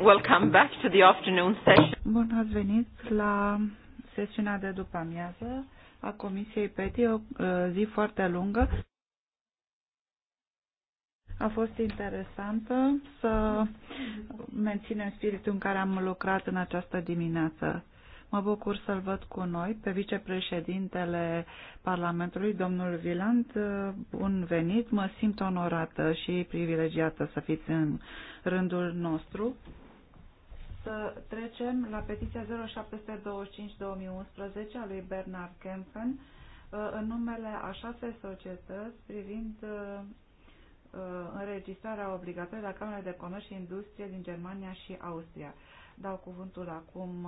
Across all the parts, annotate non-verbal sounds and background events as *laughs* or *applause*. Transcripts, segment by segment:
Welcome back to the afternoon session. Bun ați venit la sesiunea de după amiază a Comisiei PETI, o ă, zi foarte lungă. A fost interesantă să menținem spiritul în care am lucrat în această dimineață. Mă bucur să-l văd cu noi pe vicepreședintele Parlamentului, domnul Viland. Bun venit, mă simt onorată și privilegiată să fiți în rândul nostru să trecem la petiția 0725-2011 a lui Bernard Kempen uh, în numele a șase societăți privind uh, uh, înregistrarea obligatorie la Camera de Comerț și Industrie din Germania și Austria. Dau cuvântul acum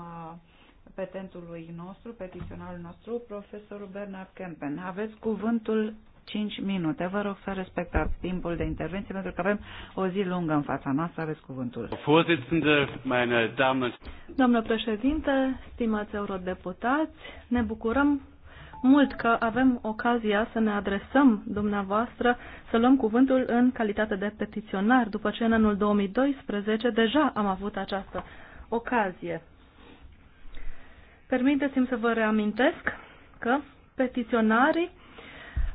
petentului nostru, petiționalul nostru, profesorul Bernard Kempen. Aveți cuvântul 5 minute. Vă rog să respectați timpul de intervenție pentru că avem o zi lungă în fața noastră. Aveți cuvântul. Domnul președinte, stimați eurodeputați, ne bucurăm mult că avem ocazia să ne adresăm dumneavoastră, să luăm cuvântul în calitate de petiționar, după ce în anul 2012 deja am avut această ocazie. Permiteți-mi să vă reamintesc că petiționarii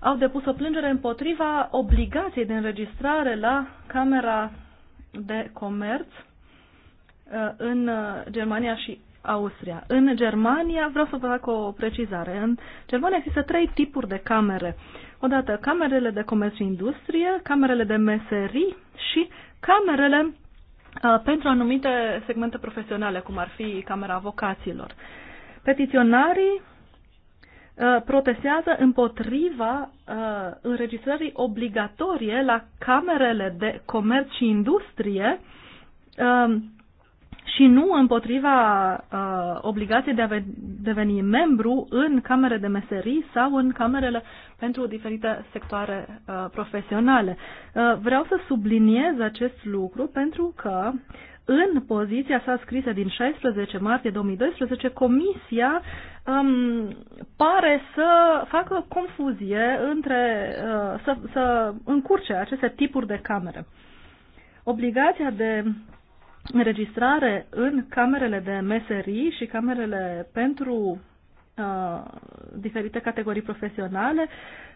au depus o plângere împotriva obligației de înregistrare la Camera de Comerț uh, în uh, Germania și Austria. În Germania, vreau să vă fac o precizare, în Germania există trei tipuri de camere. Odată camerele de comerț și industrie, camerele de meserii și camerele uh, pentru anumite segmente profesionale, cum ar fi camera vocațiilor. Petiționarii Uh, protestează împotriva uh, înregistrării obligatorie la camerele de comerț și industrie uh, și nu împotriva uh, obligației de a deveni membru în camere de meserii sau în camerele pentru diferite sectoare uh, profesionale. Uh, vreau să subliniez acest lucru pentru că în poziția sa scrisă din 16 martie 2012, Comisia um, pare să facă confuzie între, uh, să, să încurce aceste tipuri de camere. Obligația de înregistrare în camerele de meserii și camerele pentru uh, diferite categorii profesionale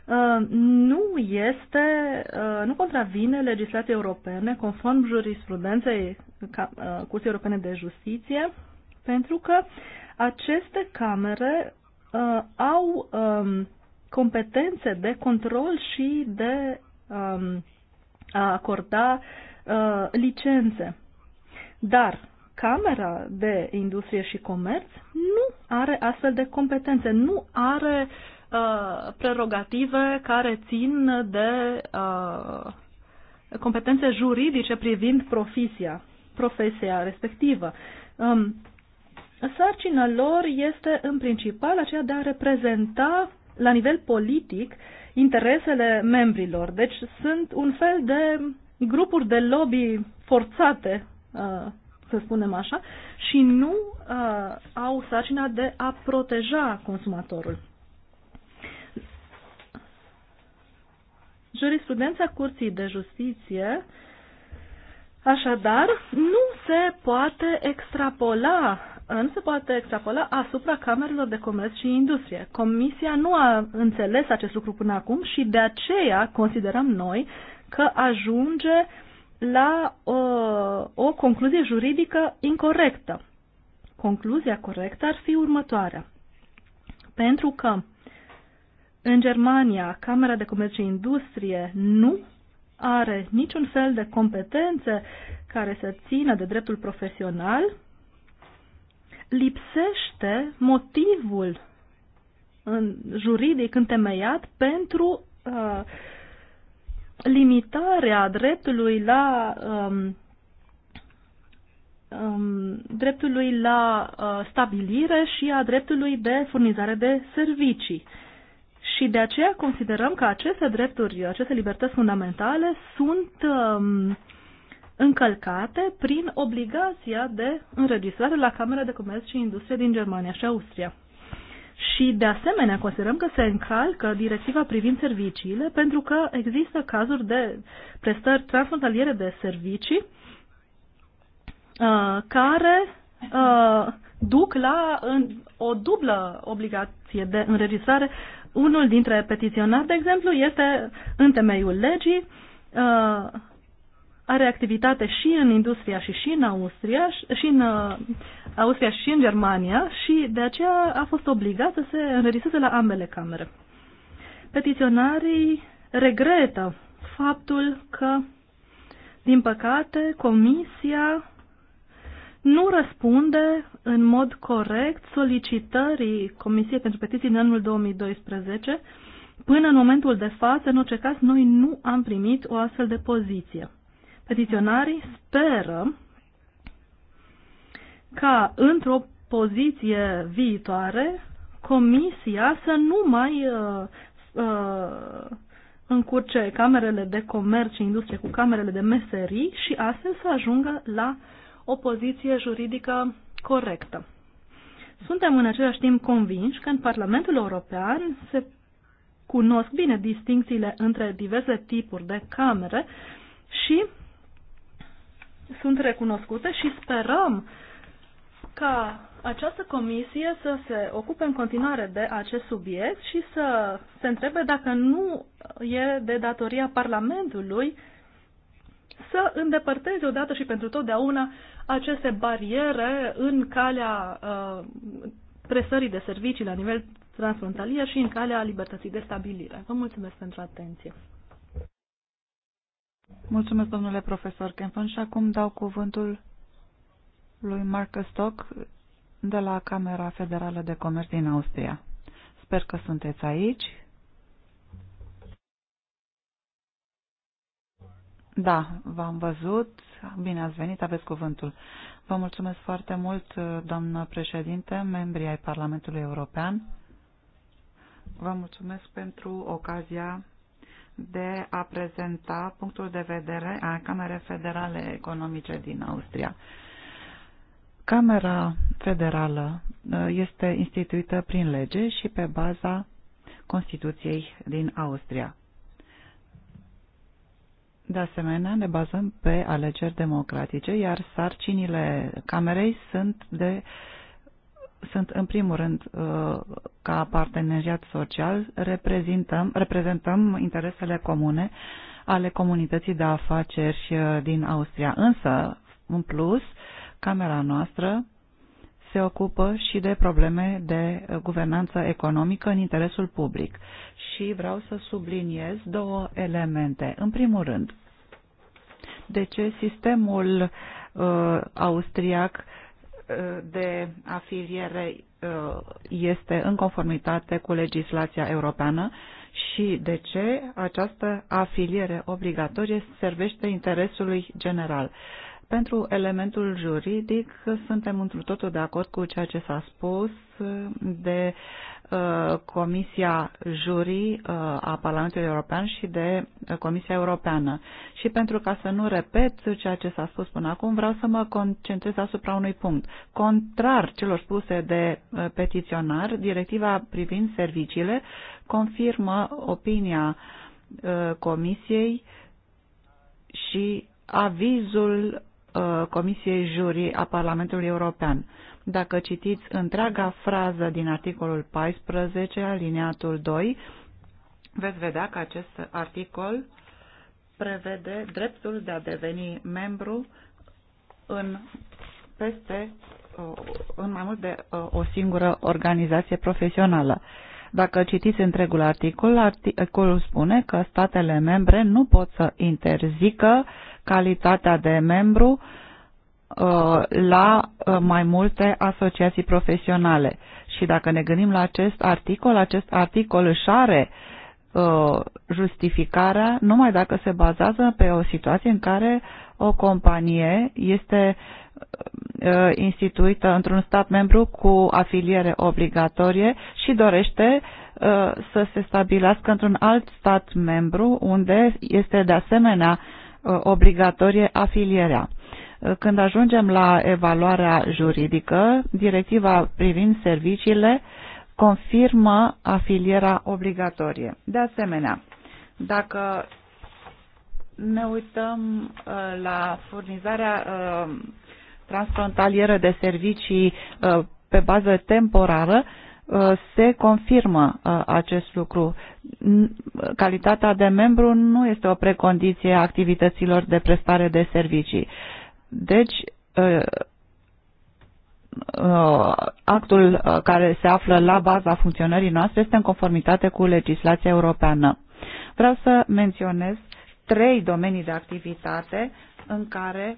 Uh, nu este, uh, nu contravine legislației europene conform jurisprudenței uh, Curții Europene de Justiție, pentru că aceste camere au um, competențe de control și de um, a acorda licențe. Dar Camera de Industrie și Comerț nu are astfel de competențe, nu are uh, Uh, prerogative care țin de uh, competențe juridice privind profesia, profesia respectivă. Um, sarcina lor este în principal aceea de a reprezenta la nivel politic interesele membrilor. Deci sunt un fel de grupuri de lobby forțate, uh, să spunem așa, și nu au sarcina de a proteja consumatorul. Jurisprudența Curții de Justiție, așadar, nu se poate extrapola nu se poate extrapola asupra camerelor de comerț și industrie. Comisia nu a înțeles acest lucru până acum și de aceea considerăm noi că ajunge la o, uh, o concluzie juridică incorrectă. Concluzia corectă ar fi următoarea. Pentru că în Germania, Camera de Comerț și Industrie nu are niciun fel de competențe care să țină de dreptul profesional, lipsește motivul în juridic întemeiat pentru uh, limitarea dreptului la um, um, dreptului la uh, stabilire și a dreptului de furnizare de servicii. Uh, și de aceea considerăm că aceste drepturi, aceste libertăți fundamentale sunt um, încălcate prin obligația de înregistrare la Camera de Comerț și Industrie din Germania și Austria. Și, de asemenea, considerăm că se încalcă directiva privind serviciile pentru că există cazuri de prestări transfrontaliere de servicii uh, care uh, duc la în, o dublă obligație de înregistrare unul dintre petiționari, de exemplu, este în temeiul legii, uh, are activitate și în industria și și în Austria și în uh, Austria și în Germania și de aceea a fost obligat să se înregistreze la ambele camere. Petiționarii regretă faptul că, din păcate, Comisia nu răspunde în mod corect solicitării Comisiei pentru Petiții din anul 2012. Până în momentul de față, în orice caz, noi nu am primit o astfel de poziție. Petiționarii speră ca într-o poziție viitoare Comisia să nu mai uh, uh, încurce camerele de comerț și industrie cu camerele de meserii și astfel să ajungă la uh, o poziție juridică corectă. Suntem în același timp convinși că în Parlamentul European se cunosc bine distincțiile între diverse tipuri de camere și sunt recunoscute și sperăm ca această comisie să se ocupe în continuare de acest subiect și să se întrebe dacă nu e de datoria Parlamentului să îndepărteze odată și pentru totdeauna aceste bariere în calea uh, presării de servicii la nivel transfrontalier și în calea libertății de stabilire. Vă mulțumesc pentru atenție. Mulțumesc, domnule profesor Kempon, și acum dau cuvântul lui Marcus Stock de la Camera Federală de Comerț din Austria. Sper că sunteți aici. Da, v-am văzut Caraca. Bine ați venit, aveți cuvântul. Vă mulțumesc foarte mult, doamnă președinte, membrii ai Parlamentului European. Vă mulțumesc pentru ocazia de a prezenta punctul de vedere a Camerei Federale Economice din Austria. Camera Federală uh, este instituită prin lege și pe baza Constituției din Austria. De asemenea, ne bazăm pe alegeri democratice, iar sarcinile Camerei sunt de sunt în primul rând uh, ca parteneriat social, reprezentăm, reprezentăm interesele comune ale comunității de afaceri uh, din Austria. Însă, în plus, camera noastră se ocupă și de probleme de uh, guvernanță economică în interesul public. Și vreau să subliniez două elemente. În primul rând, de ce sistemul uh, austriac uh, de afiliere uh, este în conformitate cu legislația europeană și de ce această afiliere obligatorie servește interesului general. Pentru elementul juridic, suntem într totul de acord cu ceea ce s-a spus de uh, Comisia Jurii uh, a Parlamentului European și de uh, Comisia Europeană. Și pentru ca să nu repet ceea ce s-a spus până acum, vreau să mă concentrez asupra unui punct. Contrar celor spuse de uh, petiționar, directiva privind serviciile confirmă opinia uh, Comisiei și avizul Uh, Comisiei juri a Parlamentului European. Dacă citiți întreaga frază din articolul 14, alineatul 2, veți vedea că acest articol prevede dreptul de a deveni membru în peste uh, în mai mult de uh, o singură organizație profesională. Dacă citiți întregul articol, articolul spune că statele membre nu pot să interzică calitatea de membru uh, la uh, mai multe asociații profesionale. Și dacă ne gândim la acest articol, acest articol își are uh, justificarea numai dacă se bazează pe o situație în care o companie este instituită într-un stat membru cu afiliere obligatorie și dorește să se stabilească într-un alt stat membru unde este de asemenea Uh, obligatorie afilierea. Uh, când ajungem la evaluarea juridică, directiva privind serviciile confirmă afilierea obligatorie. De asemenea, dacă ne uităm uh, la furnizarea transfrontalieră de servicii pe bază temporară, Uh, se confirmă uh, acest lucru. Calitatea de membru nu este o precondiție a activităților de prestare de servicii. Deci, uh, actul care se află la baza funcționării noastre este în conformitate cu legislația europeană. Vreau să menționez trei domenii de activitate în care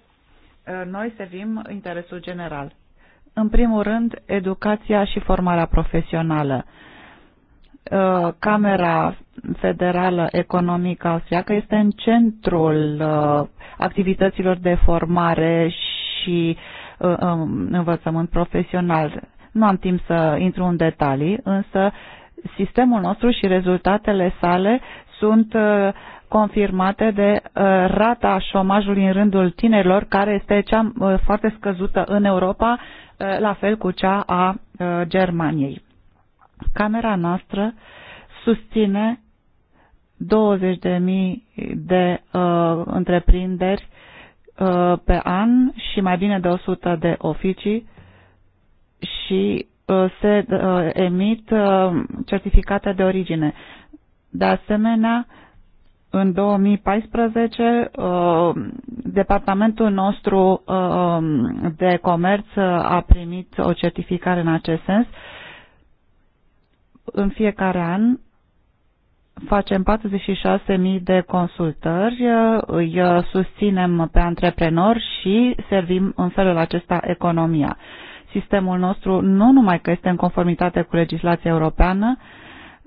noi servim interesul general. În primul rând, educația și formarea profesională. Uh, Camera Federală Economică Austriacă este în centrul uh, activităților de formare și uh, um, învățământ profesional. Nu am timp să intru în detalii, însă sistemul nostru și rezultatele sale sunt confirmate de rata șomajului în rândul tinerilor, care este cea foarte scăzută în Europa Eh, la fel cu cea a eh, Germaniei. Camera noastră susține 20.000 de uh, întreprinderi uh, pe an și mai bine de 100 de oficii și uh, se uh, emit uh, certificate de origine. De asemenea, în 2014, uh, departamentul nostru uh, de comerț uh, a primit o certificare în acest sens. În fiecare an facem 46.000 de consultări, îi susținem pe antreprenori și servim în felul acesta economia. Sistemul nostru nu numai că este în conformitate cu legislația europeană,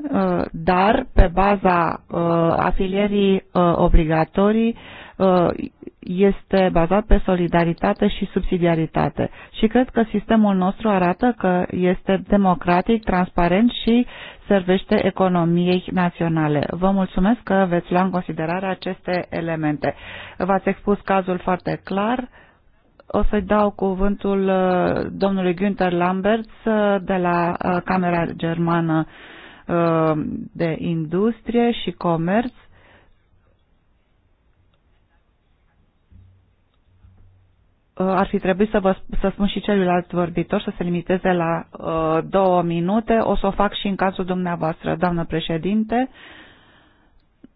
Uh, dar pe baza uh, afilierii uh, obligatorii este bazat pe solidaritate și subsidiaritate. Și cred că sistemul nostru arată că este democratic, transparent și servește economiei naționale. Vă mulțumesc că veți lua în considerare aceste elemente. V-ați expus cazul foarte clar. O să-i dau cuvântul domnului Günther Lamberts de la Camera Germană Uh, de industrie și comerț uh, ar fi trebuit să, vă, să spun și celuilalt vorbitor să se limiteze la uh, două minute. O să o fac și în cazul dumneavoastră, doamnă președinte.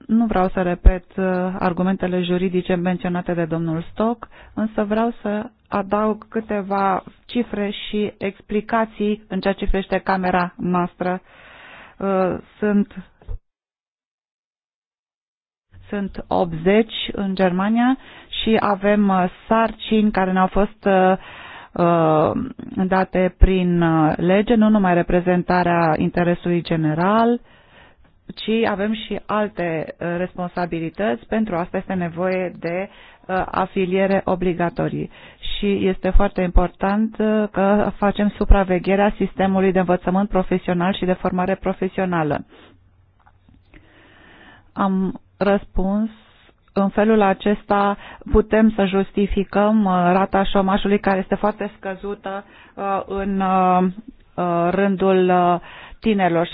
Nu vreau să repet uh, argumentele juridice menționate de domnul Stock, însă vreau să adaug câteva cifre și explicații în ceea ce privește camera noastră uh, Uh, sunt sunt 80 în Germania și avem uh, sarcini care ne-au fost uh, date prin lege, nu numai reprezentarea interesului general, ci avem și alte responsabilități. Pentru asta este nevoie de afiliere obligatorii și este foarte important uh, că facem supravegherea sistemului de învățământ profesional și de formare profesională. Am răspuns în felul acesta putem să justificăm uh, rata șomajului care este foarte scăzută uh, în rândul tinerilor, 7%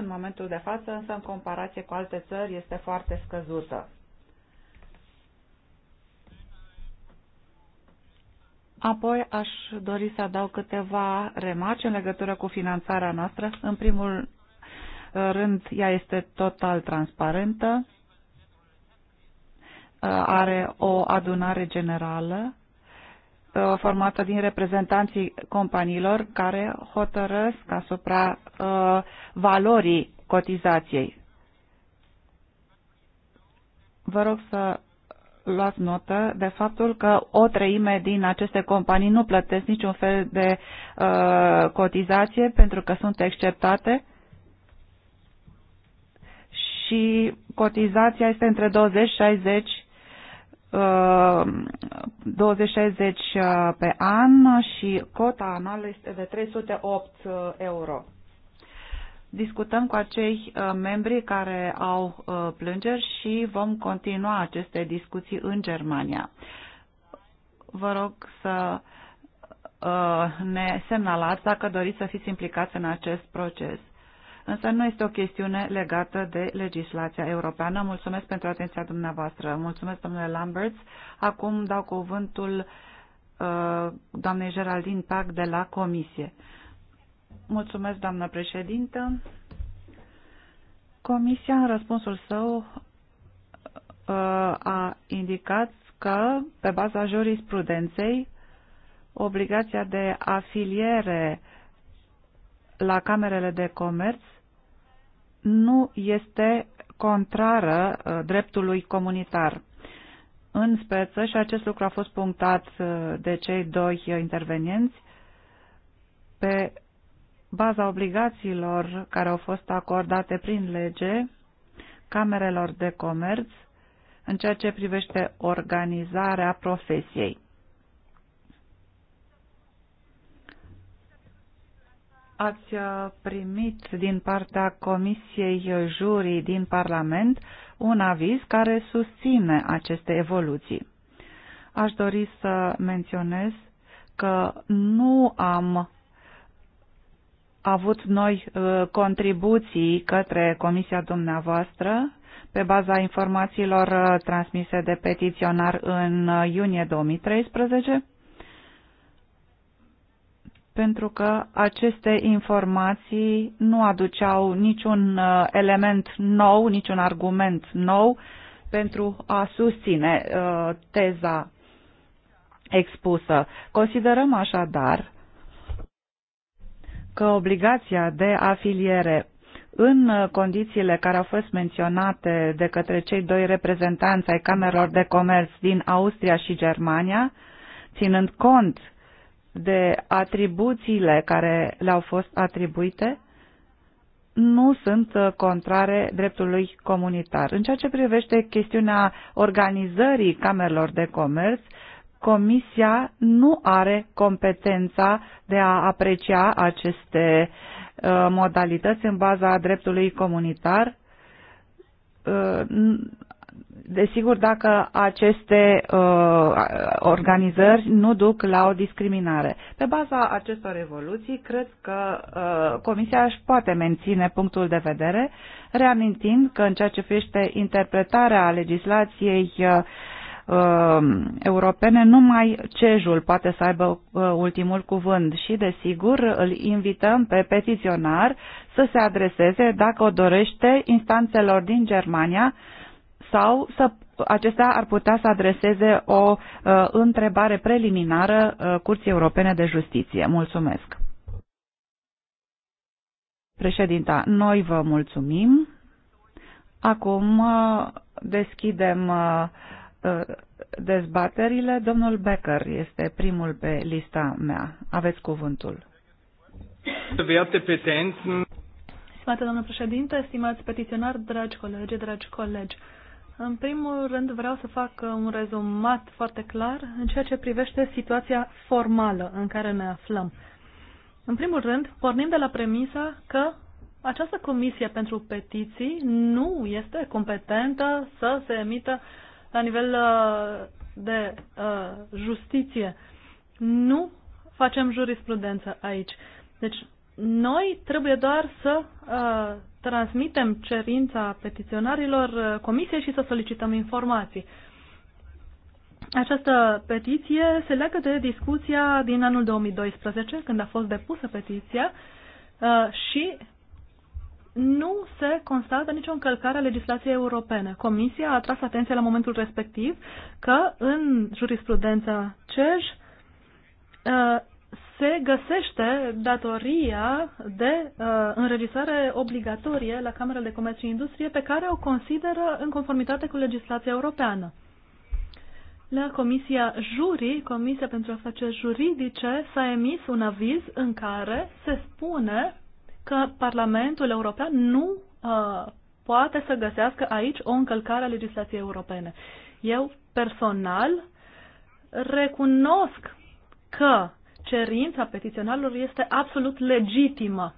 în momentul de față, însă în comparație cu alte țări este foarte scăzută. Apoi aș dori să adaug câteva remarci în legătură cu finanțarea noastră. În primul uh, rând, ea este total transparentă, uh, are o adunare generală uh, formată din reprezentanții companiilor care hotărăsc asupra valorii cotizației. Vă rog să luat notă de faptul că o treime din aceste companii nu plătesc niciun fel de uh, cotizație pentru că sunt exceptate și cotizația este între 20 60 20 60 pe an și cota anuală este de 308 uh, euro discutăm cu acei uh, membri care au uh, plângeri și vom continua aceste discuții în Germania. Vă rog să uh, ne semnalați dacă doriți să fiți implicați în acest proces. Însă nu este o chestiune legată de legislația europeană. Mulțumesc pentru atenția dumneavoastră. Mulțumesc, domnule Lamberts. Acum dau cuvântul doamnei Geraldine Pac de la Comisie. Mulțumesc, doamnă președintă. Comisia, în răspunsul său, uh, a indicat că, pe baza jurisprudenței, obligația de afiliere la camerele de comerț nu este contrară uh, dreptului comunitar. În speță, și acest lucru a fost punctat uh, de cei doi intervenienți, pe baza obligațiilor care au fost acordate prin lege camerelor de comerț în ceea ce privește organizarea profesiei. Ați uh, primit din partea Comisiei Jurii din Parlament un aviz care susține aceste evoluții. Aș dori să menționez că nu am avut noi uh, contribuții către comisia dumneavoastră pe baza informațiilor uh, transmise de petiționar în uh, iunie 2013, pentru că aceste informații nu aduceau niciun element nou, niciun argument nou pentru a susține teza expusă. Considerăm așadar că obligația de afiliere în uh, condițiile care au fost menționate de către cei doi reprezentanți ai Camerelor de Comerț din Austria și Germania, ținând cont de atribuțiile care le-au fost atribuite, nu sunt uh, contrare dreptului comunitar. În ceea ce privește chestiunea organizării Camerelor de Comerț, Comisia nu are competența de a aprecia aceste uh, modalități în baza dreptului comunitar. Uh, desigur, dacă aceste uh, organizări nu duc la o discriminare. Pe baza acestor evoluții, cred că Comisia își poate menține punctul de vedere, reamintind că în ceea ce privește interpretarea legislației Um, europene, numai cejul poate să aibă uh, ultimul cuvânt și, desigur, îl invităm pe petiționar să se adreseze, dacă o dorește, instanțelor din Germania sau să, acestea ar putea să adreseze o uh, întrebare preliminară uh, Curții Europene de Justiție. Mulțumesc. Președinta, noi vă mulțumim. Acum uh, deschidem uh, Uh, dezbaterile. Domnul Becker este primul pe lista mea. Aveți cuvântul. Stimate domnul președinte, stimați petiționari, dragi colegi, dragi colegi, în primul rând vreau să fac un rezumat foarte clar în ceea ce privește situația formală în care ne aflăm. În primul rând, pornim de la premisa că această comisie pentru petiții nu este competentă să se emită uh, la nivel uh, de uh, justiție. Nu facem jurisprudență aici. Deci, noi trebuie doar să uh, transmitem cerința petiționarilor uh, comisiei și să solicităm informații. Această petiție se leagă de discuția din anul 2012, când a fost depusă petiția, uh, și nu se constată nicio încălcare a legislației europene. Comisia a atras atenția la momentul respectiv că în jurisprudența CEJ uh, se găsește datoria de uh, înregistrare obligatorie la Camera de Comerț și Industrie pe care o consideră în conformitate cu legislația europeană. La Comisia Juri, Comisia pentru Afaceri Juridice, s-a emis un aviz în care se spune că Parlamentul European nu uh, poate să găsească aici o încălcare a legislației europene. Eu personal recunosc că cerința petiționarilor este absolut legitimă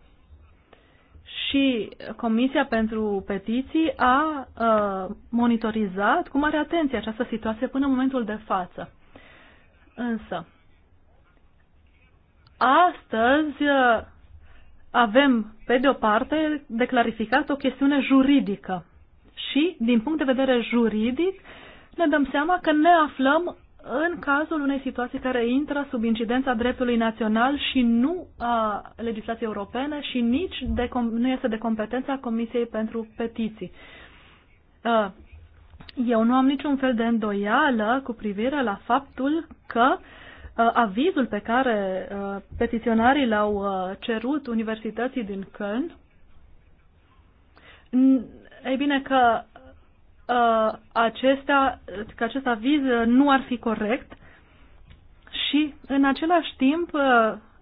și Comisia pentru Petiții a uh, monitorizat cu mare atenție această situație până în momentul de față. Însă, astăzi uh, avem, pe de o parte, de clarificat o chestiune juridică. Și, din punct de vedere juridic, ne dăm seama că ne aflăm în cazul unei situații care intră sub incidența dreptului național și nu a legislației europene și nici de, nu este de competența Comisiei pentru Petiții. Ă, eu nu am niciun fel de îndoială cu privire la faptul că uh, Uh, avizul pe care uh, petiționarii l-au uh, cerut Universității din Köln, e bine că acesta, că acest aviz nu ar fi corect și în același timp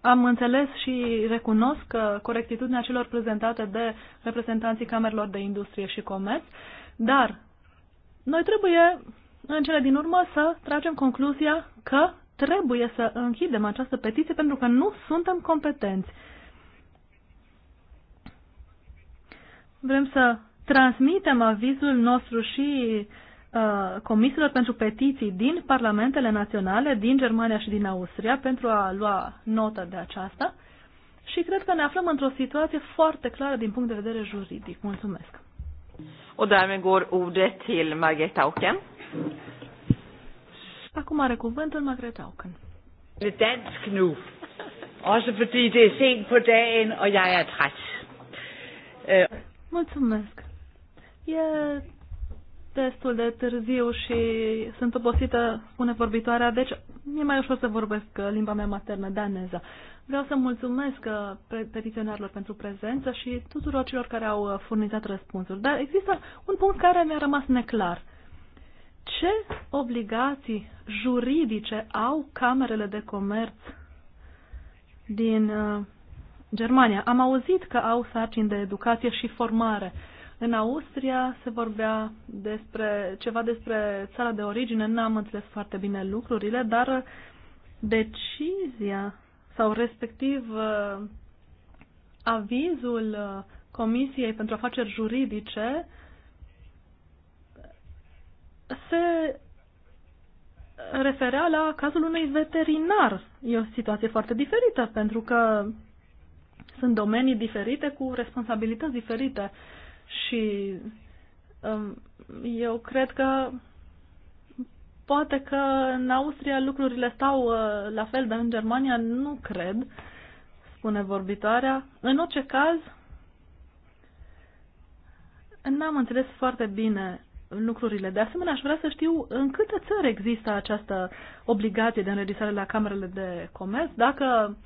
am înțeles și recunosc corectitudinea celor prezentate de reprezentanții Camerelor de Industrie și Comerț, dar noi trebuie în cele din urmă să tragem concluzia că trebuie să închidem această petiție pentru că nu suntem competenți. Vrem să transmitem avizul nostru și uh, comisiilor pentru petiții din parlamentele naționale, din Germania și din Austria, pentru a lua notă de aceasta. Și cred că ne aflăm într-o situație foarte clară din punct de vedere juridic. Mulțumesc! O därmed går ordet til Margareta Auken. Și acum are cuvântul Margaret Auken. Lidt er dansk nu. Også fordi det er sent på dagen, og jeg er træt. Uh. Mulțumesc. E destul de târziu și sunt obosită, spune vorbitoarea, deci mi-e mai ușor să vorbesc limba mea maternă, daneză. Vreau să mulțumesc uh, petiționarilor pentru prezență și tuturor celor care au uh, furnizat răspunsuri. Dar există un punct care mi-a rămas neclar ce obligații juridice au camerele de comerț din uh, Germania? Am auzit că au sarcini de educație și formare. În Austria se vorbea despre ceva despre țara de origine, n-am înțeles foarte bine lucrurile, dar decizia sau respectiv uh, avizul uh, Comisiei pentru Afaceri Juridice se referea la cazul unui veterinar. E o situație foarte diferită, pentru că sunt domenii diferite cu responsabilități diferite și um, eu cred că poate că în Austria lucrurile stau uh, la fel, dar în Germania nu cred, spune vorbitoarea. În orice caz, n-am înțeles foarte bine lucrurile. De asemenea, aș vrea să știu în câte țări există această obligație de înregistrare la camerele de comerț, dacă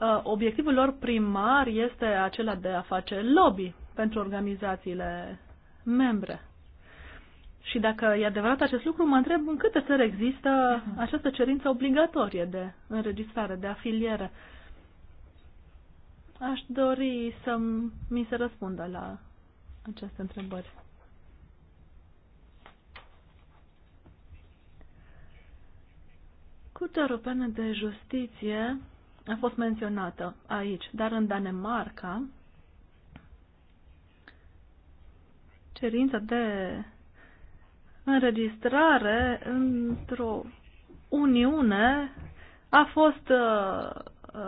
uh, obiectivul lor primar este acela de a face lobby pentru organizațiile membre. Și dacă e adevărat acest lucru, mă întreb în câte țări există mhm. această cerință obligatorie de înregistrare, de afiliere. Aș dori să mi se răspundă la aceste întrebări. Curtea Europeană de Justiție a fost menționată aici, dar în Danemarca cerința de înregistrare într-o uniune a fost uh, uh,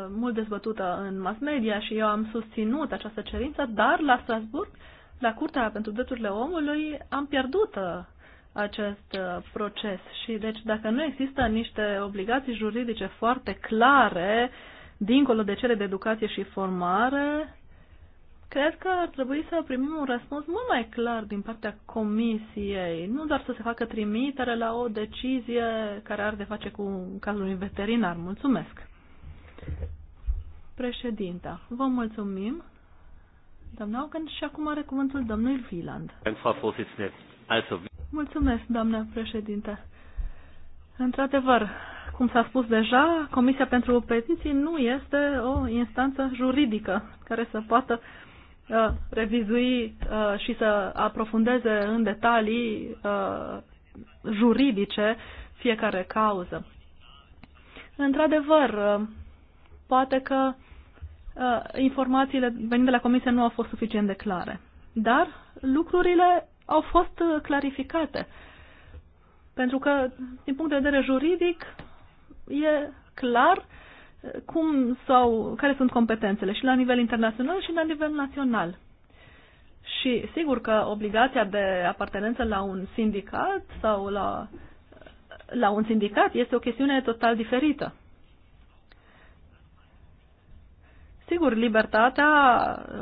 mult dezbătută în mass media și eu am susținut această cerință, dar la Strasburg, la Curtea pentru Drepturile Omului, am pierdut uh, acest uh, proces. Și deci dacă nu există niște obligații juridice foarte clare, dincolo de cele de educație și formare, cred că ar trebui să primim un răspuns mult mai clar din partea comisiei, nu doar să se facă trimitere la o decizie care are de face cu cazul unui veterinar. Mulțumesc! Președinta, vă mulțumim. Doamna Ocan și acum are cuvântul domnul Wieland. Mulțumesc, doamna președinte. Într-adevăr, cum s-a spus deja, Comisia pentru Petiții nu este o instanță juridică care să poată uh, revizui uh, și să aprofundeze în detalii uh, juridice fiecare cauză. Într-adevăr, uh, poate că uh, informațiile venind de la Comisie nu au fost suficient de clare. Dar lucrurile au fost uh, clarificate. Pentru că, din punct de vedere juridic, e clar uh, cum sau care sunt competențele și la nivel internațional și la nivel național. Și sigur că obligația de apartenență la un sindicat sau la, uh, la un sindicat este o chestiune total diferită. Sigur, libertatea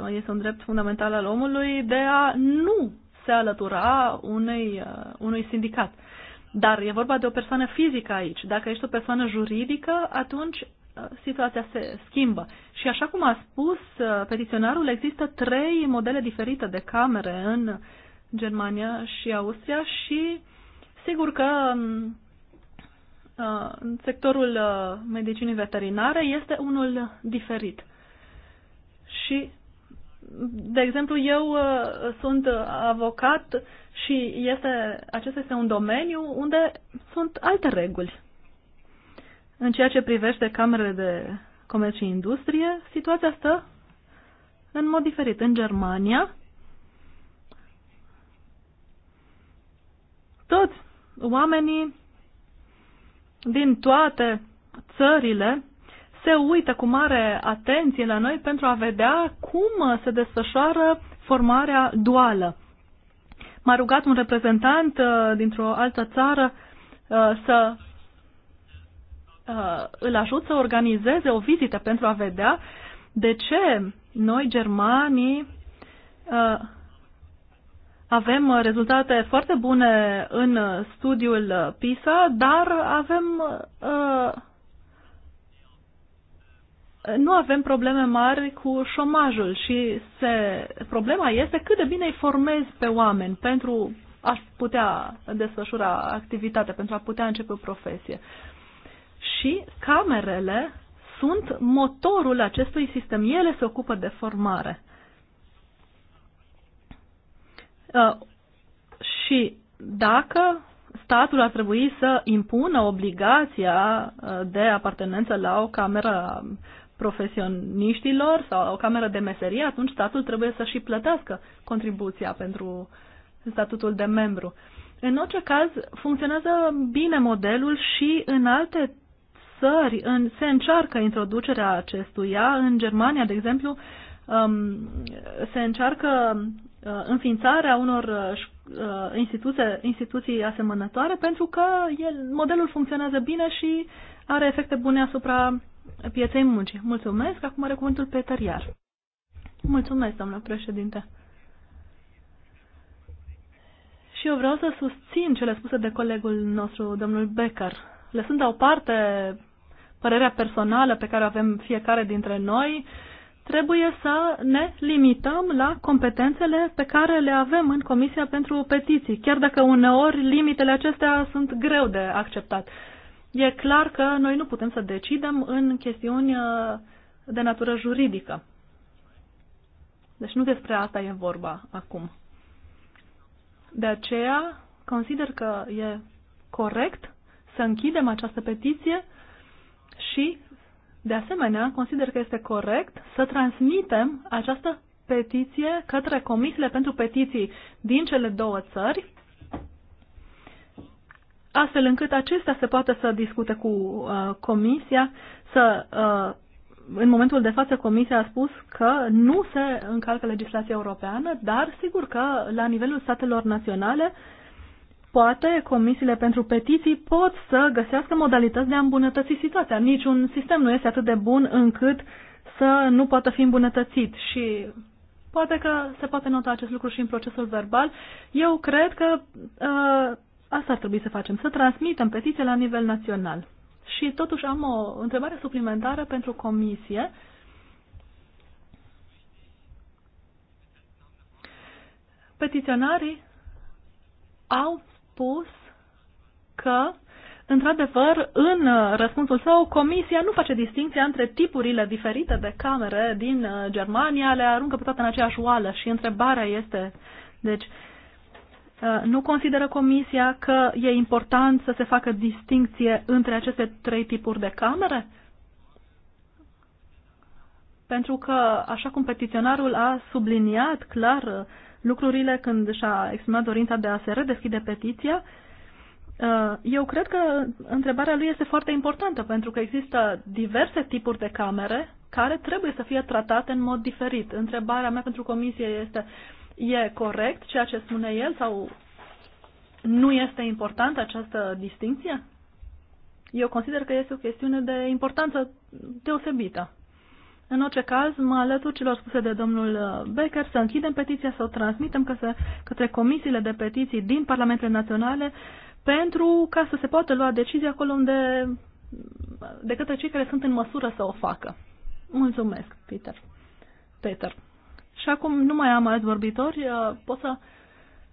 este un drept fundamental al omului de a nu se alătura unei, uh, unui sindicat. Dar e vorba de o persoană fizică aici. Dacă ești o persoană juridică, atunci uh, situația se schimbă. Și așa cum a spus uh, petiționarul, există trei modele diferite de camere în Germania și Austria și sigur că um, în sectorul medicinii veterinare este unul diferit. Și de exemplu, eu uh, sunt avocat și este, acesta este un domeniu unde sunt alte reguli. În ceea ce privește camerele de comerț și industrie, situația stă în mod diferit. În Germania, toți oamenii din toate țările se uită cu mare atenție la noi pentru a vedea cum se desfășoară formarea duală. M-a rugat un reprezentant uh, dintr-o altă țară uh, să uh, îl ajut să organizeze o vizită pentru a vedea de ce noi, germanii, avem rezultate foarte bune în studiul PISA, dar avem nu avem probleme mari cu șomajul și se, problema este cât de bine îi formezi pe oameni pentru a putea desfășura activitatea, pentru a putea începe o profesie. Și camerele sunt motorul acestui sistem. Ele se ocupă de formare. Uh, și dacă statul ar trebui să impună obligația uh, de apartenență la o cameră profesioniștilor sau o cameră de meserie, atunci statul trebuie să și plătească contribuția pentru statutul de membru. În orice caz, funcționează bine modelul și în alte țări în, se încearcă introducerea acestuia. În Germania, de exemplu, um, se încearcă uh, înființarea unor uh, uh instituții, instituții asemănătoare pentru că el, modelul funcționează bine și are efecte bune asupra pieței muncii. Mulțumesc. Acum are cuvântul Peter Iar. Mulțumesc, doamnă președinte. Și eu vreau să susțin cele spuse de colegul nostru, domnul Becker. Lăsând o parte părerea personală pe care o avem fiecare dintre noi, trebuie să ne limităm la competențele pe care le avem în Comisia pentru Petiții, chiar dacă uneori limitele acestea sunt greu de acceptat. E clar că noi nu putem să decidem în chestiuni uh, de natură juridică. Deci nu despre asta e vorba acum. De aceea consider că e corect să închidem această petiție și, de asemenea, consider că este corect să transmitem această petiție către comisiile pentru petiții din cele două țări astfel încât acestea să poată să discute cu uh, comisia, să uh, în momentul de față comisia a spus că nu se încalcă legislația europeană, dar sigur că la nivelul statelor naționale poate comisiile pentru petiții pot să găsească modalități de a îmbunătăți situația. Niciun sistem nu este atât de bun încât să nu poată fi îmbunătățit și poate că se poate nota acest lucru și în procesul verbal. Eu cred că uh, Asta ar trebui să facem, să transmitem petiția la nivel național. Și totuși am o întrebare suplimentară pentru comisie. Petiționarii au spus că, într-adevăr, în răspunsul său, comisia nu face distinția între tipurile diferite de camere din Germania, le aruncă pe toate în aceeași oală și întrebarea este, deci, uh, Uh, nu consideră Comisia că e important să se facă distinție între aceste trei tipuri de camere? Pentru că, așa cum petiționarul a subliniat clar uh, lucrurile când și-a exprimat dorința de a se redeschide petiția, uh, eu cred că întrebarea lui este foarte importantă, pentru că există diverse tipuri de camere care trebuie să fie tratate în mod diferit. Întrebarea mea pentru comisie este e corect ceea ce spune el sau nu este importantă această distinție? Eu consider că este o chestiune de importanță deosebită. În orice caz, mă alătur celor spuse de domnul Becker să închidem petiția, să o transmitem către, către comisiile de petiții din Parlamentele Naționale pentru ca să se poată lua decizia acolo unde de către cei care sunt în măsură să o facă. Mulțumesc, Peter. Peter. Și acum nu mai am alți vorbitori, uh, pot să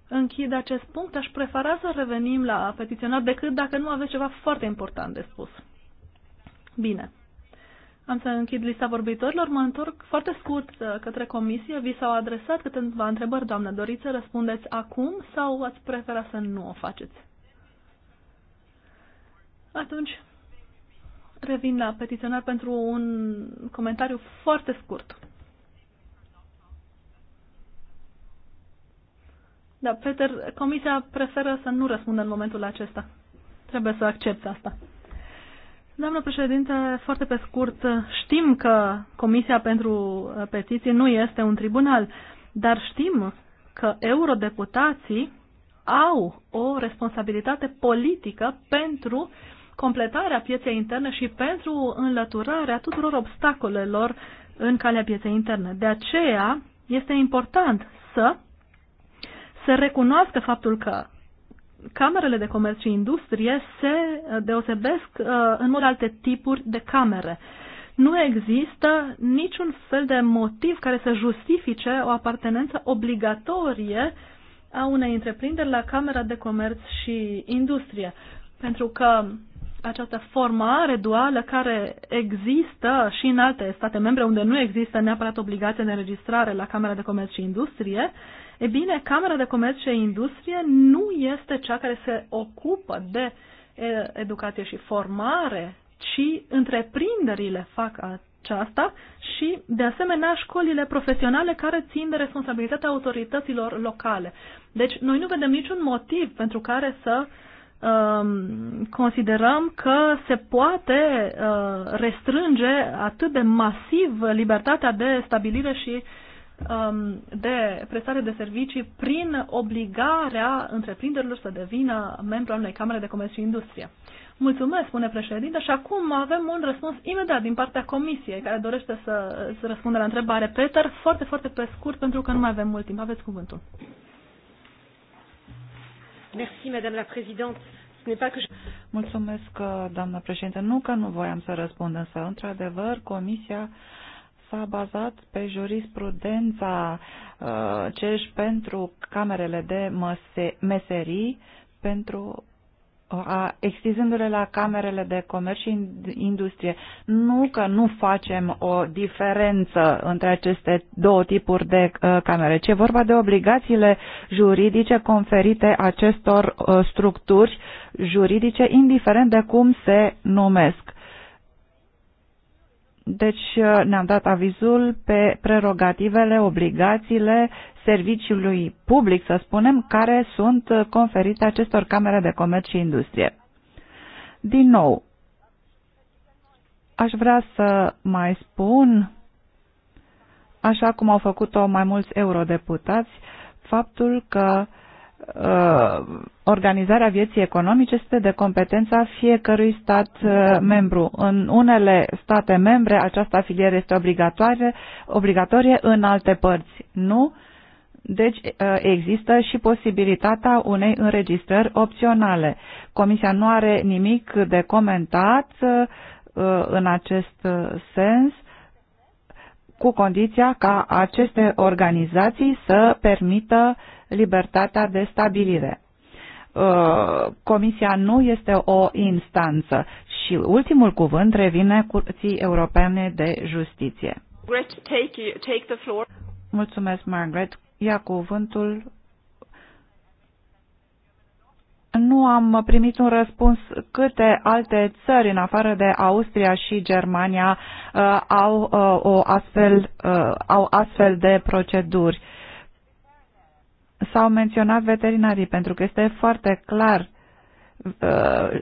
închid acest punct. Aș prefera să revenim la petiționar decât dacă nu aveți ceva foarte important de spus. Bine. Am să închid lista vorbitorilor. Mă întorc foarte scurt uh, către comisie. Vi s-au adresat câteva întrebări, doamnă. Doriți să răspundeți acum sau ați prefera să nu o faceți? Atunci, revin la petiționar pentru un comentariu foarte scurt. Da, Peter, comisia preferă să nu răspundă în momentul acesta. Trebuie să accepte asta. Doamnă președinte, foarte pe scurt, știm că Comisia pentru uh, Petiții nu este un tribunal, dar știm că eurodeputații au o responsabilitate politică pentru completarea pieței interne și pentru înlăturarea tuturor obstacolelor în calea pieței interne. De aceea este important să să recunoască faptul că camerele de comerț și industrie se deosebesc uh, în mod alte tipuri de camere. Nu există niciun fel de motiv care să justifice o apartenență obligatorie a unei întreprinderi la Camera de Comerț și Industrie. Pentru că această formare duală care există și în alte state membre unde nu există neapărat obligația de înregistrare la Camera de Comerț și Industrie, uh, E bine, Camera de Comerț și Industrie nu este cea care se ocupă de educație și formare, ci întreprinderile fac aceasta și, de asemenea, școlile profesionale care țin de responsabilitatea autorităților locale. Deci, noi nu vedem niciun motiv pentru care să um, considerăm că se poate uh, restrânge atât de masiv libertatea de stabilire și Um, de prestare de servicii prin obligarea întreprinderilor să devină membru al unei camere de comerț și industrie. Mulțumesc, spune președinte, și acum avem un răspuns imediat din partea comisiei care dorește să, să răspundă la întrebare. Peter, foarte, foarte pe scurt, pentru că nu mai avem mult timp. Aveți cuvântul. Merci, Madame la Présidente. Mulțumesc, doamnă președinte. Nu că nu voiam să răspund, însă, într-adevăr, Comisia s-a bazat pe jurisprudența uh, CEJ pentru camerele de meserii, pentru uh, extizându-le la camerele de comerț și industrie. Nu că nu facem o diferență între aceste două tipuri de uh, camere, ci e vorba de obligațiile juridice conferite acestor structuri juridice, indiferent de cum se numesc. Deci uh, ne-am dat avizul pe prerogativele, obligațiile serviciului public, să spunem, care sunt uh, conferite acestor camere de comerț și industrie. Din nou, aș vrea să mai spun, așa cum au făcut-o mai mulți eurodeputați, faptul că Uh, organizarea vieții economice este de competența fiecărui stat uh, membru. În unele state membre această afiliere este obligatorie, obligatorie în alte părți nu. Deci uh, există și posibilitatea unei înregistrări opționale. Comisia nu are nimic de comentat în acest sens cu condiția ca aceste organizații să permită libertatea de stabilire. Uh, Comisia nu este o instanță și ultimul cuvânt revine Curții Europene de Justiție. Mulțumesc, Margaret. Ia cuvântul nu am primit un răspuns câte alte țări, în afară de Austria și Germania, uh, au, uh, o astfel, uh, au astfel de proceduri. S-au menționat veterinarii, pentru că este foarte clar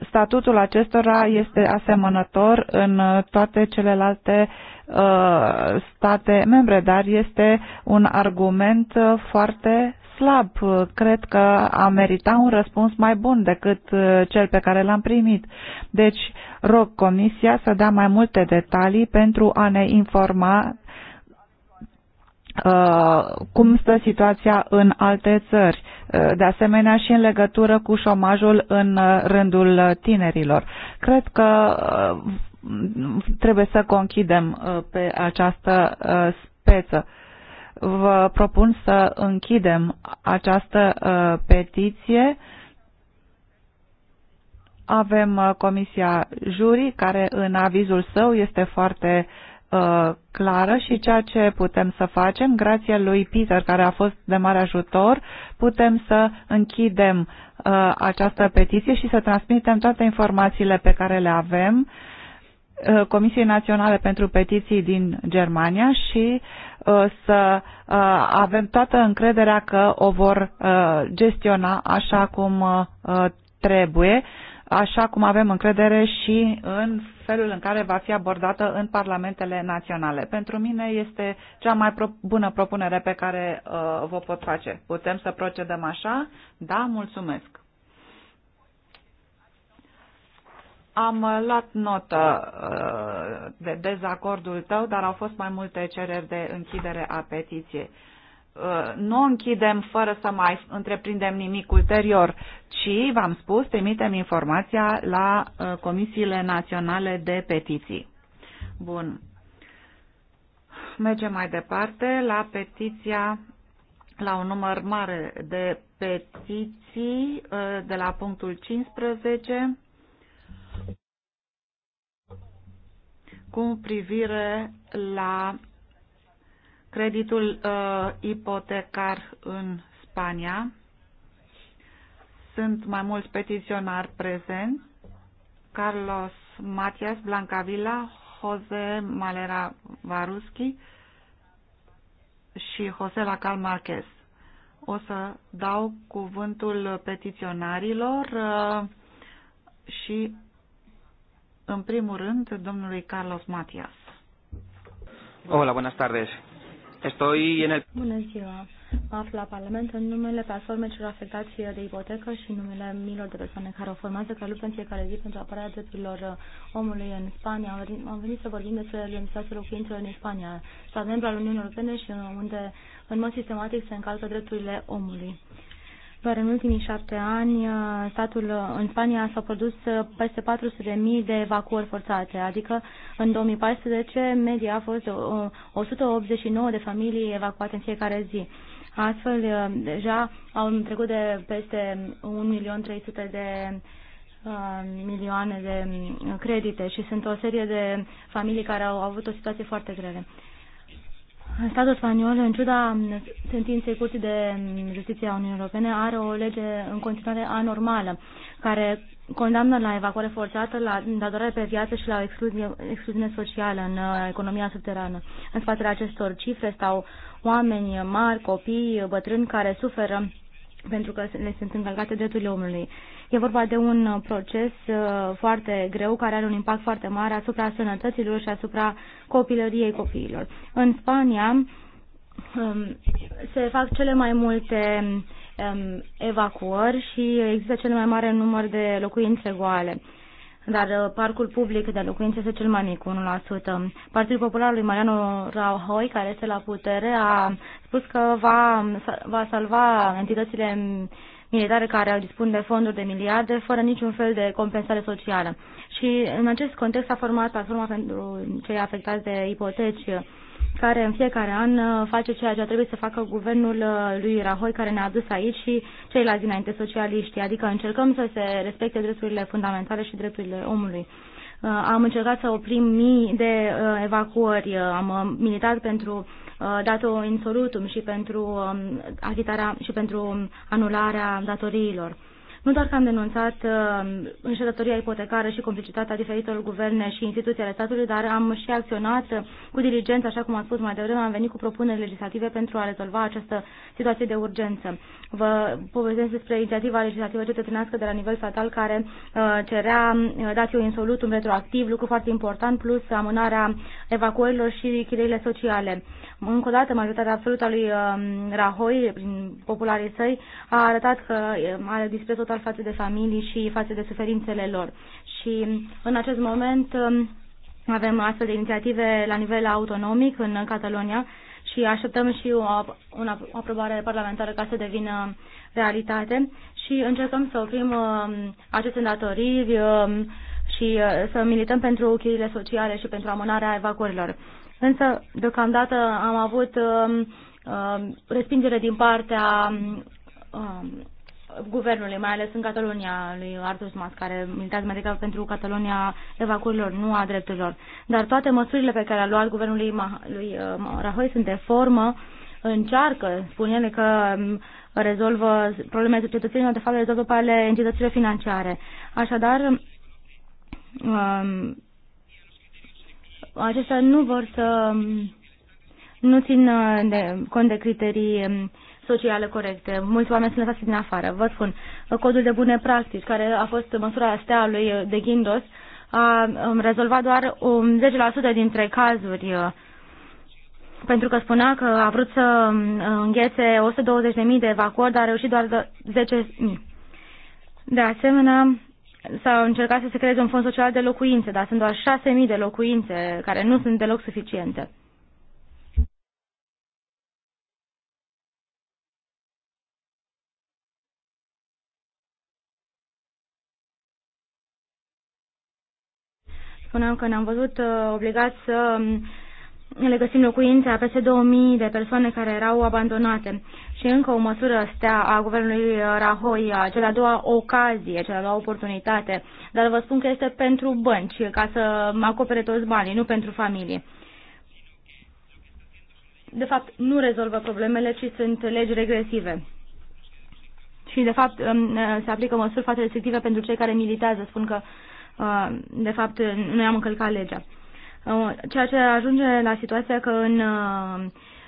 statutul acestora este asemănător în toate celelalte state membre, dar este un argument foarte slab. Cred că a merita un răspuns mai bun decât uh, cel pe care l-am primit. Deci rog Comisia să dea mai multe detalii pentru a ne informa Uh, cum stă situația în alte țări, uh, de asemenea și în legătură cu șomajul în uh, rândul uh, tinerilor. Cred că uh, trebuie să conchidem pe această speță. Vă propun să închidem această uh, petiție. Avem uh, Comisia Juri, care în avizul său este foarte uh, clară și ceea ce putem să facem, grație lui Peter, care a fost de mare ajutor, putem să închidem uh, această petiție și să transmitem toate informațiile pe care le avem Comisiei Naționale pentru Petiții din Germania și Uh, să uh, avem toată încrederea că o vor uh, gestiona așa cum trebuie, așa cum avem încredere și în felul în care va fi abordată în parlamentele naționale. Pentru mine este cea mai pro- bună propunere pe care uh, vă pot face. Putem să procedăm așa? Da, mulțumesc. Am uh, luat notă uh, de dezacordul tău, dar au fost mai multe cereri de închidere a petiției. Uh, nu o închidem fără să mai întreprindem nimic ulterior, ci, v-am spus, trimitem informația la comisiile naționale de petiții. Bun. Mergem mai departe la petiția, la un număr mare de petiții de la punctul 15 cu privire la creditul uh, ipotecar în Spania. Sunt mai mulți petiționari prezenți. Carlos Matias Blancavilla, Jose Malera Varuski și Jose Lacal Marquez. O să dau cuvântul petiționarilor uh, și în primul rând, domnului Carlos Matias. Hola, buenas tardes. Estoy en el... Bună ziua. Mă aflu la Parlament în numele platformelor afectați de ipotecă și în numele miilor de persoane care o formează, care luptă în fiecare zi pentru apărarea drepturilor uh, omului în Spania. Am venit să vorbim despre legislația locuințelor în Spania, stat membru al Uniunii Europene și uh, unde în mod sistematic se încalcă drepturile omului. Doar în ultimii șapte ani, uh, statul uh, în Spania s-au produs uh, peste 400.000 de evacuări forțate, adică în 2014 media a fost 189 de familii evacuate în fiecare zi. Astfel, deja au trecut de peste 1.300.000 de milioane de mm, credite și sunt o serie de familii care au avut o situație foarte grele. Statul spaniol, în ciuda sentinței Curții de Justiție a Uniunii Europene, are o lege în continuare anormală, care condamnă la evacuare forțată, la datorare pe viață și la excluzie, excluziune socială în uh, economia subterană. În spatele acestor cifre stau oameni mari, copii, bătrâni care suferă pentru că le sunt încălcate drepturile omului. E vorba de un uh, proces uh, foarte greu care are un impact foarte mare asupra sănătăților și asupra copilăriei copiilor. În Spania um, se fac cele mai multe um, evacuări și există cel mai mare număr de locuințe goale dar uh, parcul public de locuințe este cel mai mic, 1%. Partidul Popular lui Mariano Rajoy, care este la putere, a spus că va, va salva entitățile militare care au dispun de fonduri de miliarde fără niciun fel de compensare socială. Și în acest context a format platforma pentru cei afectați de ipoteci care în fiecare an uh, face ceea ce a trebuit să facă guvernul uh, lui Rahoi, care ne-a adus aici și ceilalți dinainte socialiști, adică încercăm să se respecte drepturile fundamentale și drepturile omului. Uh, am încercat să oprim mii de evacuări, am militat pentru datul insolutum și pentru um, achitarea și pentru um, anularea datoriilor. Nu doar că am denunțat uh, înșelătoria ipotecară și complicitatea diferitelor guverne și instituții ale statului, dar am și acționat cu diligență, așa cum am spus mai devreme, am venit cu propuneri legislative pentru a rezolva această situație de urgență. Vă povestesc despre inițiativa legislativă cetățenească de la nivel statal care uh, cerea uh, datio insolutum retroactiv, lucru foarte important, plus amânarea evacuărilor și chiderile sociale. Încă o dată, majoritatea absolută a lui um, Rahoi, prin popularii săi, a arătat că um, are dispreț total față de familii și față de suferințele lor. Și um, în acest moment avem astfel de inițiative la nivel autonomic în Catalonia și așteptăm și o, o aprobare parlamentară ca să devină realitate și încercăm să oprim aceste îndatoriri și uh, să milităm pentru chirile sociale și pentru amânarea evacuărilor. Însă, deocamdată am avut um, um, respingere din partea um, guvernului, mai ales în Catalonia, lui Artur Mas, care militează mai degrabă pentru Catalonia evacuărilor, nu a drepturilor. Dar toate măsurile pe care le-a luat guvernul lui, lui uh, Rahoi sunt de formă, încearcă, spune ele că rezolvă problemele cetățenilor, de fapt rezolvă pe ale entităților financiare. Așadar, um, acestea nu vor să nu țin uh, de, cont de criterii um, sociale corecte. Mulți oameni sunt lăsați din afară. Vă spun, uh, codul de bune practici, care a fost măsura lui uh, de Gindos, a um, rezolvat doar 10% um, dintre cazuri pentru că spunea că a vrut să înghețe 120.000 de evacuări, dar a reușit doar 10.000. De asemenea, s-a încercat să se creeze un fond social de locuințe, dar sunt doar 6.000 de locuințe care nu sunt deloc suficiente. Spuneam că ne-am văzut uh, obligați să um, le găsim locuința peste 2000 de persoane care erau abandonate. Și încă o măsură stea a guvernului uh, Rahoi, uh, cea de-a doua ocazie, cea de-a doua oportunitate, dar vă spun că este pentru bănci, ca să acopere toți banii, nu pentru familie. De fapt, nu rezolvă problemele, ci sunt legi regresive. Și, de fapt, um, uh, se aplică măsuri foarte restrictive pentru cei care militează, spun că, de fapt, noi am încălcat legea. Uh, ceea ce ajunge la situația că în, uh,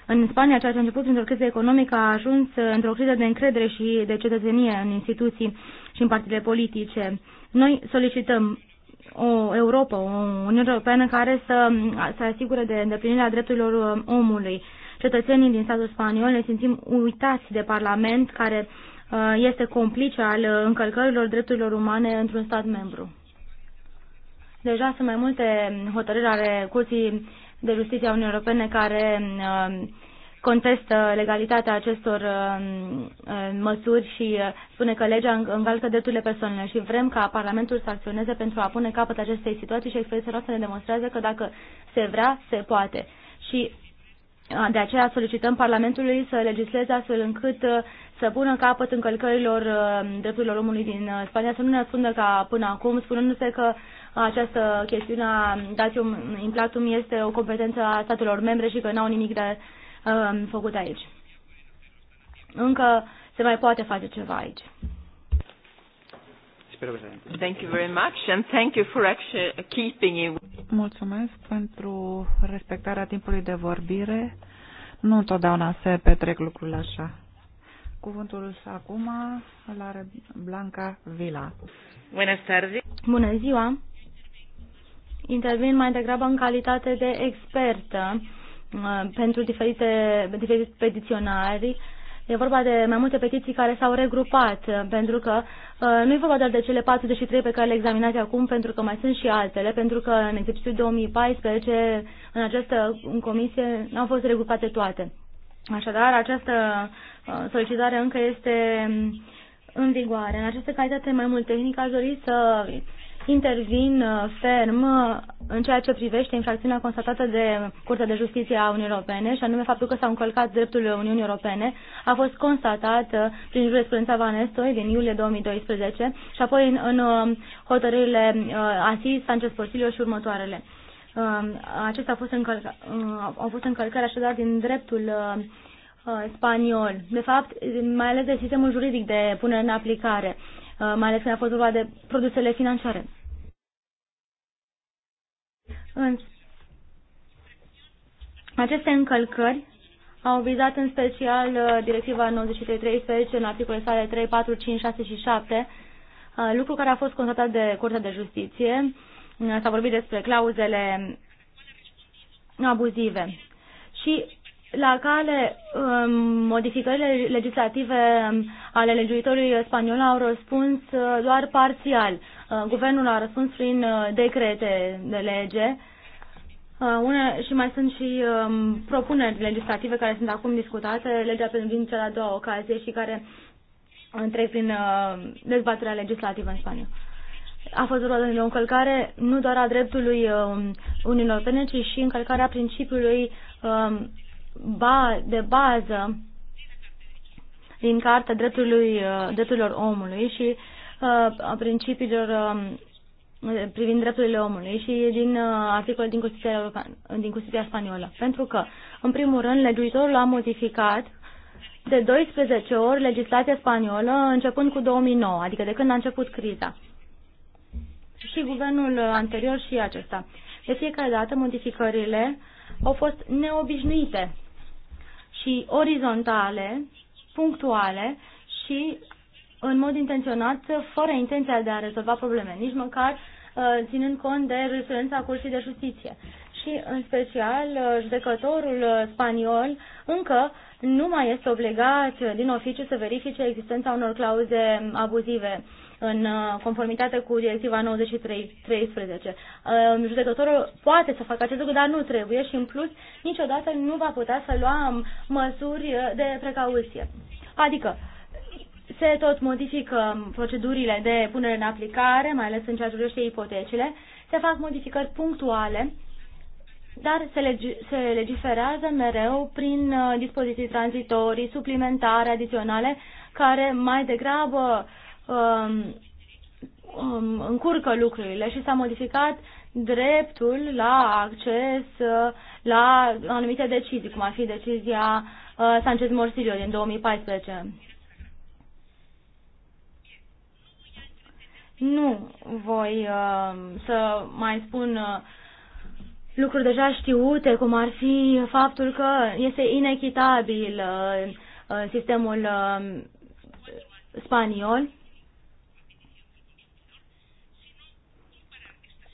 în Spania, ceea ce a început într-o criză economică, a ajuns într-o criză de încredere și de cetățenie în instituții și în partide politice. Noi solicităm o Europa, o Uniune Europeană care să se asigure de îndeplinirea drepturilor uh, omului. Cetățenii din statul spaniol ne simțim uitați de Parlament care este complice al încălcărilor drepturilor umane într-un stat membru. Deja sunt mai multe hotărâri ale Curții de Justiție a Uniunii Europene care um, contestă legalitatea acestor um, uh, măsuri și uh, spune că legea încalcă drepturile persoanelor și vrem ca Parlamentul să acționeze pentru a pune capăt acestei situații și experiența noastră ne demonstrează că dacă se vrea, se poate. Și uh, de aceea solicităm Parlamentului să legisleze astfel încât să pună capăt încălcărilor drepturilor omului din Spania, să nu ne ascundă ca până acum, spunându-se că această chestiune a Dacium Implatum este o competență a statelor membre și că n-au nimic de uh, făcut aici. Încă se mai poate face ceva aici. Thank you very much and thank you for actually keeping it. Mulțumesc pentru respectarea timpului de vorbire. Nu întotdeauna se petrec lucrurile așa. Cuvântul acum îl are Blanca Vila. tardes. Bună ziua! intervin mai degrabă în calitate de expertă uh, pentru diferite, diferite petiționari. E vorba de mai multe petiții care s-au regrupat, uh, pentru că uh, nu e vorba doar de cele 43 pe care le examinați acum, pentru că mai sunt și altele, pentru că în exercițiul 2014, în această în comisie, n-au fost regrupate toate. Așadar, această solicitare încă este mm, în vigoare. În această calitate mai mult tehnică, aș dori să intervin uh, ferm uh, în ceea ce privește infracțiunea constatată de Curtea de Justiție a Uniunii Europene, și anume faptul că s-au încălcat dreptul Uniunii Europene, a fost constatat uh, prin jurisprudența Vanestoi din iulie 2012 și apoi în, în hotărârile Asis, Sanchez Portillo și următoarele. Um, acestea au fost, încălca, au fost încălcări așadar din dreptul spaniol, de fapt, mai ales de sistemul juridic de punere în aplicare. Uh, mai ales când a fost vorba de produsele financiare. În aceste încălcări au vizat în special uh, directiva 93.13 în articolele sale 3, 4, 5, 6 și 7, uh, lucru care a fost constatat de Curtea de Justiție. S-a vorbit despre clauzele abuzive. Și la care um, modificările legislative um, ale legiuitorului spaniol au răspuns uh, doar parțial. Uh, guvernul a răspuns prin uh, decrete de lege uh, une, și mai sunt și um, propuneri legislative care sunt acum discutate, legea privind cea de-a doua ocazie și care întreg prin uh, dezbaterea legislativă în Spania a fost vorba de o încălcare nu doar a dreptului um, Uniunii Europene, ci și încălcarea principiului uh, ba, de bază din Carta Dreptului, uh, Drepturilor Omului și uh, a principiilor uh, privind drepturile omului și din articolul din Constituția, din Constituția Spaniolă. Pentru că, în primul rând, legiuitorul a modificat de 12 ori legislația spaniolă începând cu 2009, adică de când a început criza. Și guvernul anterior și acesta. De fiecare dată modificările au fost neobișnuite și orizontale, punctuale și în mod intenționat, fără intenția de a rezolva probleme, nici măcar uh, ținând cont de jurisprudența Curții de Justiție. Și, în special, uh, judecătorul uh, spaniol încă nu mai este obligat din oficiu să verifice existența unor clauze abuzive în uh, conformitate cu directiva 93-13. Uh, judecătorul poate să facă acest lucru, dar nu trebuie și în plus niciodată nu va putea să luăm um, măsuri uh, de precauție. Adică se tot modifică um, procedurile de punere în aplicare, mai ales în ceea ce privește ipotecile, se fac modificări punctuale, dar se, legi se legiferează mereu prin dispoziții tranzitorii, suplimentare, adiționale, care mai degrabă uh, um, um, încurcă lucrurile și s-a modificat dreptul la acces uh, la anumite decizii, cum ar fi decizia uh, Sanchez Morsillo din 2014. Nu voi uh, să mai spun uh, lucruri deja știute, cum ar fi faptul că este inechitabil uh, sistemul uh, spaniol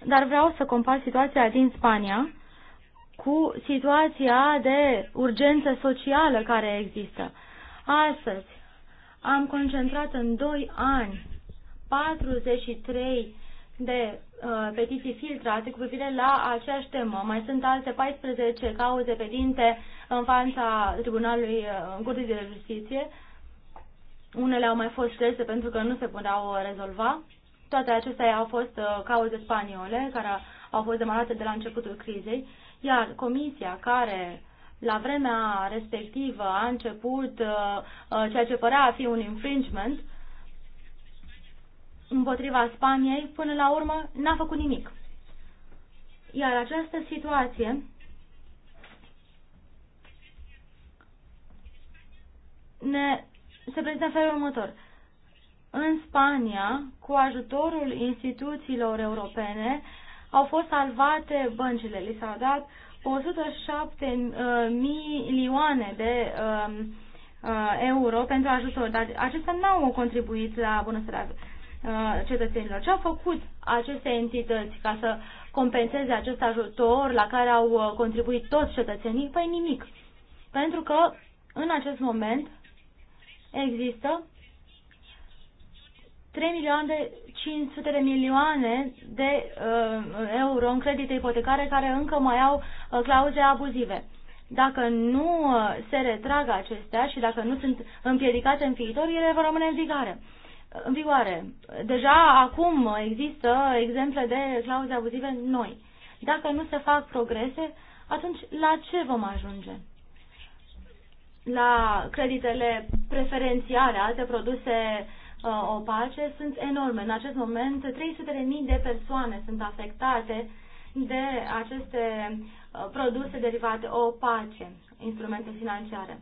dar vreau să compar situația din Spania cu situația de urgență socială care există. Astăzi am concentrat în 2 ani 43 de uh, petiții filtrate cu privire la aceeași temă. Mai sunt alte 14 cauze pedinte în fața Tribunalului uh, Curții de Justiție. Unele au mai fost șterse pentru că nu se puteau rezolva. Toate acestea au fost uh, cauze spaniole care au fost demarate de la începutul crizei, iar comisia care la vremea respectivă a început uh, uh, ceea ce părea a fi un infringement împotriva Spaniei, până la urmă n-a făcut nimic. Iar această situație ne se prezintă în felul următor. În Spania, cu ajutorul instituțiilor europene, au fost salvate băncile. Li s-au dat 107 uh, milioane de um, uh, euro pentru ajutor, dar acestea nu au contribuit la bunăstarea uh, cetățenilor. Ce au făcut aceste entități ca să compenseze acest ajutor la care au contribuit toți cetățenii? Păi nimic. Pentru că în acest moment există 3 milioane de 500 de milioane de uh, euro în credite ipotecare care încă mai au uh, clauze abuzive. Dacă nu uh, se retrag acestea și dacă nu sunt împiedicate în viitor, ele vor rămâne în vigoare. În vigoare. Deja acum există exemple de clauze abuzive noi. Dacă nu se fac progrese, atunci la ce vom ajunge? La creditele preferențiale, alte produse Uh, opace sunt enorme. În acest moment, 300.000 de persoane sunt afectate de aceste uh, produse derivate opace, instrumente financiare.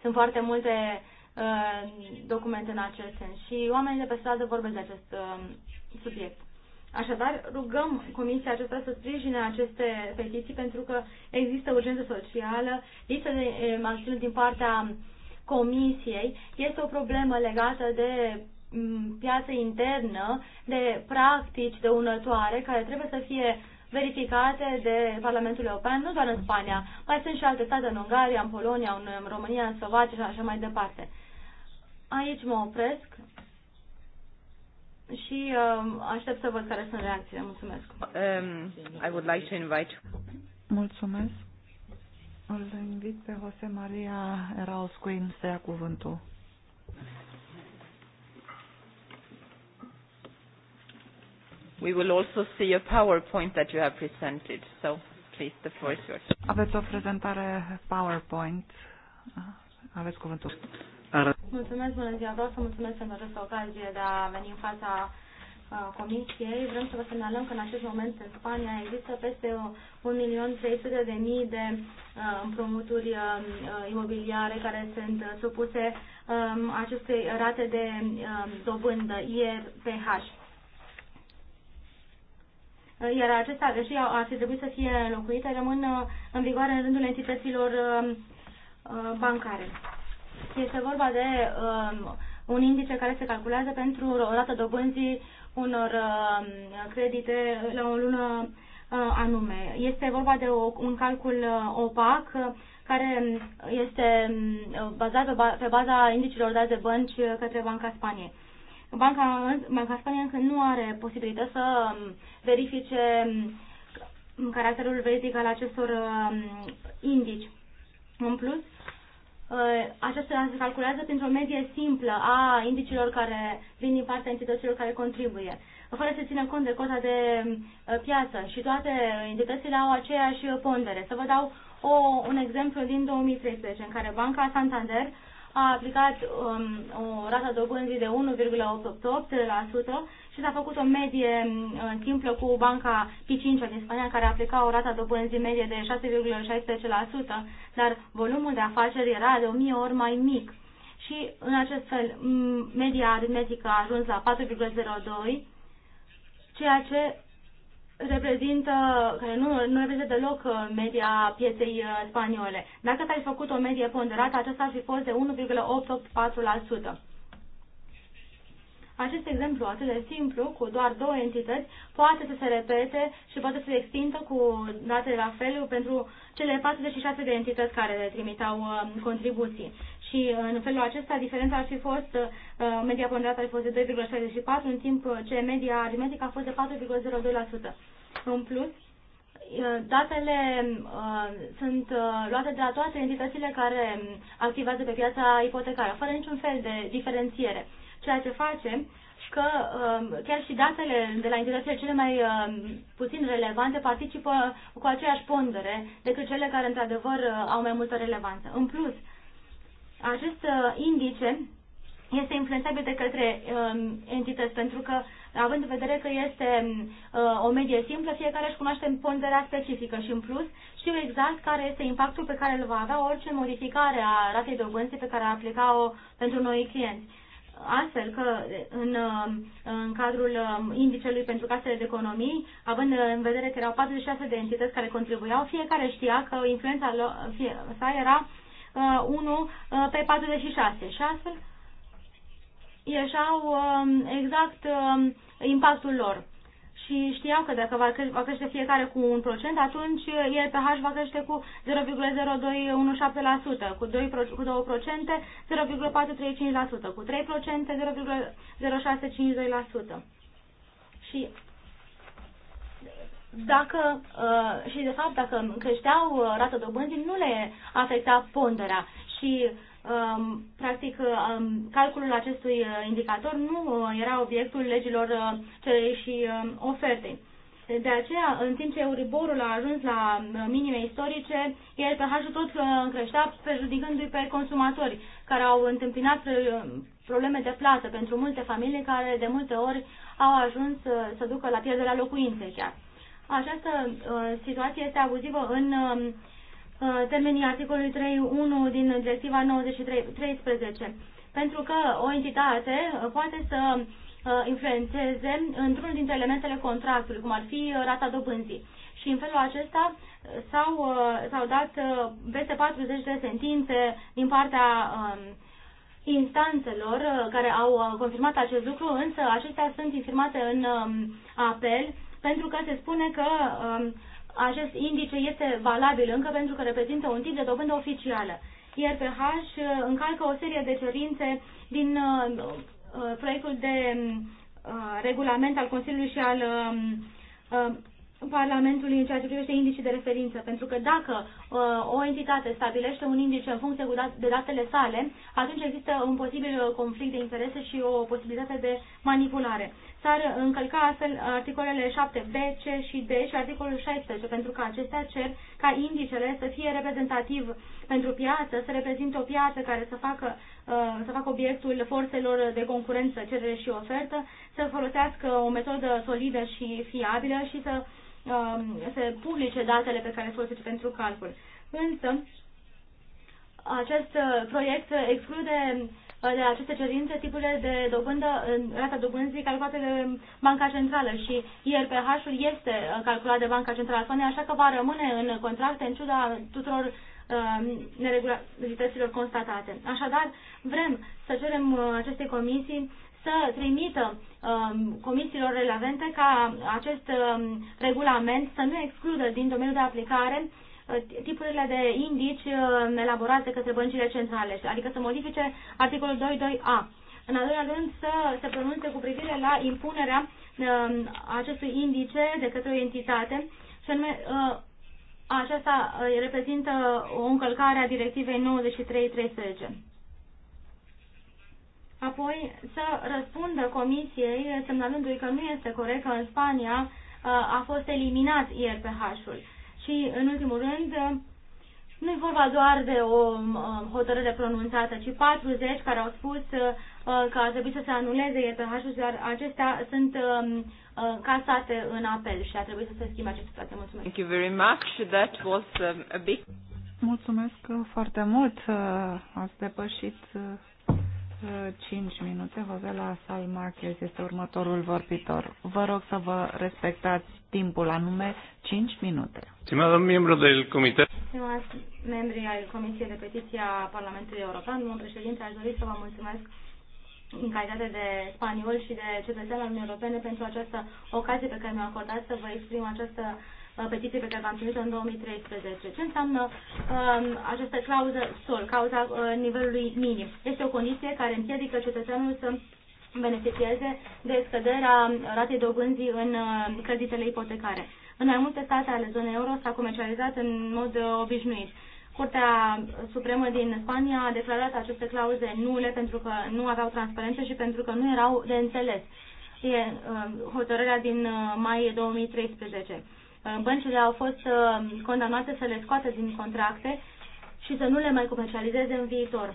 Sunt foarte multe uh, documente în acest sens și oamenii de pe stradă vorbesc de acest subiect. Așadar, rugăm Comisia aceasta să sprijine aceste petiții pentru că există urgență socială, lipsă de eh, acțiuni din partea Comisiei este o problemă legată de mm, piață internă, de practici dăunătoare care trebuie să fie verificate de Parlamentul European, nu doar în Spania, mai sunt și alte state, în Ungaria, în Polonia, în România, în Slovacia și așa mai departe. Aici mă opresc și uh, aștept să văd care sunt reacțiile. Mulțumesc. Um, I would like to invite. Mulțumesc. Îl invit pe Jose Maria Raus Queen să ia cuvântul. We will also see a PowerPoint that you have presented, so please, the floor is yours. Aveți o prezentare PowerPoint. Aveți cuvântul. Mulțumesc, bună ziua. Vreau să mulțumesc pentru această ocazie de a veni în fața Comisiei, vrem să vă semnalăm că în acest moment în Spania există peste 1.300.000 uh, de uh, împrumuturi uh, imobiliare care sunt supuse um, acestei rate de um, dobândă IRPH. Iar acestea, deși ar fi trebuit să fie înlocuite, rămân în vigoare în rândul entităților um, bancare. Este vorba de un indice care se calculează pentru o rată dobânzii unor uh, credite la o lună uh, anume. Este vorba de o, un calcul uh, opac care este bazat pe, pe baza indicilor dați de bănci către Banca Spaniei. Banca, Banca Spaniei încă nu are posibilitatea să um, verifice um, caracterul veridic al acestor um, indici. În plus, Uh, acestea se calculează printr-o medie simplă a indicilor care vin din partea entităților care contribuie, fără să țină cont de cota de uh, piață și toate entitățile au aceeași pondere. Să vă dau o, un exemplu din 2013, în care Banca Santander a aplicat um, o rată dobânzii de 1,88% și s-a făcut o medie simplă cu banca P5 din Spania, care aplica o rată dobânzii medie de 6,16%, dar volumul de afaceri era de 1000 ori mai mic. Și în acest fel, media aritmetică a ajuns la 4,02, ceea ce reprezintă, care nu, nu reprezintă deloc uh, media pieței uh, spaniole. Dacă s-ar fi făcut o medie ponderată, aceasta ar fi fost de 1,884%. Acest exemplu atât de simplu, cu doar două entități, poate să se repete și poate să se extindă cu date la fel pentru cele 46 de entități care le trimitau um, contribuții. Și în felul acesta diferența ar fi fost, uh, media ponderată ar fi fost de 2,64, în timp uh, ce media aritmetică a fost de 4,02%. În plus, uh, datele sunt luate de la toate entitățile care um, activează pe piața ipotecară, fără niciun fel de diferențiere ceea ce face că um, chiar și datele de la entitățile cele mai um, puțin relevante participă cu aceeași pondere decât cele care într-adevăr uh, au mai multă relevanță. În plus, acest uh, indice este influențabil de către um, entități pentru că având în vedere că este uh, o medie simplă, fiecare își cunoaște ponderea specifică și în plus știu exact care este impactul pe care îl va avea orice modificare a ratei de obânzii pe care a aplica-o pentru noi clienți astfel că în, în cadrul indicelui pentru casele de economii, având în vedere că erau 46 de entități care contribuiau, fiecare știa că influența fie sa era 1 uh, uh, pe 46 și astfel ieșau um, exact um, impactul lor și știau că dacă va crește fiecare cu un procent, atunci EPH va crește cu 0,0217%, cu 2%, cu 2 procente 0,435%, cu 3 procente 0,0652%. Și dacă, uh, și de fapt, dacă creșteau uh, rata dobânzii, nu le afecta ponderea și Um, practic, um, calculul acestui uh, indicator nu uh, era obiectul legilor uh, cererii și um, oferte. De aceea, în timp ce Euriborul a ajuns la minime istorice, LPH-ul tot creștea, prejudicându-i pe consumatori, care au întâmpinat probleme de plată pentru multe familii care de multe ori au ajuns să ducă la pierderea locuinței chiar. Această situație este abuzivă în Uh, termenii articolului 3.1 din directiva 93.13, pentru că o entitate poate să uh, influențeze într-unul dintre elementele contractului, cum ar fi uh, rata dobânzii. Și în felul acesta s-au, s-au dat peste 40 de sentințe din partea um, instanțelor care au confirmat acest lucru, însă acestea sunt infirmate în um, apel pentru că se spune că um, acest indice este valabil încă pentru că reprezintă un tip de dobândă oficială. IRPH încalcă o serie de cerințe din uh, uh, proiectul de uh, regulament al Consiliului și al um, Parlamentului în ceea ce privește indicii de referință, pentru că dacă uh, o entitate stabilește un indice în funcție de datele sale, atunci există un posibil uh, conflict de interese și o posibilitate de manipulare. S-ar încălca astfel articolele 7b, c și d și articolul 16, pentru că acestea cer ca indicele să fie reprezentativ uh, pentru piață să reprezinte o piață care să facă, uh, să facă obiectul forțelor de concurență, cerere și ofertă, să folosească o metodă solidă și fiabilă și să um, se publice datele pe care le folosește pentru calcul. Însă, acest uh, proiect exclude uh, de aceste cerințe tipurile de dobândă, rata dobânzii calculată de Banca Centrală și IRPH-ul este calculat de Banca Centrală Spaniei, așa că va rămâne în contracte în ciuda tuturor Uh, neregularităților constatate. Așadar, vrem să cerem uh, acestei comisii să trimită um, comisiilor relevante ca acest um, regulament să nu excludă din domeniul de aplicare uh, tipurile de indici um, elaborate către băncile centrale, adică să modifice articolul 22a. În al doilea rând, să se pronunțe cu privire la impunerea acestui indice de către o entitate, și anume aceasta uh, reprezintă o încălcare a directivei 93-13. Apoi să răspundă comisiei semnalându-i că nu este corect că în Spania uh, a fost eliminat IRPH-ul. Și, în ultimul rând, nu e vorba doar de o uh, hotărâre pronunțată, ci 40 care au spus că ar trebui să se anuleze irph ul dar acestea sunt um, Uh, casate în apel și a trebuit să se schimbe această situație. Mulțumesc. Thank you very much. That was um, a big... Mulțumesc foarte mult. Uh, ați depășit 5 uh, minute. Vovela Marquez este următorul vorbitor. Vă rog să vă respectați timpul, anume 5 minute. Stimați membru del comitet. Stimați membri ai Comisiei de Petiție a Parlamentului European, domnul președinte, aș dori să vă mulțumesc în calitate de spaniol și de cetățean al Uniunii Europene pentru această ocazie pe care mi-a acordat să vă exprim această uh, petiție pe care v-am trimis o în 2013. Ce înseamnă um, această clauză sol, cauza uh, nivelului minim? Este o condiție care împiedică cetățeanul să beneficieze de scăderea uh, ratei dobânzii în uh, creditele ipotecare. În mai multe state ale zonei euro s-a comercializat în mod uh, obișnuit. Curtea Supremă din Spania a declarat aceste clauze nule pentru că nu aveau transparență și pentru că nu erau de înțeles. E uh, hotărârea din uh, mai 2013. Uh, băncile au fost condamnate să le scoate din contracte și să nu le mai comercializeze în viitor.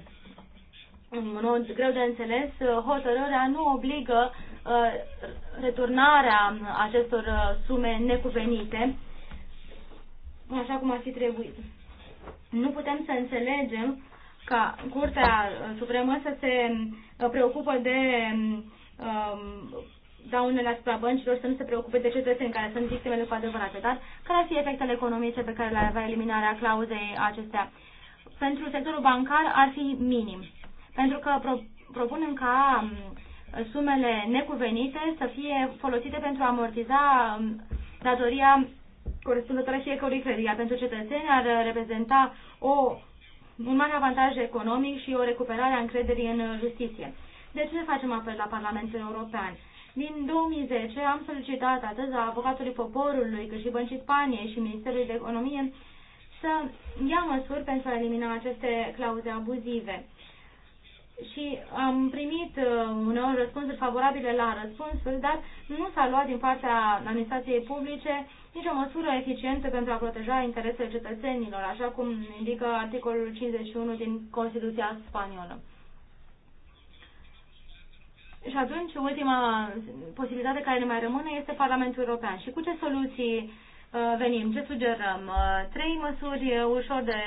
În mod greu de înțeles, hotărârea nu obligă returnarea acestor sume necuvenite, așa cum ar fi trebuit. Nu putem să înțelegem ca Curtea uh, Supremă să se uh, preocupă de um, daunele asupra băncilor, să nu se preocupe de cetățeni care sunt victimele cu adevărat, dar care ar fi efectele economice pe care le avea eliminarea clauzei acestea. Pentru sectorul bancar ar fi minim, pentru că pro propunem ca um, sumele necuvenite să fie folosite pentru a amortiza um, datoria corespunzătoare și ecoliferia pentru cetățeni ar reprezenta o, un mare avantaj economic și o recuperare a încrederii în justiție. De ce facem apel la Parlamentul European? Din 2010 am solicitat atât la Avocatului Poporului cât și Băncii Spaniei și Ministerului de Economie să ia măsuri pentru a elimina aceste clauze abuzive și am primit uh, uneori răspunsuri favorabile la răspunsuri, dar nu s-a luat din partea administrației publice nicio măsură eficientă pentru a proteja interesele cetățenilor, așa cum indică articolul 51 din Constituția spaniolă. Și atunci, ultima posibilitate care ne mai rămâne este Parlamentul European. Și cu ce soluții uh, venim? Ce sugerăm? Uh, trei măsuri ușor de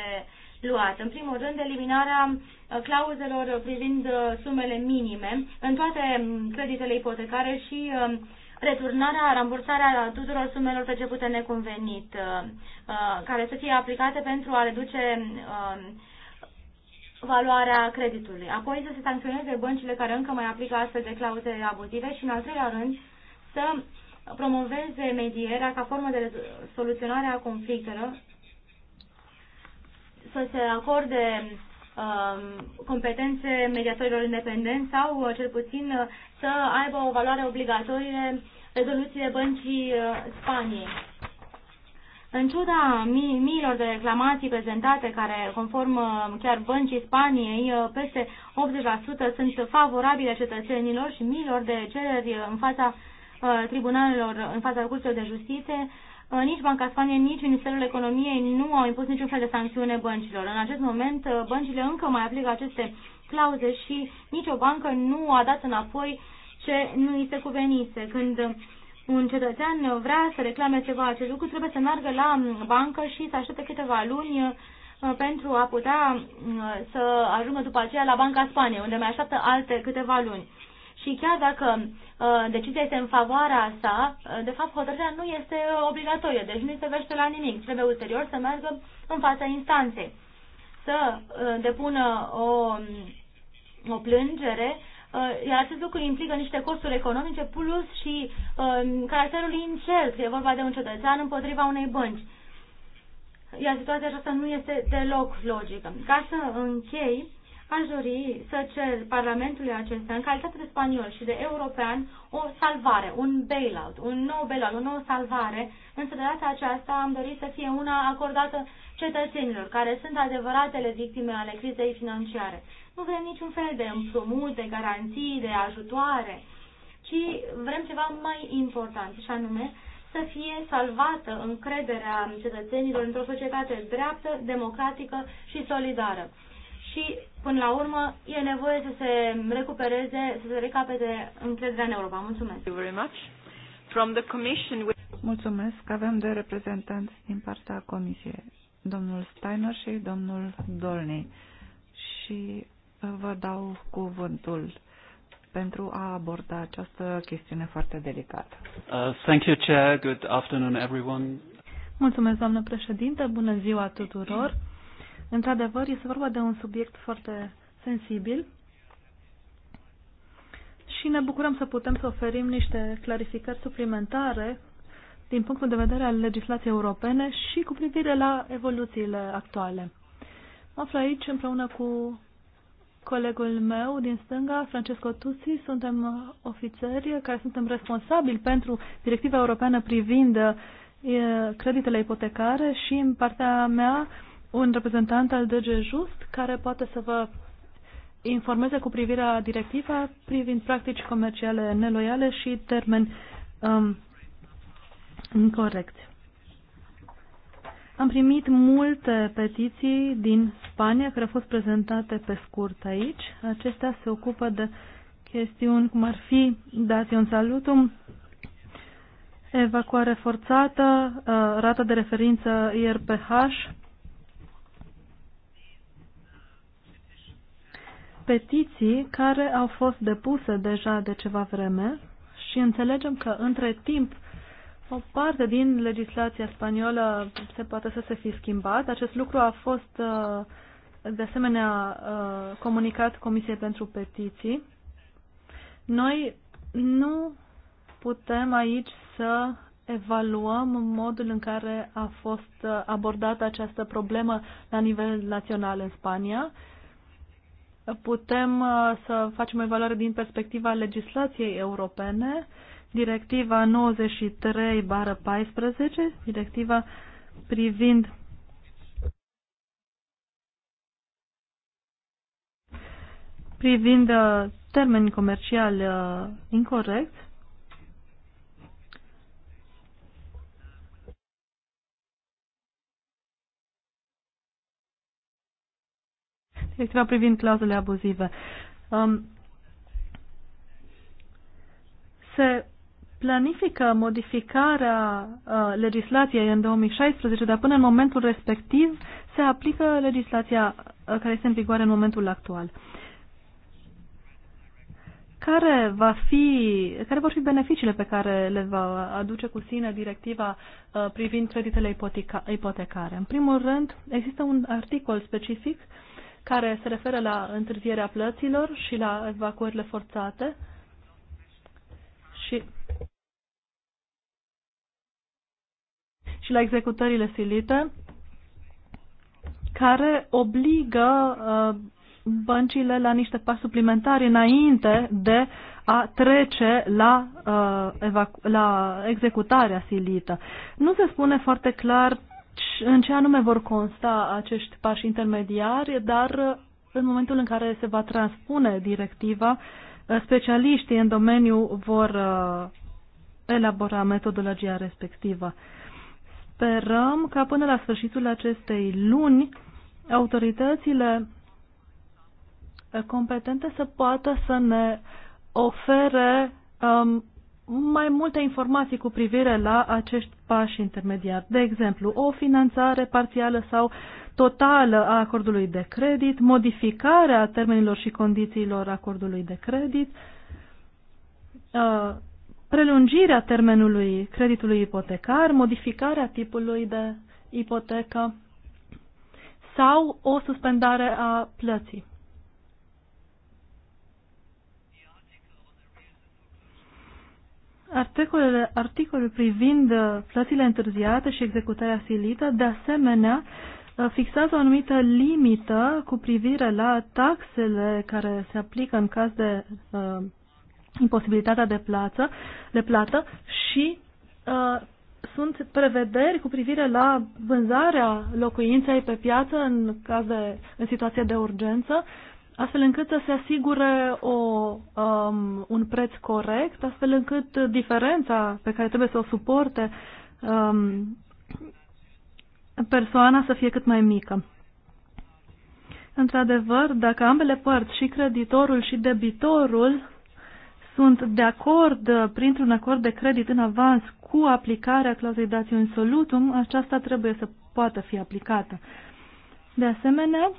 luat. În primul rând, eliminarea clauzelor privind uh, sumele minime în toate mm, creditele ipotecare și um, returnarea, rambursarea tuturor sumelor percepute neconvenit, uh, uh, care să fie aplicate pentru a reduce um, valoarea creditului. Apoi să se sancționeze băncile care încă mai aplică astfel de clauze abuzive și, în al treilea rând, să promoveze medierea ca formă de soluționare a conflictelor, să se acorde Um, competențe mediatorilor independenți sau uh, cel puțin uh, să aibă o valoare obligatorie rezoluțiile băncii uh, Spaniei. În ciuda mi miilor de reclamații prezentate, care conform chiar băncii Spaniei, peste 80% sunt favorabile cetățenilor și miilor de cereri în fața tribunalelor, în fața curților de justiție, nici Banca Spaniei, nici Ministerul Economiei nu au impus niciun fel de sancțiune băncilor. În acest moment, uh, băncile încă mai aplică aceste clauze și nicio bancă nu a dat înapoi ce nu îi se cuvenise. Când un cetățean vrea să reclame ceva acest lucru, trebuie să meargă la um, bancă și să aștepte câteva luni uh, pentru a putea uh, să ajungă după aceea la Banca Spaniei, unde mai așteaptă alte câteva luni și chiar dacă uh, decizia este în favoarea sa, uh, de fapt hotărârea nu este obligatorie, deci nu se vește la nimic. Trebuie ulterior să meargă în fața instanței, să uh, depună o, mm, o plângere, iar acest lucru implică niște costuri economice plus și um, caracterul incert, e vorba de un cetățean împotriva unei bănci. Iar situația aceasta nu este deloc logică. Ca să închei, aș dori să cer Parlamentului acesta, în calitate de spaniol și de european, o salvare, un bailout, un nou bailout, o nouă salvare, însă de data aceasta am dorit să fie una acordată cetățenilor, care sunt adevăratele victime ale crizei financiare. Nu vrem niciun fel de împrumut, de garanții, de ajutoare, ci vrem ceva mai important, și anume să fie salvată încrederea cetățenilor într-o societate dreaptă, democratică și solidară și, până la urmă, e nevoie să se recupereze, să se recapete încrederea în Europa. Mulțumesc! Thank you very much. From the commission... Mulțumesc. Avem de reprezentanți din partea Comisiei, domnul Steiner și domnul Dolny. Și uh, vă dau cuvântul pentru a aborda această chestiune foarte delicată. Uh, thank you, Chair. Good afternoon, everyone. Mulțumesc, doamnă președintă. Bună ziua tuturor. Mm -hmm. Într-adevăr, este vorba de un subiect foarte sensibil și ne bucurăm să putem să oferim niște clarificări suplimentare din punctul de vedere al legislației europene și cu privire la evoluțiile actuale. Mă aflu aici împreună cu colegul meu din stânga, Francesco Tusi, suntem ofițeri care suntem responsabili pentru directiva europeană privind eh, creditele ipotecare și în partea mea un reprezentant al DG Just care poate să vă informeze cu privirea directiva privind practici comerciale neloiale și termeni um, incorrecti. Am primit multe petiții din Spania care au fost prezentate pe scurt aici. Acestea se ocupă de chestiuni cum ar fi dați un salutum, evacuare forțată, uh, rata de referință IRPH, petiții care au fost depuse deja de ceva vreme și înțelegem că între timp o parte din legislația spaniolă se poate să se fi schimbat. Acest lucru a fost uh, de asemenea uh, comunicat Comisiei pentru Petiții. Noi nu putem aici să evaluăm modul în care a fost uh, abordată această problemă la nivel național în Spania putem uh, să facem o evaluare din perspectiva legislației europene, directiva 93-14, directiva privind privind uh, termeni comerciali uh, incorrect Directiva privind clauzele abuzive. Um, se planifică modificarea uh, legislației în 2016, dar până în momentul respectiv se aplică legislația uh, care este în vigoare în momentul actual. Care, va fi, care vor fi beneficiile pe care le va aduce cu sine directiva uh, privind creditele ipoteca, ipotecare? În primul rând, există un articol specific uh, care se referă la întârzierea plăților și la evacuările forțate. Și și la executările silite, care obligă uh, băncile la niște pași suplimentari înainte de a trece la, uh, la executarea silită. Nu se spune foarte clar deci, în ce anume vor consta acești pași intermediari, dar în momentul în care se va transpune directiva, specialiștii în domeniu vor uh, elabora metodologia respectivă. Sperăm ca până la sfârșitul acestei luni autoritățile competente să poată să ne ofere um, mai multe informații cu privire la acești pași intermediari. De exemplu, o finanțare parțială sau totală a acordului de credit, modificarea termenilor și condițiilor acordului de credit, uh, prelungirea termenului creditului ipotecar, modificarea tipului de ipotecă sau o suspendare a plății. Articolele, articolul privind uh, plățile întârziate și executarea silită, de asemenea, uh, fixează o anumită limită cu privire la taxele care se aplică în caz de uh, imposibilitatea de, plață, de plată și uh, sunt prevederi cu privire la vânzarea locuinței pe piață în, caz de, în situație de urgență astfel încât să se asigure o, um, un preț corect, astfel încât diferența pe care trebuie să o suporte um, persoana să fie cât mai mică. Într-adevăr, dacă ambele părți, și creditorul și debitorul, sunt de acord uh, printr-un acord de credit în avans cu aplicarea clauzei dației în solutum, aceasta trebuie să poată fi aplicată. De asemenea,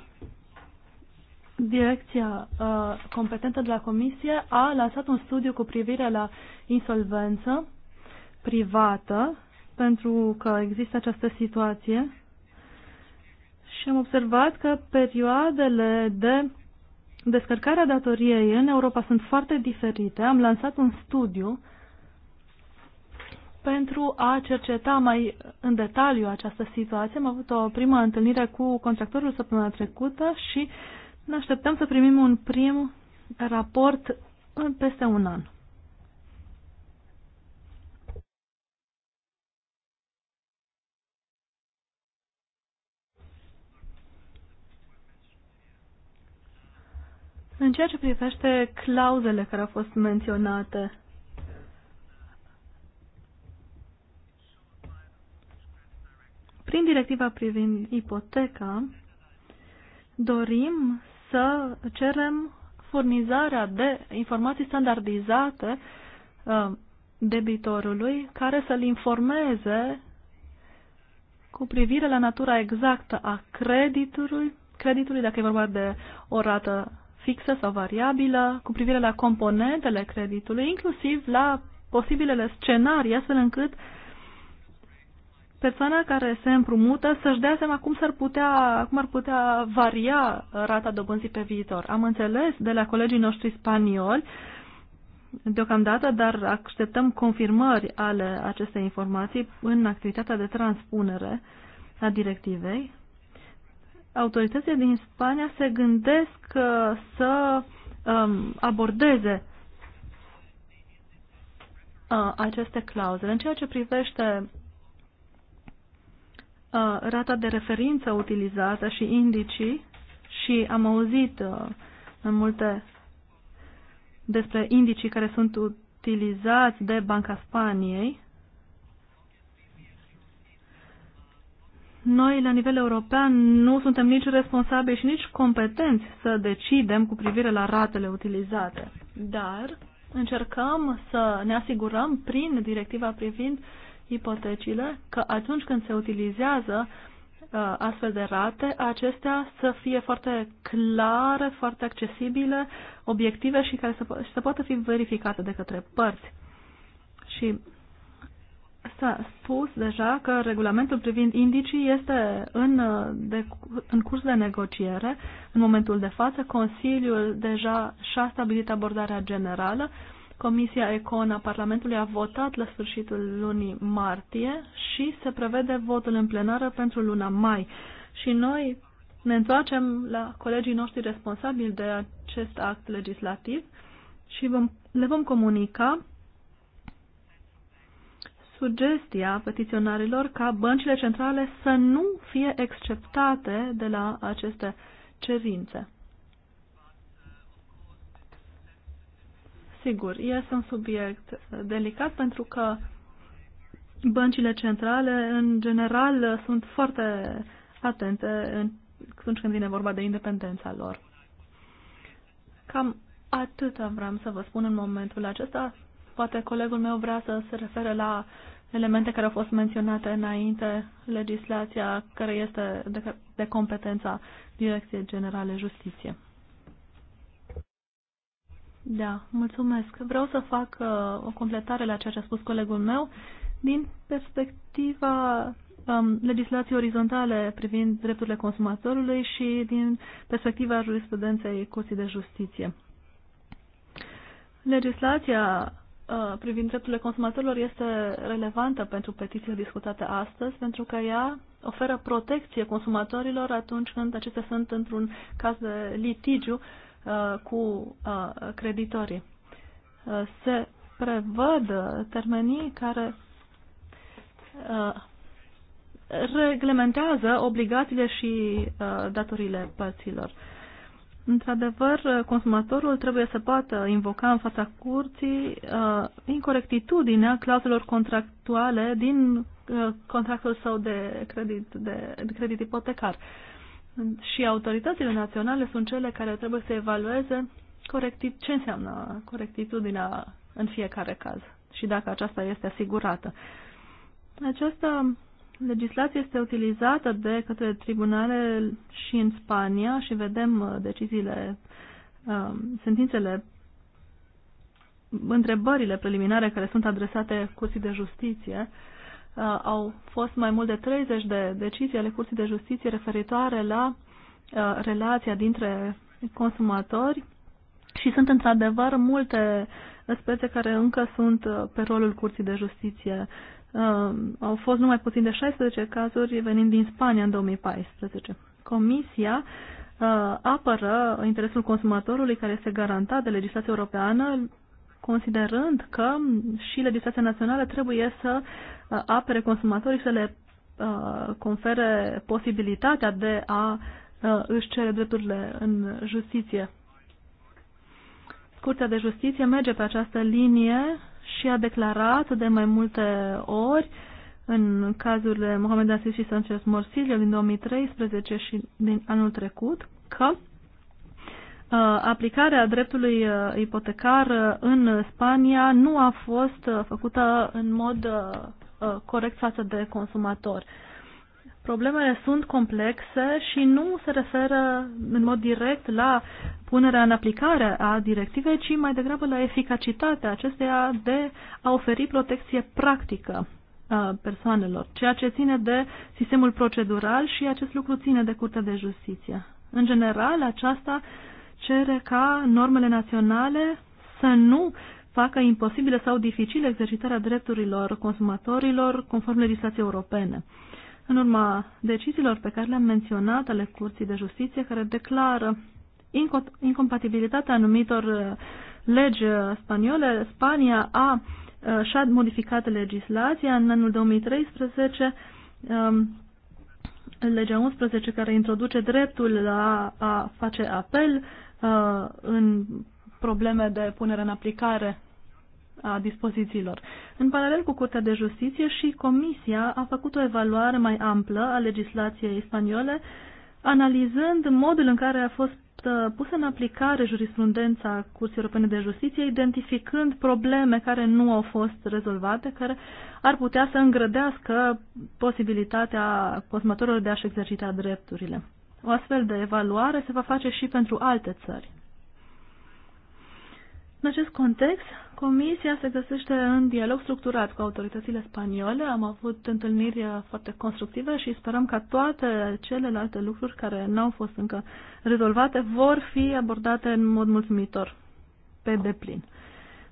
direcția uh, competentă de la Comisie a lansat un studiu cu privire la insolvență privată, pentru că există această situație și am observat că perioadele de descărcare a datoriei în Europa sunt foarte diferite. Am lansat un studiu pentru a cerceta mai în detaliu această situație. Am avut o primă întâlnire cu contractorul săptămâna trecută și uh, ne așteptăm să primim un prim raport în peste un an. În ceea ce privește clauzele care au fost menționate, prin directiva privind ipoteca, dorim să cerem furnizarea de informații standardizate uh, debitorului care să-l informeze cu privire la natura exactă a creditului, creditului dacă e vorba de o rată fixă sau variabilă, cu privire la componentele creditului, inclusiv la posibilele scenarii, astfel încât uh, persoana care se împrumută să-și dea seama cum, s-ar putea, cum ar putea varia rata dobânzii pe viitor. Am înțeles de la colegii noștri spanioli deocamdată, dar așteptăm confirmări ale acestei informații în activitatea de transpunere a directivei. Autoritățile din Spania se gândesc uh, să um, abordeze uh, aceste clauze. În ceea ce privește Uh, rata de referință utilizată și indicii și am auzit mai uh, multe despre indicii care sunt utilizați de Banca Spaniei. Noi, la nivel european, nu suntem nici responsabili și nici competenți să decidem cu privire la ratele utilizate, dar încercăm să ne asigurăm prin directiva privind uh, ipotecile că atunci când se utilizează uh, astfel de rate, acestea să fie foarte clare, foarte accesibile, obiective și care să, po- și să poată fi verificate de către părți. Și s-a spus deja că regulamentul privind indicii este în, uh, de, în curs de negociere. În momentul de față, Consiliul deja și-a stabilit abordarea generală. Uh, Comisia Econ a Parlamentului a votat la sfârșitul lunii martie și se prevede votul în plenară pentru luna mai. Și noi ne întoarcem la colegii noștri responsabili de acest act legislativ și vom, le vom comunica sugestia petiționarilor ca băncile centrale să nu fie exceptate de la aceste cerințe. Sigur, este un subiect delicat pentru că băncile centrale, în general, sunt foarte atente în, atunci când vine vorba de independența lor. Cam atât vreau să vă spun în momentul acesta. Poate colegul meu vrea să se refere la elemente care au fost menționate înainte, legislația care este de, de competența Direcției Generale Justiție. Da, mulțumesc. Vreau să fac uh, o completare la ceea ce a spus colegul meu. Din perspectiva um, legislației orizontale privind drepturile consumatorului și din perspectiva jurisprudenței Curții de Justiție. Legislația uh, privind drepturile consumatorilor este relevantă pentru petiția discutată astăzi, pentru că ea oferă protecție consumatorilor atunci când acestea sunt într-un caz de litigiu uh, Uh, cu uh, creditorii. Uh, se prevăd termenii care reglementează obligațiile și datorile părților. Într-adevăr, consumatorul trebuie să poată invoca în fața curții uh, incorectitudinea clauzelor contractuale din uh, contractul său de credit, de, de credit ipotecar. Uh, și autoritățile naționale sunt cele care trebuie să evalueze corectit, ce înseamnă corectitudinea în fiecare caz și dacă aceasta este asigurată. Această legislație este utilizată de către tribunale și în Spania și vedem uh, deciziile, um, sentințele, întrebările preliminare care sunt adresate Curții de Justiție uh, au fost mai mult de 30 de decizii ale Curții de Justiție referitoare la uh, relația dintre consumatori și sunt într-adevăr multe spețe care încă sunt uh, pe rolul Curții de Justiție. Uh, au fost numai puțin de 16 cazuri venind din Spania în 2014. Comisia uh, apără interesul consumatorului care este garantat de legislația europeană considerând că și legislația națională trebuie să uh, apere consumatorii, să le uh, confere posibilitatea de a uh, își cere drepturile în justiție. Curtea de Justiție merge pe această linie și a declarat de mai multe ori în cazurile Mohamed Asis și Sanchez Morsilio din 2013 și din anul trecut că Uh, aplicarea dreptului uh, ipotecar uh, în Spania nu a fost făcută în mod corect față de consumator. Problemele sunt complexe și nu se referă în mod direct la punerea în aplicare a directivei, ci mai degrabă la eficacitatea acesteia de a oferi protecție practică persoanelor, ceea ce ține de sistemul procedural și acest lucru ține de Curtea de Justiție. În general, aceasta uh, cere ca normele naționale să nu facă imposibilă sau dificilă exercitarea drepturilor consumatorilor conform legislației europene. În urma deciziilor pe care le-am menționat ale Curții de Justiție, care declară incompatibilitatea anumitor uh, legi uh, spaniole, Spania a uh, și-a modificat legislația în anul 2013 um, legea 11 care introduce dreptul la a face apel Uh, în probleme de punere în aplicare a dispozițiilor. În paralel cu Curtea de Justiție și Comisia a făcut o evaluare mai amplă a legislației spaniole, analizând modul în care a fost uh, pusă în aplicare jurisprudența Curții Europene de Justiție, identificând probleme care nu au fost rezolvate, care ar putea să îngrădească posibilitatea consumatorilor de a-și exercita drepturile o astfel de evaluare se va face și pentru alte țări. În acest context, Comisia se găsește în dialog structurat cu autoritățile spaniole. Am avut întâlniri foarte constructive și sperăm ca toate celelalte lucruri care nu au fost încă rezolvate vor fi abordate în mod mulțumitor, pe deplin.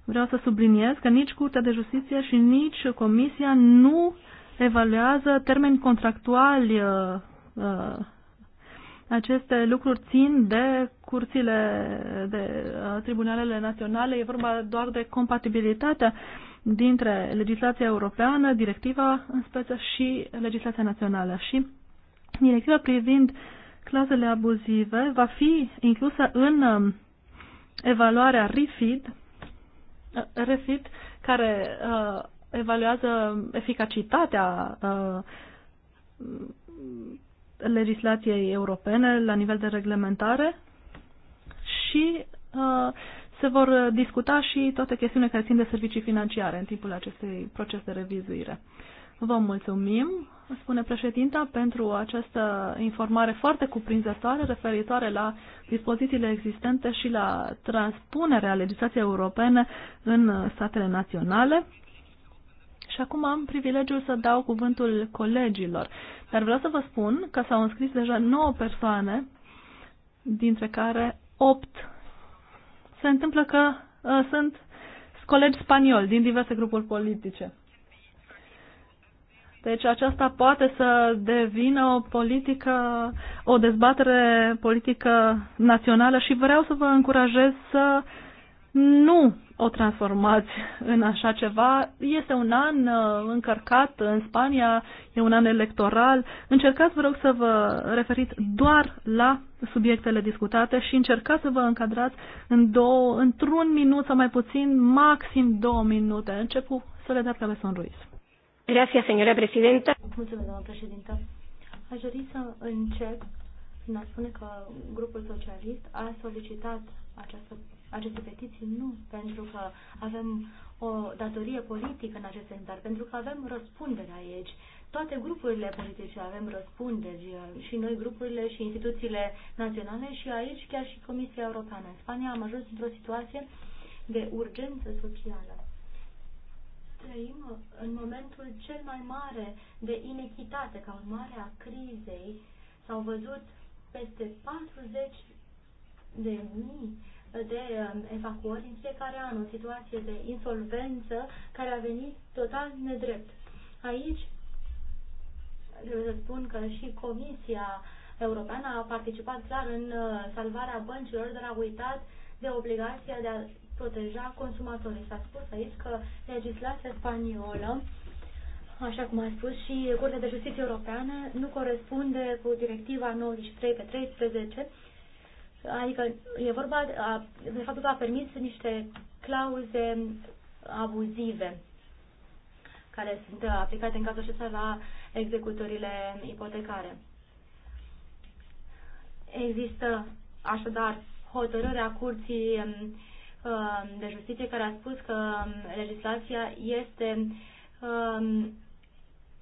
Vreau să subliniez că nici Curtea de Justiție și nici Comisia nu evaluează termeni contractuali uh, uh, aceste lucruri țin de curțile, de uh, tribunalele naționale, e vorba doar de compatibilitatea dintre legislația europeană, directiva în speță și legislația națională. Și directiva privind clauzele abuzive va fi inclusă în um, evaluarea RIFID, uh, RIFID care uh, evaluează eficacitatea legislației europene la nivel de reglementare și uh, se vor discuta și toate chestiunile care țin de servicii financiare în timpul acestui proces de revizuire. Vă mulțumim, spune președinta, pentru această informare foarte cuprinzătoare referitoare la dispozițiile existente și la transpunerea legislației europene în statele naționale. Și acum am privilegiul să dau cuvântul colegilor. Dar vreau să vă spun că s-au înscris deja 9 persoane, dintre care 8 se întâmplă că uh, sunt colegi spanioli din diverse grupuri politice. Deci aceasta poate să devină o politică, o dezbatere politică națională și vreau să vă încurajez să uh, nu o transformați în așa ceva. Este un an uh, încărcat în Spania, e un an electoral. Încercați, vă rog, să vă referiți doar la subiectele discutate și încercați să vă încadrați în două, într-un minut sau mai puțin, maxim două minute. Încep cu Soledad Cabezon Ruiz. Grazie, señora presidenta. Mulțumesc, doamna președintă. Aș dori să încep prin a spune că grupul socialist a solicitat această aceste petiții? Nu, pentru că avem o datorie politică în acest sens, dar pentru că avem răspundere aici. Toate grupurile politice avem răspunderi, uh, și noi grupurile și instituțiile naționale și aici chiar și Comisia Europeană. În Spania am ajuns într-o situație de urgență socială. Trăim uh, în momentul cel mai mare de inechitate ca urmare a crizei. S-au văzut peste 40 de mii de um, evacuări în fiecare an, o situație de insolvență care a venit total nedrept. Aici trebuie să spun că și Comisia Europeană a participat clar în uh, salvarea băncilor, dar a uitat de obligația de a proteja consumatorii. S-a spus aici că legislația spaniolă așa cum a spus și Curtea de Justiție Europeană, nu corespunde cu directiva 93 pe 13 Adică e vorba de faptul că a permis niște clauze abuzive care sunt aplicate în cazul acesta la executorile ipotecare. Există așadar hotărârea Curții um, um, de Justiție care a spus că um, legislația este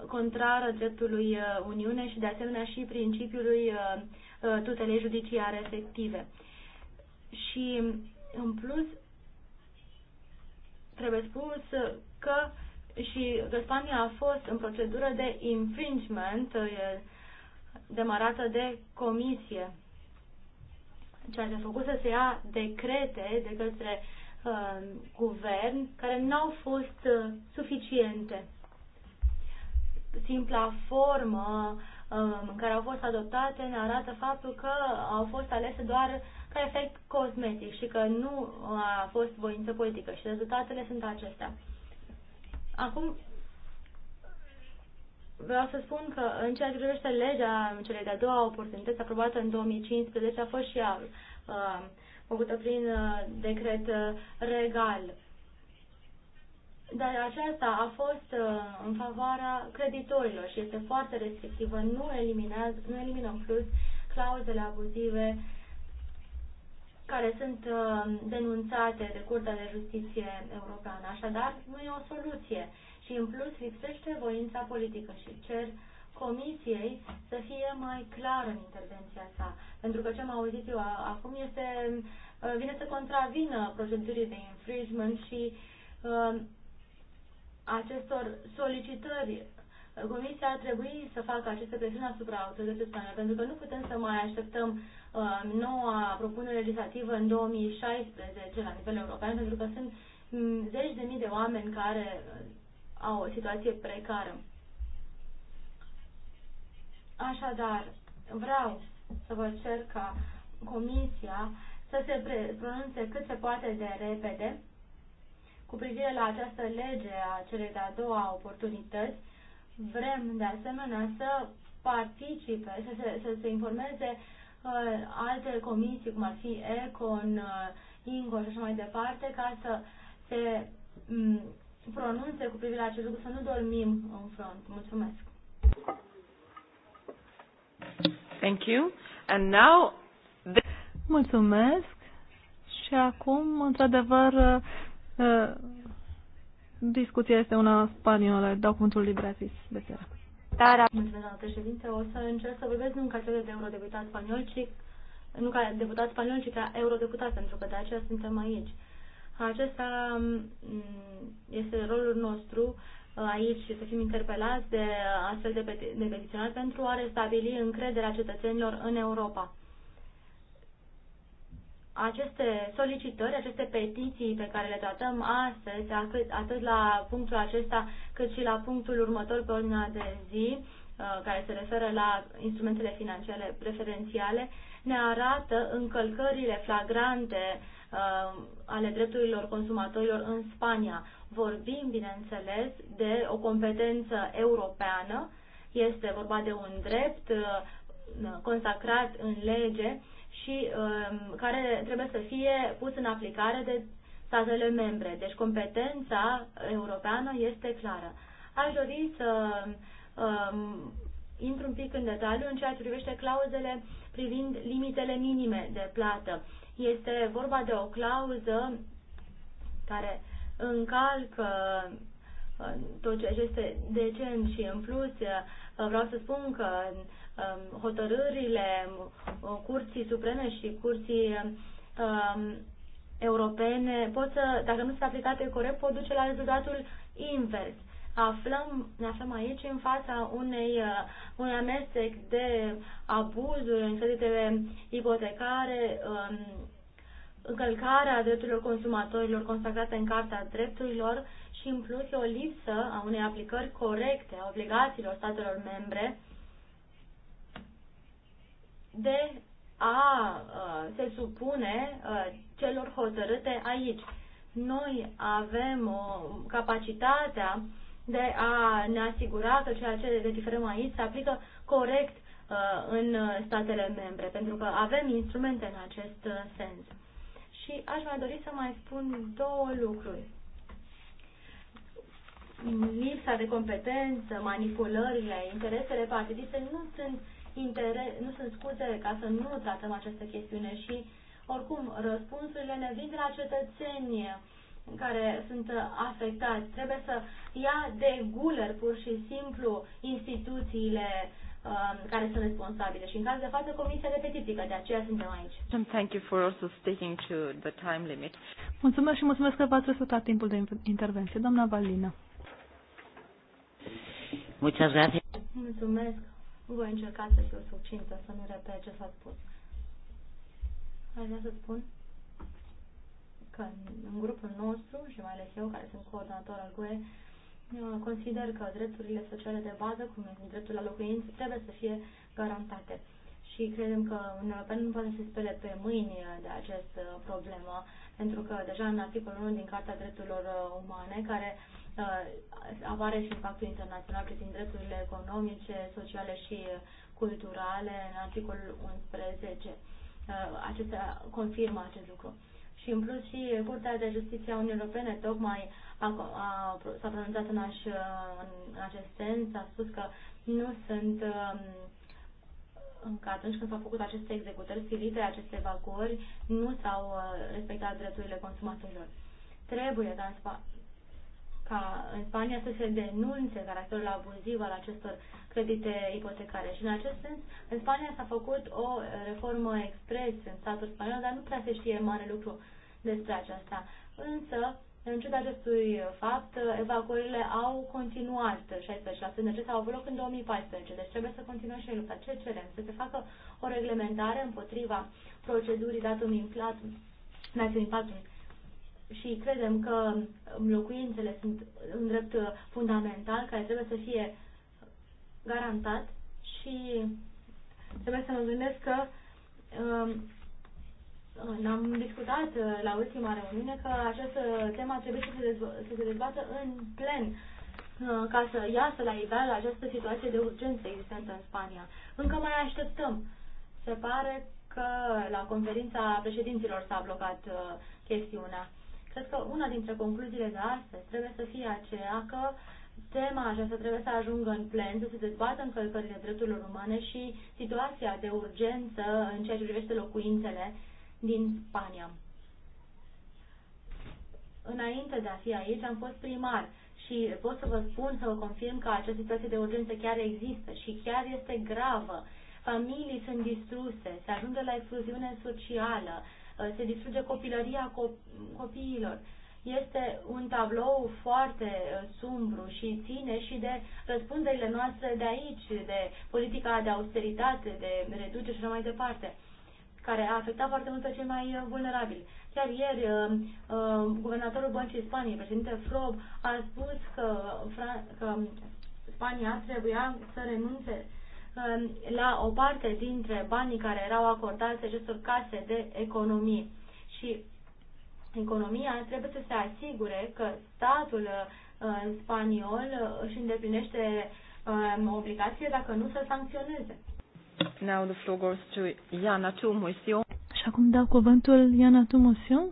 contrară dreptului uh, Uniune și de asemenea și principiului uh, Uh, tutelei judiciare efective. Și, în plus, trebuie spus că și că Spania a fost în procedură de infringement uh, demarată de comisie. Ceea ce a făcut să se ia decrete de către uh, guvern care nu au fost uh, suficiente. Simpla formă Um, care au fost adoptate ne arată faptul că au fost alese doar ca efect cosmetic și că nu a fost voință politică și rezultatele sunt acestea. Acum, vreau să spun că în ceea ce privește legea celei de-a doua oportunități aprobată în 2015 a fost și ea um, făcută prin uh, decret uh, regal dar aceasta a fost uh, în favoarea creditorilor și este foarte restrictivă. Nu, eliminează, nu elimină în plus clauzele abuzive care sunt uh, denunțate de Curtea de Justiție Europeană. Așadar, nu e o soluție și în plus lipsește voința politică și cer Comisiei să fie mai clară în intervenția sa. Pentru că ce am auzit eu acum este, uh, vine să contravină procedurii de infringement și uh, acestor solicitări. Comisia ar trebui să facă aceste presiuni asupra autorității spaniole, pentru că nu putem să mai așteptăm uh, noua propunere legislativă în 2016 la nivel european, pentru că sunt mm, zeci de mii de oameni care uh, au o situație precară. Așadar, vreau să vă cer ca Comisia să se pronunțe cât se poate de repede cu privire la această lege a celei de-a doua oportunități, vrem de asemenea să participe, să se, să se informeze uh, alte comisii, cum ar fi ECON, uh, INGO și așa mai departe, ca să se um, pronunțe cu privire la acest lucru, să nu dormim în front. Mulțumesc! Thank you. And now... Mulțumesc! Și acum, într-adevăr, Ă, discuția este una spaniolă. Dau cuvântul liberatis de seara. Dar, doamna președinte, o să încerc să vorbesc nu în calitate de eurodeputat spaniol, ci nu ca deputat spaniol, ci ca eurodeputat, pentru că de aceea suntem aici. Acesta este rolul nostru ă, aici și să fim interpelați de astfel de, peti- de petiționari pentru a restabili încrederea cetățenilor în Europa aceste solicitări, aceste petiții pe care le tratăm astăzi, atât la punctul acesta cât și la punctul următor pe ordinea de zi, uh, care se referă la instrumentele financiare preferențiale, ne arată încălcările flagrante uh, ale drepturilor consumatorilor în Spania. Vorbim, bineînțeles, de o competență europeană, este vorba de un drept uh, consacrat în lege și um, care trebuie să fie pus în aplicare de statele membre. Deci competența europeană este clară. Aș dori să um, intru un pic în detaliu în ceea ce privește clauzele privind limitele minime de plată. Este vorba de o clauză care încalcă uh, tot ceea ce este decent și în plus uh, vreau să spun că Um, hotărârile uh, Curții Supreme și Curții um, Europene pot să, dacă nu sunt aplicate corect, pot duce la rezultatul invers. Aflăm, ne aflăm aici în fața unei, uh, unei amestec de abuzuri în creditele ipotecare, um, încălcarea drepturilor consumatorilor consacrate în Carta Drepturilor și, în plus, o lipsă a unei aplicări corecte a obligațiilor statelor membre de a uh, se supune uh, celor hotărâte aici. Noi avem uh, capacitatea de a ne asigura că ceea ce legiferăm aici se aplică corect uh, în statele membre, pentru că avem instrumente în acest sens. Și aș mai dori să mai spun două lucruri. Lipsa de competență, manipulările, interesele partidiste nu sunt uh, interes, nu sunt scuze ca să nu tratăm aceste chestiune și oricum răspunsurile ne vin de la cetățeni care sunt afectați. Trebuie să ia de guler pur și simplu instituțiile um, care sunt responsabile și în caz de față comisia de petiții, că de aceea suntem aici. Thank you for also sticking to the time limit. Mulțumesc și mulțumesc că v-ați respectat timpul de intervenție. Doamna Valina. Muchas gracias. Mulțumesc. Voi încerca să fiu succintă, să nu repet ce s-a spus. Aș vrea să spun că în grupul nostru, și mai ales eu, care sunt coordonator al GUE, consider că drepturile sociale de bază, cum este dreptul la locuință, trebuie să fie garantate. Și credem că Uniunea Europeană nu poate să spele pe mâini de această problemă pentru că deja în articolul 1 din Carta Drepturilor uh, Umane, care uh, apare și pactul internațional privind drepturile economice, sociale și uh, culturale, în articolul 11, acesta confirmă acest lucru. Și în plus și Curtea de Justiție a Uniunii Europene tocmai a, a, s-a pronunțat în, aș, în acest sens, a spus că nu sunt Uh, că atunci când s-au făcut aceste executări silite, aceste evacuări, nu s-au uh, respectat drepturile consumatorilor. Trebuie ca în, Sp- ca în Spania să se denunțe caracterul abuziv al acestor credite ipotecare. Și în acest sens, în Spania s-a făcut o reformă expres în statul spaniol, dar nu prea se știe mare lucru despre aceasta. Însă, în ciuda acestui fapt, evacuările au continuat 16%, din acestea au avut loc în 2014, deci trebuie să continuăm și în lupta. Ce cerem? Să se facă o reglementare împotriva procedurii datum implat, națiunii patului. Și credem că locuințele sunt un drept fundamental care trebuie să fie garantat și trebuie să mă gândesc că um, N-am discutat uh, la ultima reuniune că această temă trebuie să se, dezb- să se dezbată în plen uh, ca să iasă la iveală această situație de urgență existentă în Spania. Încă mai așteptăm. Se pare că la conferința președinților s-a blocat uh, chestiunea. Cred că una dintre concluziile de astăzi trebuie să fie aceea că tema aceasta trebuie să ajungă în plen, să se dezbată încălcările drepturilor umane și situația de urgență în ceea ce privește locuințele din Spania. Înainte de a fi aici, am fost primar și pot să vă spun, să vă confirm că această situație de urgență chiar există și chiar este gravă. Familii sunt distruse, se ajunge la excluziune socială, uh, se distruge copilăria copiilor. Este un tablou foarte uh, sumbru și ține și de răspunderile noastre de aici, de politica de austeritate, de reducere și așa mai departe care a afectat foarte mult pe cei mai uh, vulnerabili. Chiar ieri, uh, uh, guvernatorul Băncii Spaniei, președinte Frob, a spus că, că um, Spania trebuia să renunțe um, la o parte dintre banii care erau acordați acestor case de economie. Și economia trebuie să se asigure că statul spaniol își îndeplinește um, obligație dacă nu să sancționeze. Now the floor goes to Iana Tumosion. Și acum dau cuvântul Iana Tumosion,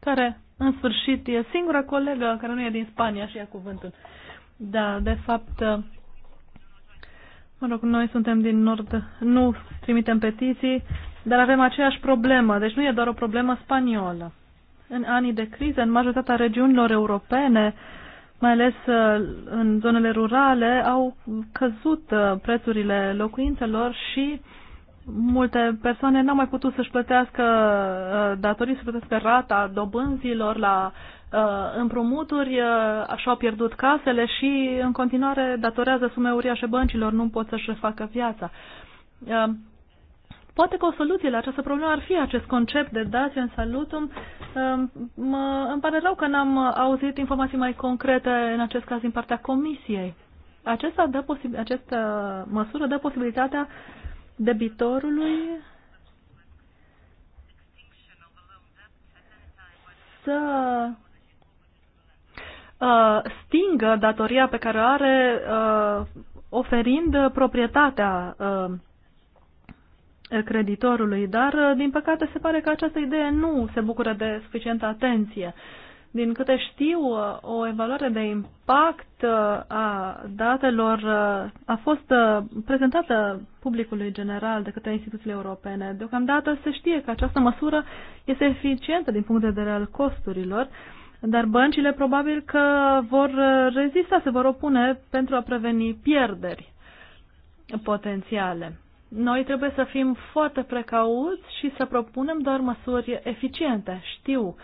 care în sfârșit e singura colegă care nu e din Spania și ia cuvântul. Da, de fapt, mă rog, noi suntem din Nord, nu trimitem petiții, dar avem aceeași problemă, deci nu e doar o problemă spaniolă. În anii de criză, în majoritatea regiunilor europene, uh, mai ales uh, în zonele rurale, au căzut uh, prețurile locuințelor și multe persoane n-au mai putut să-și plătească uh, datorii, să plătească rata dobânzilor la împrumuturi, așa au pierdut casele și în continuare datorează sume uriașe băncilor, nu pot să-și refacă viața. Poate că o soluție la această problemă ar fi acest concept de dați în salutum. Ehm, mă, îmi pare rău că n-am auzit informații mai concrete în acest caz din partea Comisiei. Acesta dă posib- această măsură dă posibilitatea debitorului să uh, stingă datoria pe care o are uh, oferind proprietatea uh, Eh, creditorului, dar eh, din păcate se pare că această idee nu se bucură de suficientă atenție. Din câte știu, eh, o evaluare de impact a datelor a fost prezentată publicului general de către instituțiile europene. Deocamdată se știe că această măsură este eficientă din punct de vedere al costurilor, dar băncile probabil că vor rezista, se vor opune pentru a preveni pierderi potențiale. Noi trebuie să fim foarte precauți și să propunem doar măsuri eficiente. Știu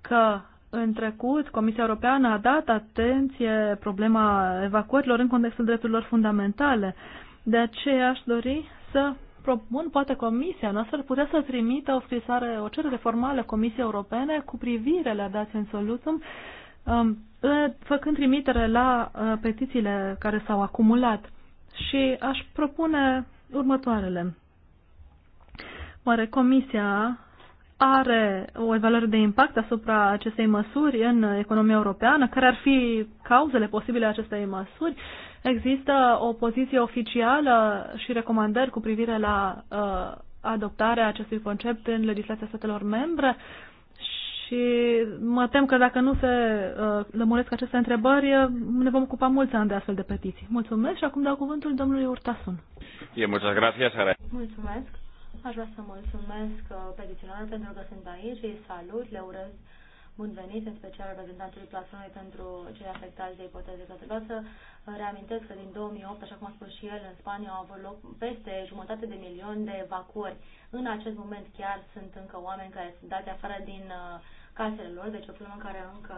că în trecut Comisia Europeană a dat atenție problema evacuărilor în contextul drepturilor fundamentale. De aceea aș dori să propun, poate Comisia noastră putea să trimită o scrisoare, o cerere formală Comisiei Europene cu privire la dați în solutum, um, făcând trimitere la uh, petițiile care s-au acumulat. Și aș propune următoarele. Oare Comisia are o evaluare de impact asupra acestei măsuri în economia europeană? Care ar fi cauzele posibile acestei măsuri? Există o poziție oficială și recomandări cu privire la uh, adoptarea acestui concept în legislația statelor membre? Și mă tem că dacă nu se uh, lămuresc aceste întrebări, uh, ne vom ocupa mulți ani de astfel de petiții. Mulțumesc și acum dau cuvântul domnului Urtasun. E, muchas gracias, Mulțumesc. Aș vrea să mulțumesc uh, petiționarul pentru că sunt aici, și salut, le urez bun venit, în special reprezentantului platformei pentru cei afectați de ipoteze să uh, Reamintesc că din 2008, așa cum a spus și el, în Spania au avut loc peste jumătate de milion de evacuări. În acest moment chiar sunt încă oameni care sunt dați afară din uh, casele lor, deci o problemă care încă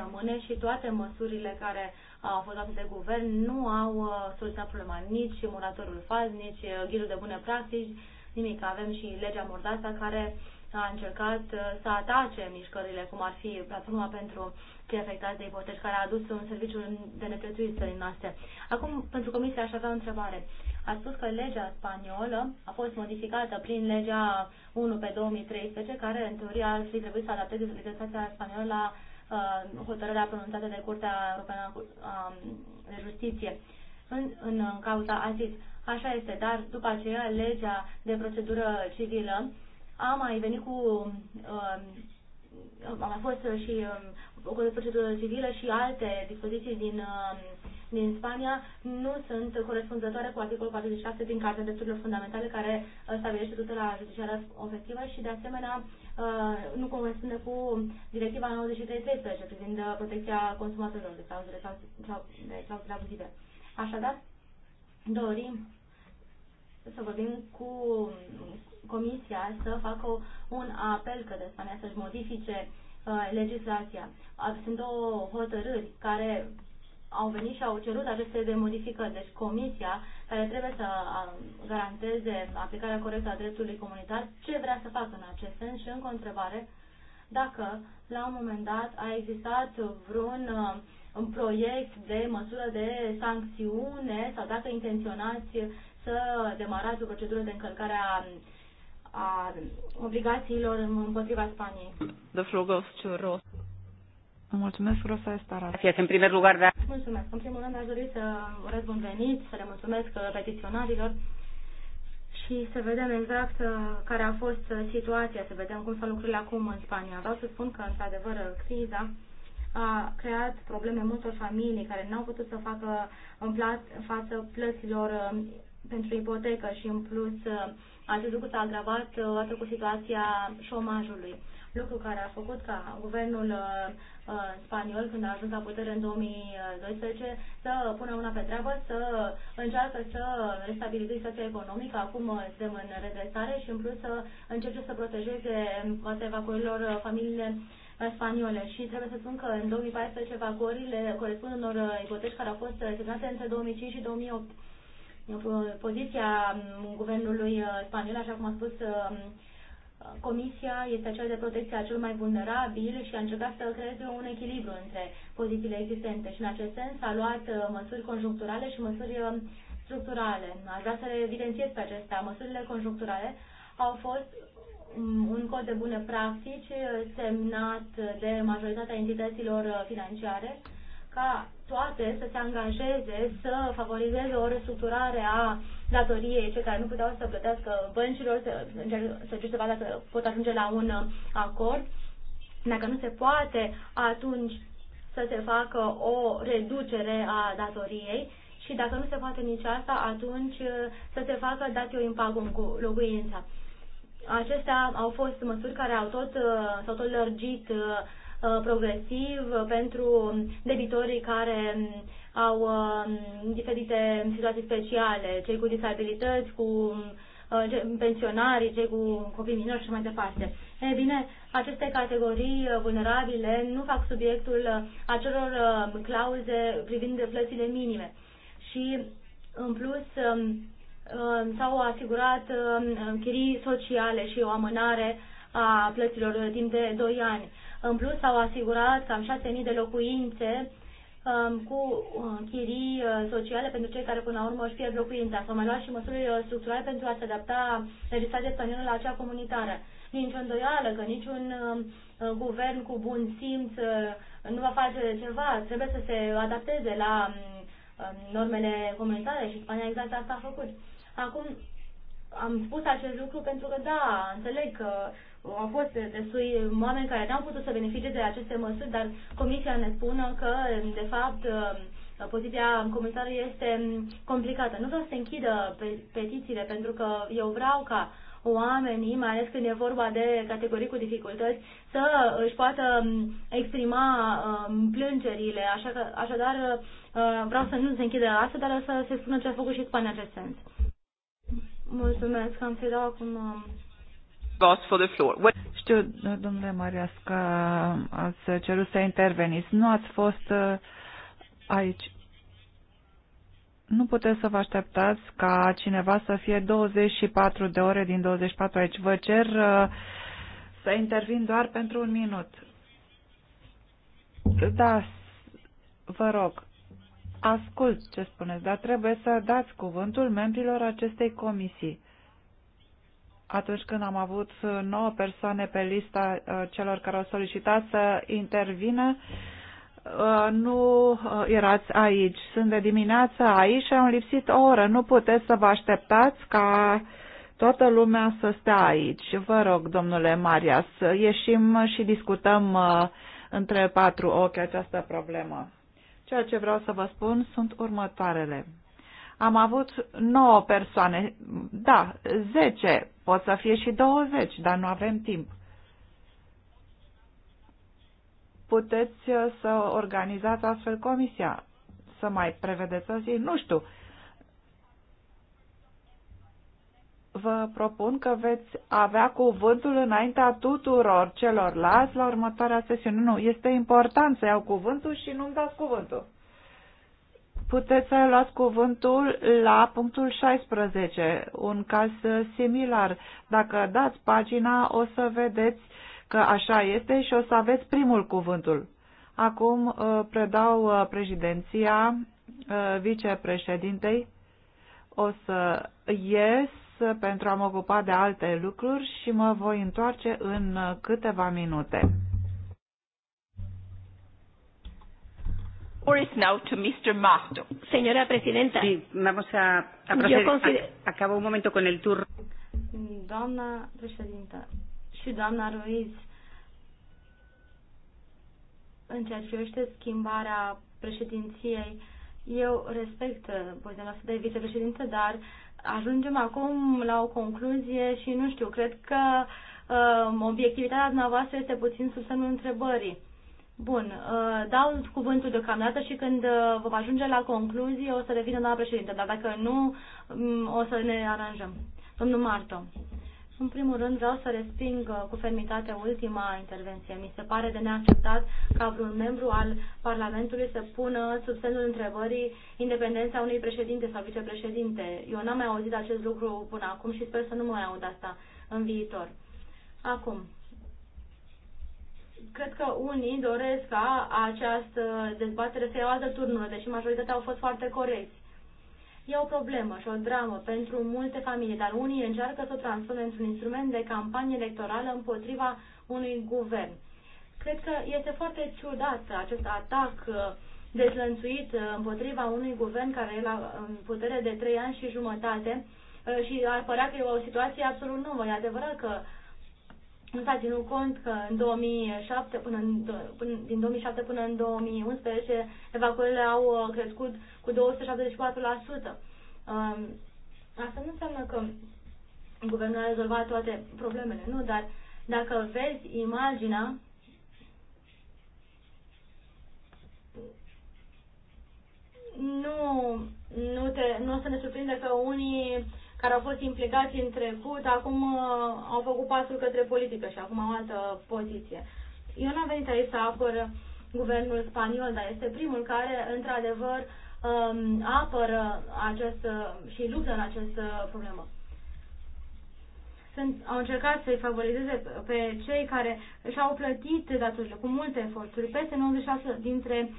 rămâne și toate măsurile care au fost luate de guvern nu au uh, soluționat problema, nici moratorul faz, nici ghidul de bune practici, nimic. Avem și legea Mordasa care uh, a încercat uh, să atace mișcările, cum ar fi platforma pentru cei afectați de ipoteci, care a adus un serviciu de neprețuit din noastre. Acum, pentru comisie, aș avea o întrebare. A spus că legea spaniolă a fost modificată prin legea 1 pe 2013, care, în teorie, ar fi trebuit să adapteze legislația spaniolă la uh, hotărârea pronunțată de Curtea Europeană de Justiție în, în cauza zis, Așa este, dar după aceea legea de procedură civilă a mai venit cu uh, a mai fost și uh, um, de procedură civilă și alte dispoziții din, uh, din Spania nu sunt corespunzătoare cu articolul 47 din Carta Drepturilor Fundamentale care uh, stabilește tutela judiciară ofensivă și de asemenea uh, nu corespunde cu directiva 93.13 privind uh, protecția consumatorilor de clauzele, de clauzele abuzive. Așadar, dorim să vorbim cu Comisia să facă un apel către Spania să-și modifice uh, legislația. Sunt două hotărâri care au venit și au cerut aceste de modificări. Deci Comisia, care trebuie să garanteze aplicarea corectă a dreptului comunitar, ce vrea să facă în acest sens și încă o întrebare, dacă la un moment dat a existat vreun uh, un proiect de măsură de sancțiune sau dacă intenționați să demarați o procedură de încălcare a a obligațiilor împotriva Spaniei. The floor goes to Ross. Mulțumesc, Rosa Estara. Gracias, în primul lugar. De... Da. Mulțumesc. În primul rând, aș dori să urez bun venit, să le mulțumesc uh, petiționarilor și să vedem exact uh, care a fost uh, situația, să vedem cum sunt lucrurile acum în Spania. Vreau să spun că, într-adevăr, criza a creat probleme multor familii care n-au putut să facă în față plăților um, pentru ipotecă și, în plus, acest lucru s-a agravat odată uh, cu situația șomajului, lucru care a făcut ca guvernul uh, uh, spaniol, când a ajuns la putere în 2012, să pună una pe treabă, să încearcă să restabilizeze situația economică, acum suntem în redresare și în plus să încerce să protejeze poate, evacuărilor familiile spaniole. Și trebuie să spun că în 2014 evacuările corespund unor ipoteci care au fost semnate între 2005 și 2008 Poziția mm, guvernului uh, spaniol, așa cum a spus uh, mm, Comisia, este aceea de protecție a celor mai vulnerabil și a încercat să creeze un echilibru între pozițiile existente și în acest sens a luat uh, măsuri conjuncturale și măsuri structurale. Aș vrea să le evidențiez pe acestea. Măsurile conjuncturale au fost mm, un cod de bune practici semnat de majoritatea entităților financiare ca toate să se angajeze să favorizeze o restructurare a datoriei, cei care nu puteau să plătească băncilor, să, să vadă dacă pot ajunge la un uh, acord. Dacă nu se poate, atunci să se facă o reducere a datoriei și dacă nu se poate nici asta, atunci uh, să se facă dat eu impagum cu locuința. Acestea au fost măsuri care au tot, uh, s-au tot lărgit Uh, progresiv uh, pentru debitorii care um, au um, diferite situații speciale, cei cu disabilități, cu um, uh, pensionarii, cei cu copii minori și mai departe. E bine, aceste categorii vulnerabile nu fac subiectul acelor clauze privind plățile minime. Și, în plus, s-au asigurat chirii sociale și o amânare a plăților timp de 2 ani. În plus, s-au asigurat cam 6.000 de locuințe um, cu uh, chirii uh, sociale pentru cei care până la urmă își pierd locuința. S-au mai luat și măsuri uh, structurale pentru a se adapta legislația spaniolă la acea comunitară. Nici o îndoială că niciun um, guvern cu bun simț nu va face ceva, trebuie să se adapteze la um, normele comunitare și Spania exact asta a făcut. Acum, am spus acest lucru pentru că, da, înțeleg că au fost destui oameni care n-au putut să beneficieze de aceste măsuri, dar Comisia ne spune că, de fapt, uh, poziția comunitară este um, complicată. Nu vreau să se închidă pe, petițiile, pentru că eu vreau ca oamenii, mai ales când e vorba de categorii cu dificultăți, să își poată um, exprima um, plângerile. Așa că, așadar, uh, vreau să nu se închidă asta, dar să se spună ce a făcut și Spania în acest sens. Mulțumesc, am să dau acum asked for the floor. When... Știu, domnule Marias, că ați cerut să interveniți. Nu ați fost uh, aici. Nu puteți să vă așteptați ca cineva să fie 24 de ore din 24 aici. Vă cer uh, să intervin doar pentru un minut. Da, vă rog, ascult ce spuneți, dar trebuie să dați cuvântul membrilor acestei comisii atunci când am avut uh, nouă persoane pe lista uh, celor care au solicitat să intervină, uh, nu erați aici. Sunt de dimineață aici și am lipsit o oră. Nu puteți să vă așteptați ca toată lumea să stea aici. Vă rog, domnule Marias, ieșim și discutăm între patru ochi această problemă. Ceea ce vreau să vă spun sunt următoarele am avut 9 persoane, da, 10, pot să fie și 20, dar nu avem timp. Puteți uh, să organizați astfel comisia, să mai prevedeți o zi, nu știu. Vă propun că veți avea cuvântul înaintea tuturor celorlalți la următoarea sesiune. Nu, este important să iau cuvântul și nu-mi dați cuvântul puteți să luați cuvântul la punctul 16, un caz similar. Dacă dați pagina, o să vedeți că așa este și o să aveți primul cuvântul. Acum uh, predau uh, președinția uh, vicepreședintei. O să ies pentru a mă ocupa de alte lucruri și mă voi întoarce în câteva minute. Now to Mr. Señora presidenta. Sí, vamos a, a proceder. Yo consider... acabo un momento con el turno. Doamna președintă și doamna Ruiz, în ceea ce privește schimbarea președinției, eu respect uh, poziția noastră de vicepreședinte, dar ajungem acum la o concluzie și nu știu, cred că um, obiectivitatea dumneavoastră este puțin sub semnul întrebării. Bun, uh, dau cuvântul deocamdată și când uh, vom ajunge la concluzie o să revină la președinte, dar dacă nu, mm, o să ne aranjăm. Domnul Marto, în primul rând vreau să resping uh, cu fermitate ultima intervenție. Mi se pare de neacceptat ca vreun membru al Parlamentului să pună sub semnul întrebării independența unui președinte sau vicepreședinte. Eu n-am mai auzit acest lucru până acum și sper să nu mai aud asta în viitor. Acum, cred că unii doresc ca această dezbatere să ia o altă turnură, deși majoritatea au fost foarte corecți. E o problemă și o dramă pentru multe familii, dar unii încearcă să o transforme într-un instrument de campanie electorală împotriva unui guvern. Cred că este foarte ciudat acest atac uh, dezlănțuit uh, împotriva unui guvern care e la putere de trei ani și jumătate uh, și ar părea că e o situație absolut nouă. E adevărat că nu s-a ținut cont că în 2007 până în, până, din 2007 până în 2011 evacuările au uh, crescut cu 274%. Um, asta nu înseamnă că guvernul a rezolvat toate problemele, nu, dar dacă vezi imaginea nu, nu, te, nu o să ne surprinde că unii care au fost implicați în trecut, acum uh, au făcut pasul către politică și acum au altă poziție. Eu n-am venit aici să apăr guvernul spaniol, dar este primul care, într-adevăr, um, apără acest, uh, și luptă în această problemă. Sunt, au încercat să-i favorizeze pe cei care și-au plătit datorile cu multe eforturi. Peste 96 dintre uh,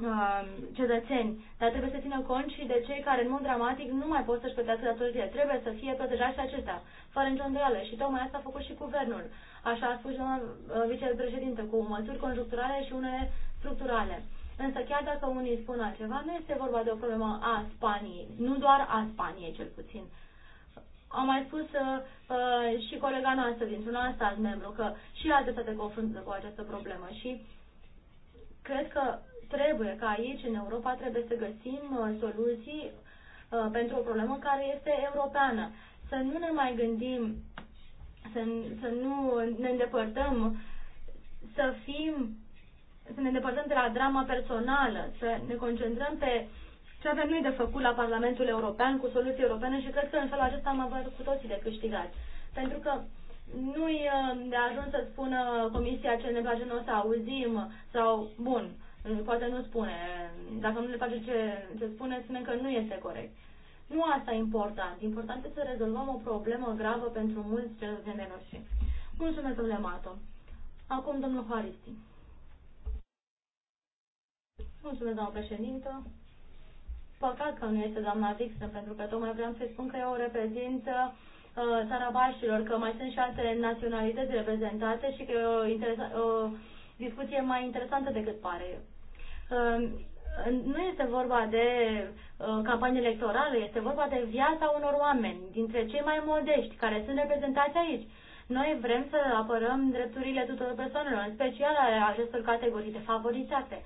Um, cetățeni, dar trebuie să țină cont și de cei care în mod dramatic nu mai pot să-și plătească datorile. Trebuie să fie protejați și acestea, fără nicio îndoială. Și tocmai asta a făcut și guvernul. Așa a spus doamna uh, vicepreședinte, cu măsuri conjuncturale și unele structurale. Însă chiar dacă unii spun altceva, nu este vorba de o problemă a Spaniei, nu doar a Spaniei cel puțin. Am mai spus uh, uh, și colega noastră dintr-un alt stat membru că și alte state confruntă cu această problemă și cred că trebuie ca aici, în Europa, trebuie să găsim uh, soluții uh, pentru o problemă care este europeană. Să nu ne mai gândim, să, să nu ne îndepărtăm, să fim, să ne îndepărtăm de la drama personală, să ne concentrăm pe ce avem noi de făcut la Parlamentul European cu soluții europene și cred că în felul acesta am avut cu toții de câștigat. Pentru că nu-i uh, de ajuns să spună Comisia ce ne place, nu o să auzim sau, bun, Mm, poate nu spune, dacă nu le place ce, ce spune, spune că nu este corect. Nu asta e important. Important este să rezolvăm o problemă gravă pentru mulți cetățenii noștri. Mulțumesc, domnule Mato. Acum, domnul Haristi. Mulțumesc, doamnă președintă. Păcat că nu este doamna Vixen, pentru că tocmai vreau să-i spun că eu reprezint uh, țara Bașilor, că mai sunt și alte naționalități reprezentate și că e o, o discuție mai interesantă decât pare. Ehm, nu este vorba de uh, campanii electorale, este vorba de viața unor oameni, dintre cei mai modești, care sunt reprezentați aici. Noi vrem să apărăm drepturile tuturor persoanelor, în special ale acestor categorii favorizate.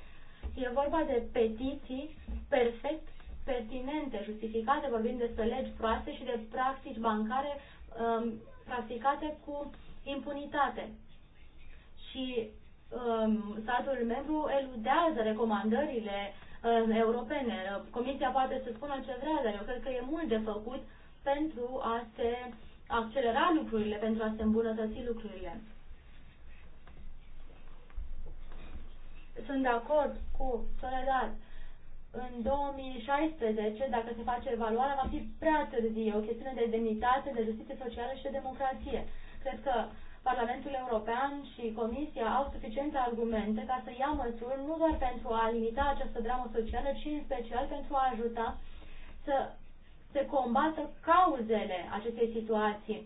E vorba de petiții perfect pertinente, justificate, vorbim despre legi proaste și de practici bancare um, practicate cu impunitate. Și Um, statul membru eludează recomandările um, europene. Comisia poate să spună ce vrea, dar eu cred că e mult de făcut pentru a se accelera lucrurile, pentru a se îmbunătăți lucrurile. Sunt de acord cu Soledad. În 2016, dacă se face evaluarea, va fi prea târziu. O chestiune de demnitate, de justiție socială și de democrație. Cred că Parlamentul European și Comisia au suficiente argumente ca să ia măsuri nu doar pentru a limita această dramă socială, ci în special pentru a ajuta să se combată cauzele acestei situații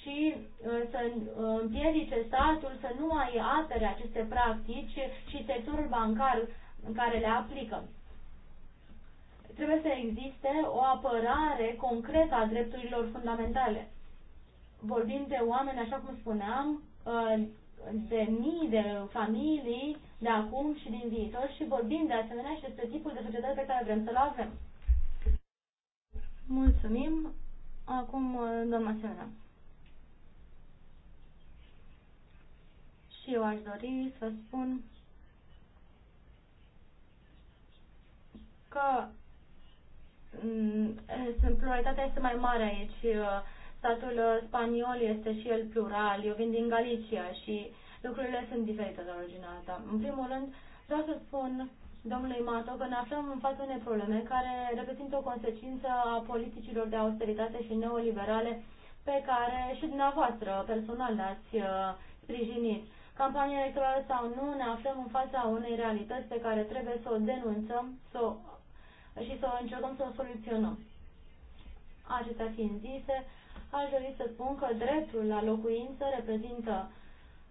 și uh, să uh, împiedice statul să nu mai apere aceste practici și sectorul bancar în care le aplică. Trebuie să existe o apărare concretă a drepturilor fundamentale vorbim de oameni, așa cum spuneam, de mii de familii de acum și din viitor și vorbim de asemenea și despre tipul de societate pe care vrem să-l avem. Mulțumim. Acum, doamna Semena. Și eu aș dori să spun că mm, pluralitatea este mai mare aici uh, statul uh, spaniol este și el plural, eu vin din Galicia și lucrurile sunt diferite de originea alta. În primul rând, vreau să spun domnului Mato că ne aflăm în fața unei probleme care reprezintă o consecință a politicilor de austeritate și neoliberale pe care și dumneavoastră personal le-ați uh, sprijinit. Campania electorală sau nu, ne aflăm în fața unei realități pe care trebuie să o denunțăm să o, și să o încercăm să o soluționăm. Acestea fiind zise, aș dori să spun că dreptul la locuință reprezintă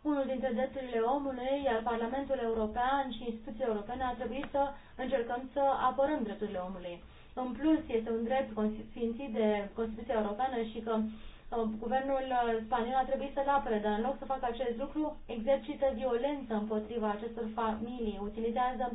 unul dintre drepturile omului, iar Parlamentul European și instituțiile europene ar trebui să încercăm să apărăm drepturile omului. În plus, este un drept sfințit de Constituția Europeană și că uh, guvernul uh, spaniol a trebuit să-l apere, dar în loc să facă acest lucru, exercită violență împotriva acestor familii, utilizează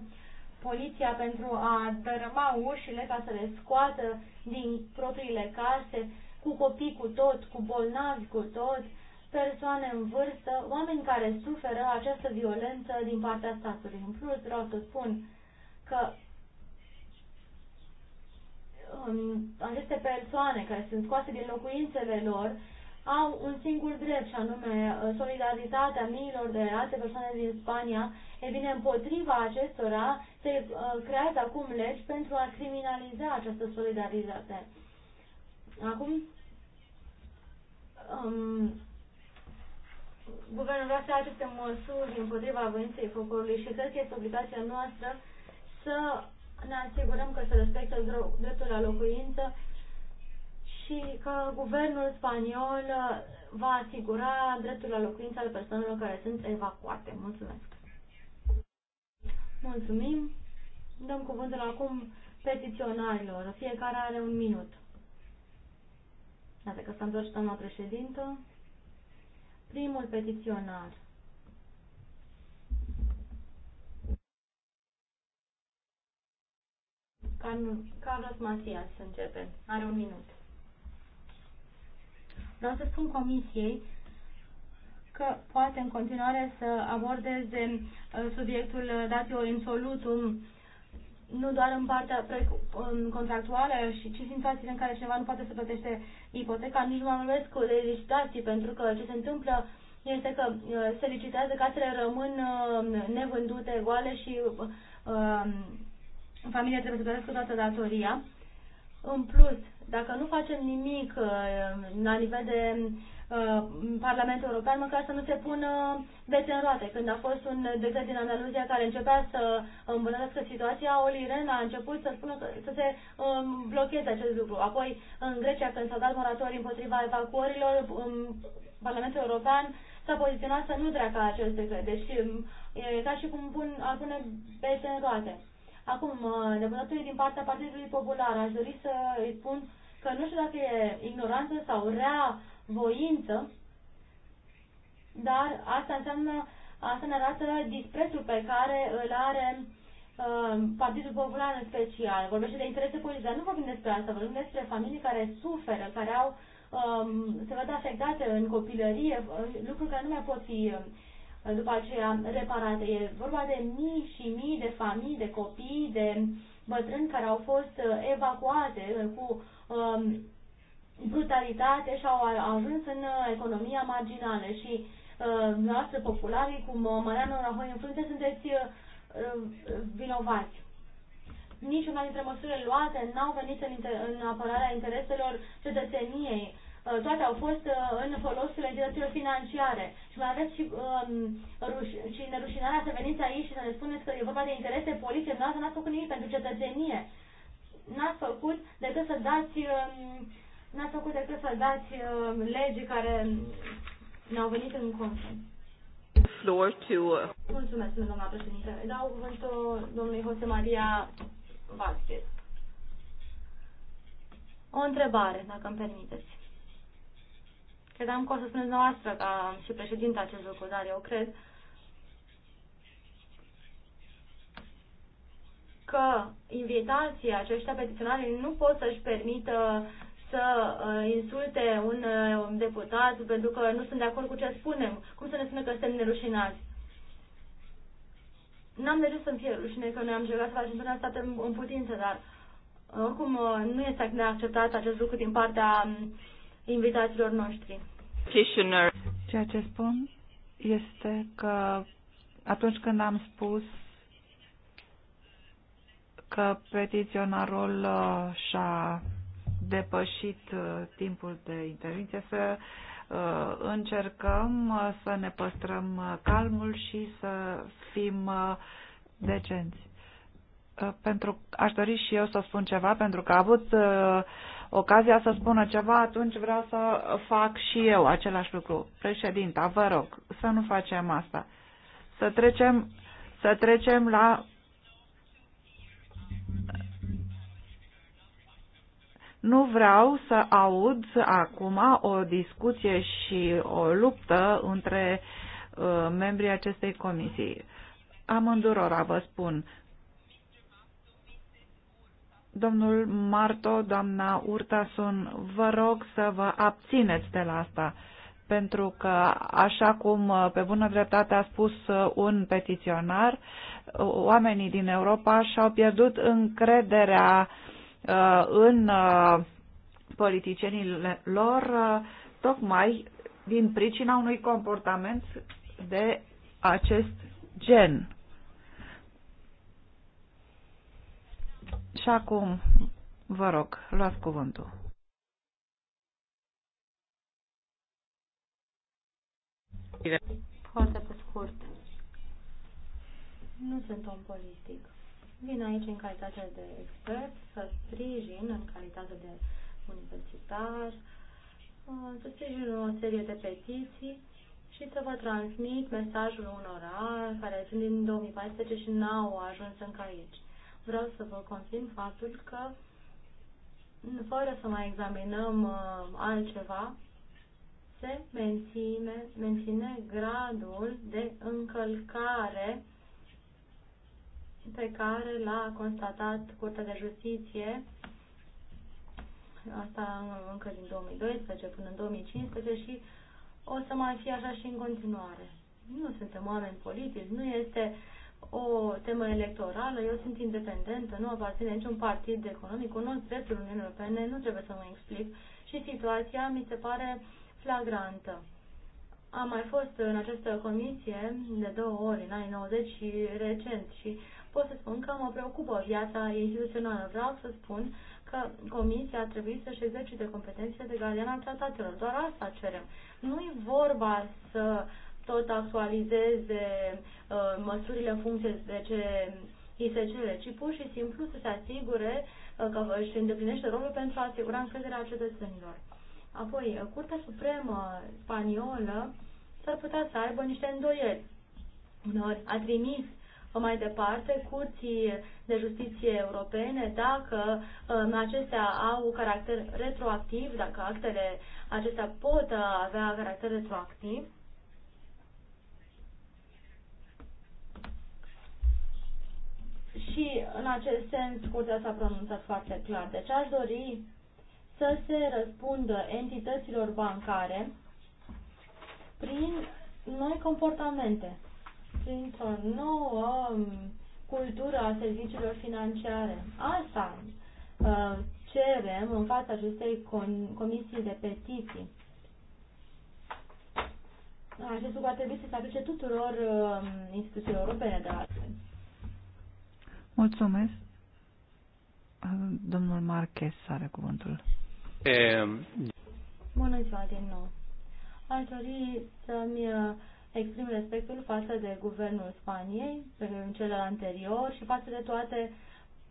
poliția pentru a dărâma ușile ca să le scoată din propriile case, cu copii cu tot, cu bolnavi cu tot, persoane în vârstă, oameni care suferă această violență din partea statului. În plus, vreau să spun că um, aceste persoane care sunt scoase din locuințele lor au un singur drept, și anume uh, solidaritatea miilor de alte persoane din Spania. E bine, împotriva acestora se uh, creează acum legi pentru a criminaliza această solidaritate. Acum, um, guvernul vrea să aceste măsuri împotriva voinței poporului și cred că este obligația noastră să ne asigurăm că se respectă dreptul la locuință și că guvernul spaniol va asigura dreptul la locuință al persoanelor care sunt evacuate. Mulțumesc! Mulțumim! Dăm cuvântul acum petiționarilor. Fiecare are un minut. Iată că s-a întors doamna președintă. Primul petiționar. Carlos Matias începe. Are un minut. Vreau să spun comisiei că poate în continuare să abordeze uh, subiectul datio insolutum nu doar în partea contractuală și ci situații în în care cineva nu poate să plătește ipoteca, nici nu mai vorbesc de licitații, pentru că ce se întâmplă este că uh, se licitează casele rămân uh, nevândute, goale și uh, familia trebuie să plătească toată datoria. În plus, dacă nu facem nimic uh, la nivel de Uh, Parlamentul European, măcar să nu se pună bețe în roate. Când a fost un decret din Andaluzia care începea să îmbunătățească situația, Oli Ren a început să spună că, să se um, blocheze acest lucru. Apoi, în Grecia, când s-au dat moratorii împotriva evacuărilor, um, Parlamentul European s-a poziționat să nu treacă acest decret. Deci um, e ca și cum pun, ar pune bețe în roate. Acum, uh, deputatului din partea Partidului Popular, aș dori să îi spun că nu știu dacă e ignoranță sau rea voință, dar asta înseamnă, asta ne arată disprețul pe care îl are uh, Partidul Popular în special. Vorbește de interese politice, dar nu vorbim despre asta, vorbim despre familii care suferă, care au, um, se văd afectate în copilărie, uh, lucruri care nu mai pot fi uh, după aceea reparate. E vorba de mii și mii de familii, de copii, de bătrâni care au fost uh, evacuate cu um, brutalitate și au ajuns în uh, economia marginală și uh, noastră popularii, cum uh, Mariano Rahoi în frunte, sunteți vinovați. Niciuna dintre măsurile luate n-au venit în, inter- în apărarea intereselor cetățeniei. Toate au fost în folosul entităților financiare. Și mai aveți și, um, ruș- și nerușinarea să veniți aici și să ne spuneți că e vorba de interese politice. Nu ați făcut nimic pentru cetățenie. N-ați făcut decât să dați um, n-ați făcut decât să dați uh, legi care ne-au venit în conflict. Floor to... Uh, Mulțumesc, doamna președinte. Dau cuvântul domnului Jose Maria Vazquez. O întrebare, dacă îmi permiteți. Credeam că o să spuneți noastră ca și președinte acest lucru, dar eu cred că invitații aceștia petiționari nu pot să-și permită să uh, insulte uh, un deputat pentru că nu sunt de acord cu ce spunem. Cum să ne spune că suntem nerușinați? N-am de ce să-mi fie rușine că noi am jucat să facem până stat în, putință, dar uh, oricum nu este acceptat acest lucru din partea um, invitaților noștri. Ceea ce spun este că atunci când am spus că petiționarul uh, și-a depășit uh, timpul de intervenție, să uh, încercăm uh, să ne păstrăm calmul și să fim decenți. Pentru, aș dori și eu să spun ceva, pentru că a avut ocazia să spună ceva, atunci vreau să fac și eu același lucru. Președinta, vă rog, să nu facem asta. Să trecem, să trecem la Nu vreau să aud acum o discuție și o luptă între uh, membrii acestei comisii. Amândurora vă spun. Domnul Marto, doamna Urtasun, vă rog să vă abțineți de la asta, pentru că, așa cum uh, pe bună dreptate a spus uh, un petiționar, oamenii din Europa și-au pierdut încrederea uh, Uh, în uh, politicienii lor uh, tocmai din pricina unui comportament de acest gen. Și acum, vă rog, luați cuvântul. Foarte pe scurt. Nu sunt om politic. Vin aici în calitate de expert să sprijin în calitate de universitar, uh, să sprijin o serie de petiții și să vă transmit mesajul unora care sunt din 2014 și n-au ajuns încă aici. Vreau să vă confirm faptul că fără să mai examinăm uh, altceva, se menține, menține gradul de încălcare pe care l-a constatat Curtea de Justiție asta încă din 2012 până în 2015 și o să mai fie așa și în continuare. Nu suntem oameni politici, nu este o temă electorală, eu sunt independentă, nu aparțin niciun partid economic, cunosc dreptul Uniunii Europene, nu trebuie să mă explic și situația mi se pare flagrantă. Am mai fost în această comisie de două ori, în anii 90 și recent și pot să spun că mă preocupă viața instituțională. Vreau să spun că Comisia ar trebui să-și exercite competențele de gardian al tratatelor. Doar asta cerem. Nu-i vorba să tot actualizeze uh, măsurile în funcție de ce se cere. ci pur și simplu să se asigure uh, că își îndeplinește rolul pentru a asigura încrederea cetățenilor. Apoi, uh, Curtea Supremă Spaniolă s-ar putea să aibă niște îndoieli. Uneori a trimis mai departe curții de justiție europene dacă um, acestea au caracter retroactiv, dacă actele acestea pot uh, avea caracter retroactiv. Și în acest sens, curtea s-a pronunțat foarte clar. Deci aș dori să se răspundă entităților bancare prin noi comportamente printr-o nouă um, cultură a serviciilor financiare. Asta uh, cerem în fața acestei comisii de petiții. Acest lucru ar trebui să se aplice tuturor um, instituțiilor europene de astfel. Mulțumesc. Domnul Marques are cuvântul. E... Bună ziua din nou. Aș dori să-mi uh, exprim respectul față de guvernul Spaniei, în cel anterior și față de toate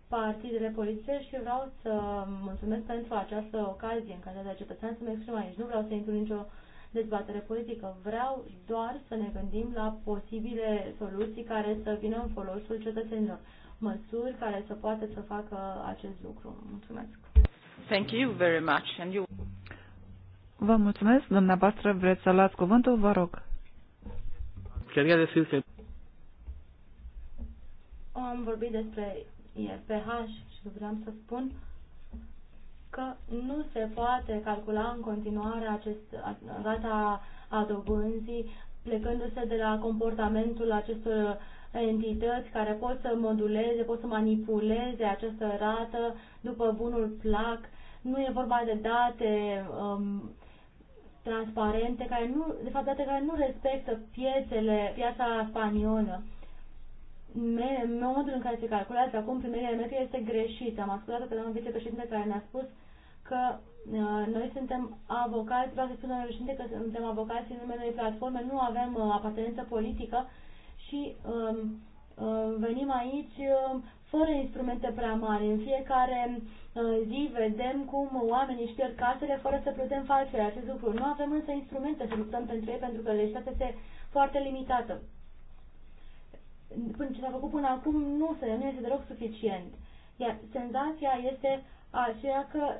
partidele politice și vreau să mulțumesc pentru această ocazie în care de cetățean să mă exprim aici. Nu vreau să intru nicio dezbatere politică. Vreau doar să ne gândim la posibile soluții care să vină în folosul cetățenilor, măsuri care să poată să facă acest lucru. Mulțumesc. Thank you very much. And you... Vă mulțumesc, dumneavoastră vreți să luați cuvântul, vă rog quería decir que... Am vorbit despre PH, și vreau să spun că nu se poate calcula în continuare acest, rata a dobânzii plecându-se de la comportamentul acestor entități care pot să moduleze, pot să manipuleze această rată după bunul plac. Nu e vorba de date um, transparente, care nu, de fapt date care nu respectă piețele, piața spaniolă. Me, modul în care se calculează acum primirea MF este greșit. Am ascultat pe doamna vicepreședinte care ne-a spus că uh, noi suntem avocați, vreau să spun doamna președinte că suntem avocați în numele unei platforme, nu avem uh, apartenență politică și uh, uh, venim aici um, fără instrumente prea mari. În fiecare Uh, zi vedem cum oamenii șterg casele fără să plătem face acest lucru. Nu avem însă instrumente să luptăm pentru ei pentru că legislația este foarte limitată. Până ce s-a făcut până acum nu, se, nu este deloc suficient. Iar senzația este aceea că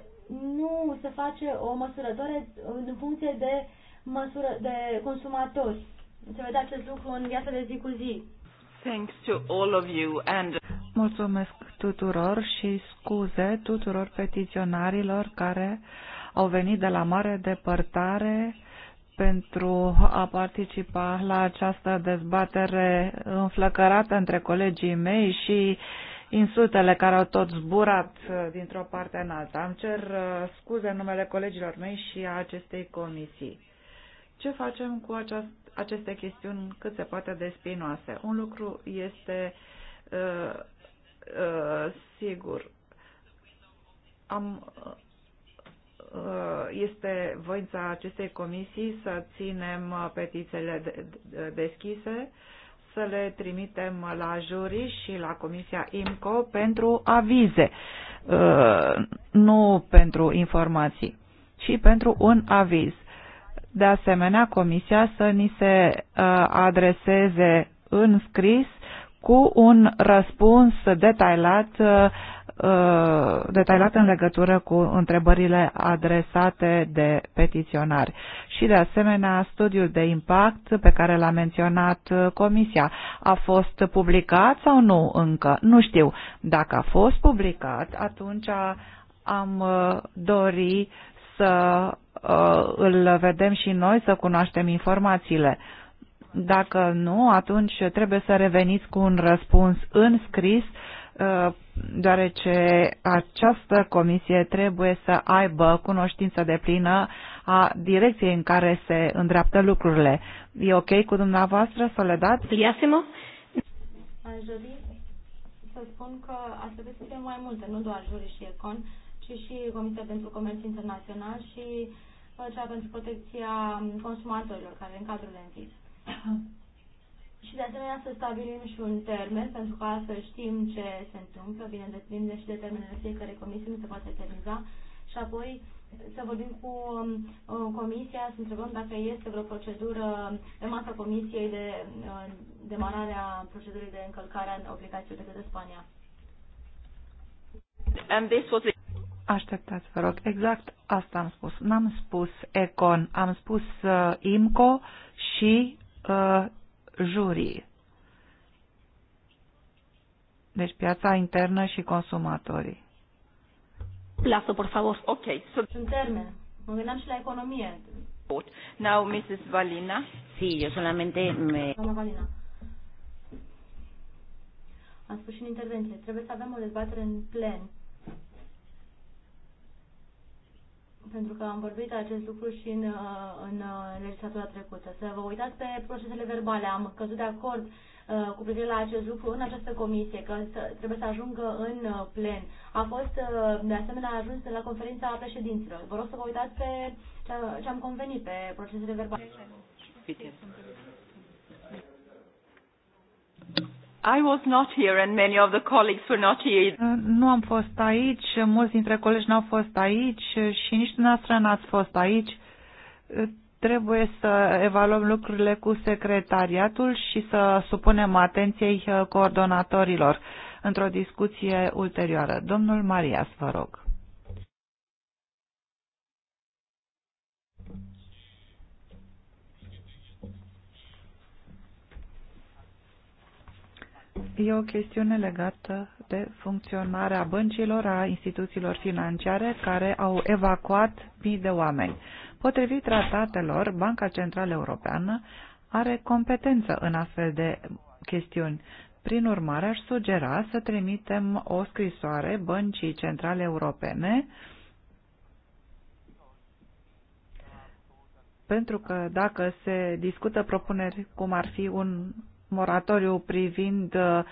nu se face o măsurătoare în funcție de, măsură, de consumatori. Se vede acest lucru în viața de zi cu zi. Thanks to all of you and... Mulțumesc tuturor și scuze tuturor petiționarilor care au venit de la mare depărtare pentru a participa la această dezbatere înflăcărată între colegii mei și insultele care au tot zburat uh, dintr-o parte în alta. Am cer uh, scuze în numele colegilor mei și a acestei comisii. Ce facem cu această aceste chestiuni cât se poate de spinoase. Un lucru este uh, uh, sigur. Am, uh, este voința acestei comisii să ținem petițele de, de, deschise, să le trimitem la juri și la Comisia IMCO pentru avize, uh, nu pentru informații, și pentru un aviz de asemenea Comisia să ni se uh, adreseze în scris cu un răspuns detailat, uh, uh, detailat în legătură cu întrebările adresate de petiționari. Și de asemenea, studiul de impact pe care l-a menționat Comisia a fost publicat sau nu încă? Nu știu. Dacă a fost publicat, atunci am dori să uh, îl vedem și noi, să cunoaștem informațiile. Dacă nu, atunci trebuie să reveniți cu un răspuns în scris, uh, deoarece această comisie trebuie să aibă cunoștință de plină a direcției în care se îndreaptă lucrurile. E ok cu dumneavoastră, dați? Iasimo? Aș dori să spun că ar trebui să fie mai multe, nu doar juri și econ, și și Comisia pentru Comerț Internațional și uh, cea pentru protecția consumatorilor, care în cadrul NZIS. *coughs* și de asemenea să stabilim și un termen, pentru că să știm ce se întâmplă, bine depinde și de termenele fiecare comisie, nu se poate eterniza, și apoi să vorbim cu um, uh, comisia, să întrebăm dacă este vreo procedură pe masa comisiei de uh, demararea procedurii de încălcare a obligațiilor de către Spania. And this was Așteptați, vă rog. Exact asta am spus. N-am spus Econ, am spus uh, IMCO și uh, jurii. Deci piața internă și consumatorii. Lasă, por favor. Ok. So... În termen. Mă gândeam și la economie. Now, Mrs. Valina. Sí, yo solamente me... Doamna Valina. Am spus și în intervenție. Trebuie să avem o dezbatere în plen pentru că am vorbit acest lucru și în, uh, în uh, legislatura trecută. Să vă uitați pe procesele verbale. Am căzut de acord uh, cu privire la acest lucru în această comisie, că trebuie să ajungă în uh, plen. A fost, uh, de asemenea, ajuns la conferința președinților. Vă rog să vă uitați pe ce am convenit pe procesele verbale. I was not here and many of the colleagues were not here. Uh, nu am fost aici, mulți dintre colegi n-au fost aici și nici dumneavoastră n-ați fost aici. Uh, trebuie să evaluăm lucrurile cu secretariatul și să supunem atenției uh, coordonatorilor într-o discuție ulterioară. Domnul Marias, vă rog. E o chestiune legată de funcționarea băncilor, a instituțiilor financiare care au evacuat mii de oameni. Potrivit tratatelor, Banca Centrală Europeană are competență în astfel de chestiuni. Prin urmare, aș sugera să trimitem o scrisoare Băncii Centrale Europene pentru că dacă se discută propuneri cum ar fi un moratoriu privind uh,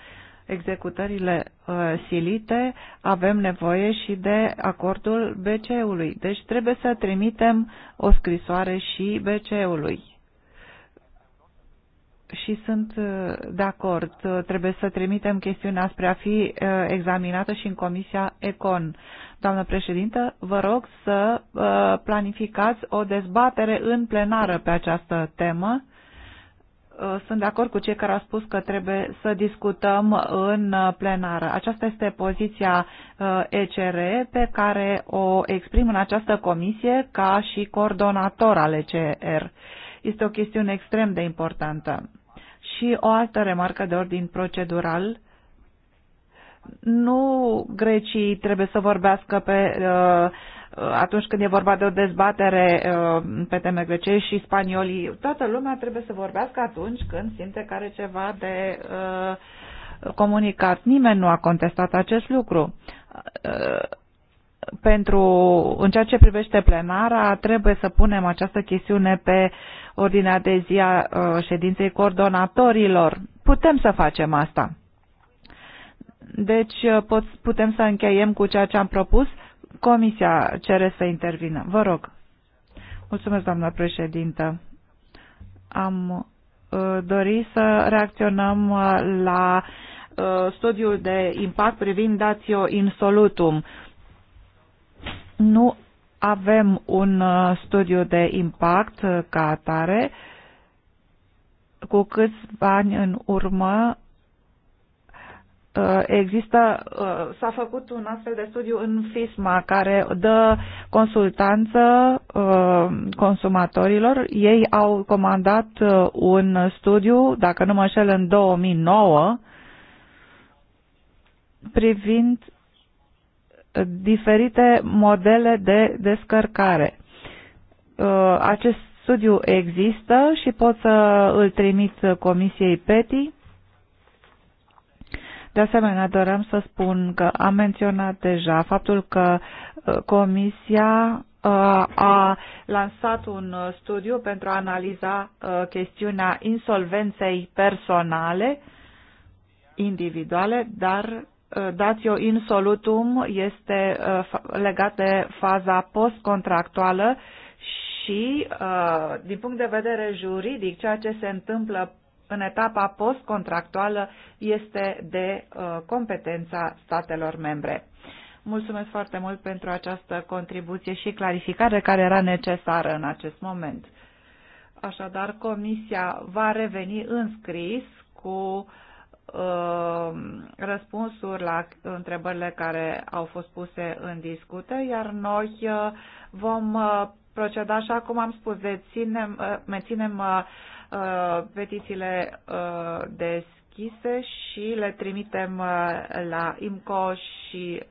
executările uh, silite, avem nevoie și de acordul BCE-ului. Deci trebuie să trimitem o scrisoare și BCE-ului. Și sunt uh, de acord, trebuie să trimitem chestiunea spre a fi examinată și în Comisia Econ. Doamnă președintă, vă rog să planificați o dezbatere în plenară pe această temă Uh, sunt de acord cu cei care au spus că trebuie să discutăm în uh, plenară. Aceasta este poziția uh, ECR pe care o exprim în această comisie ca și coordonator al ECR. Este o chestiune extrem de importantă. Și o altă remarcă de ordin procedural. Nu grecii trebuie să vorbească pe uh, atunci când e vorba de o dezbatere uh, pe teme grecești și spaniolii, toată lumea trebuie să vorbească atunci când simte că are ceva de uh, comunicat. Nimeni nu a contestat acest lucru. Uh, pentru, în ceea ce privește plenara, trebuie să punem această chestiune pe ordinea de zi a ședinței coordonatorilor. Putem să facem asta. Deci putem să încheiem cu ceea ce am propus. Comisia cere să intervină. Vă rog. Mulțumesc, doamna președintă. Am uh, dori să reacționăm uh, la uh, studiul de impact privind datio insolutum. Nu avem un studiu de impact ca atare. Cu câți bani în urmă Uh, există, uh, s-a făcut un astfel de studiu în FISMA care dă consultanță uh, consumatorilor. Ei au comandat un studiu, dacă nu mă înșel, în 2009 privind diferite modele de descărcare. Acest studiu există și pot să îl trimit Comisiei PETI de asemenea, doream să spun că am menționat deja faptul că uh, Comisia uh, a lansat un uh, studiu pentru a analiza chestiunea insolvenței personale, individuale, dar datio insolutum este legat de faza postcontractuală și, din punct de vedere juridic, ceea ce se întâmplă în etapa postcontractuală este de uh, competența statelor membre. Mulțumesc foarte mult pentru această contribuție și clarificare care era necesară în acest moment. Așadar, Comisia va reveni în scris cu uh, răspunsuri la întrebările care au fost puse în discute, iar noi uh, vom uh, proceda așa cum am spus, de ținem, uh, menținem uh, Uh, petițiile uh, deschise și le trimitem uh, la IMCO și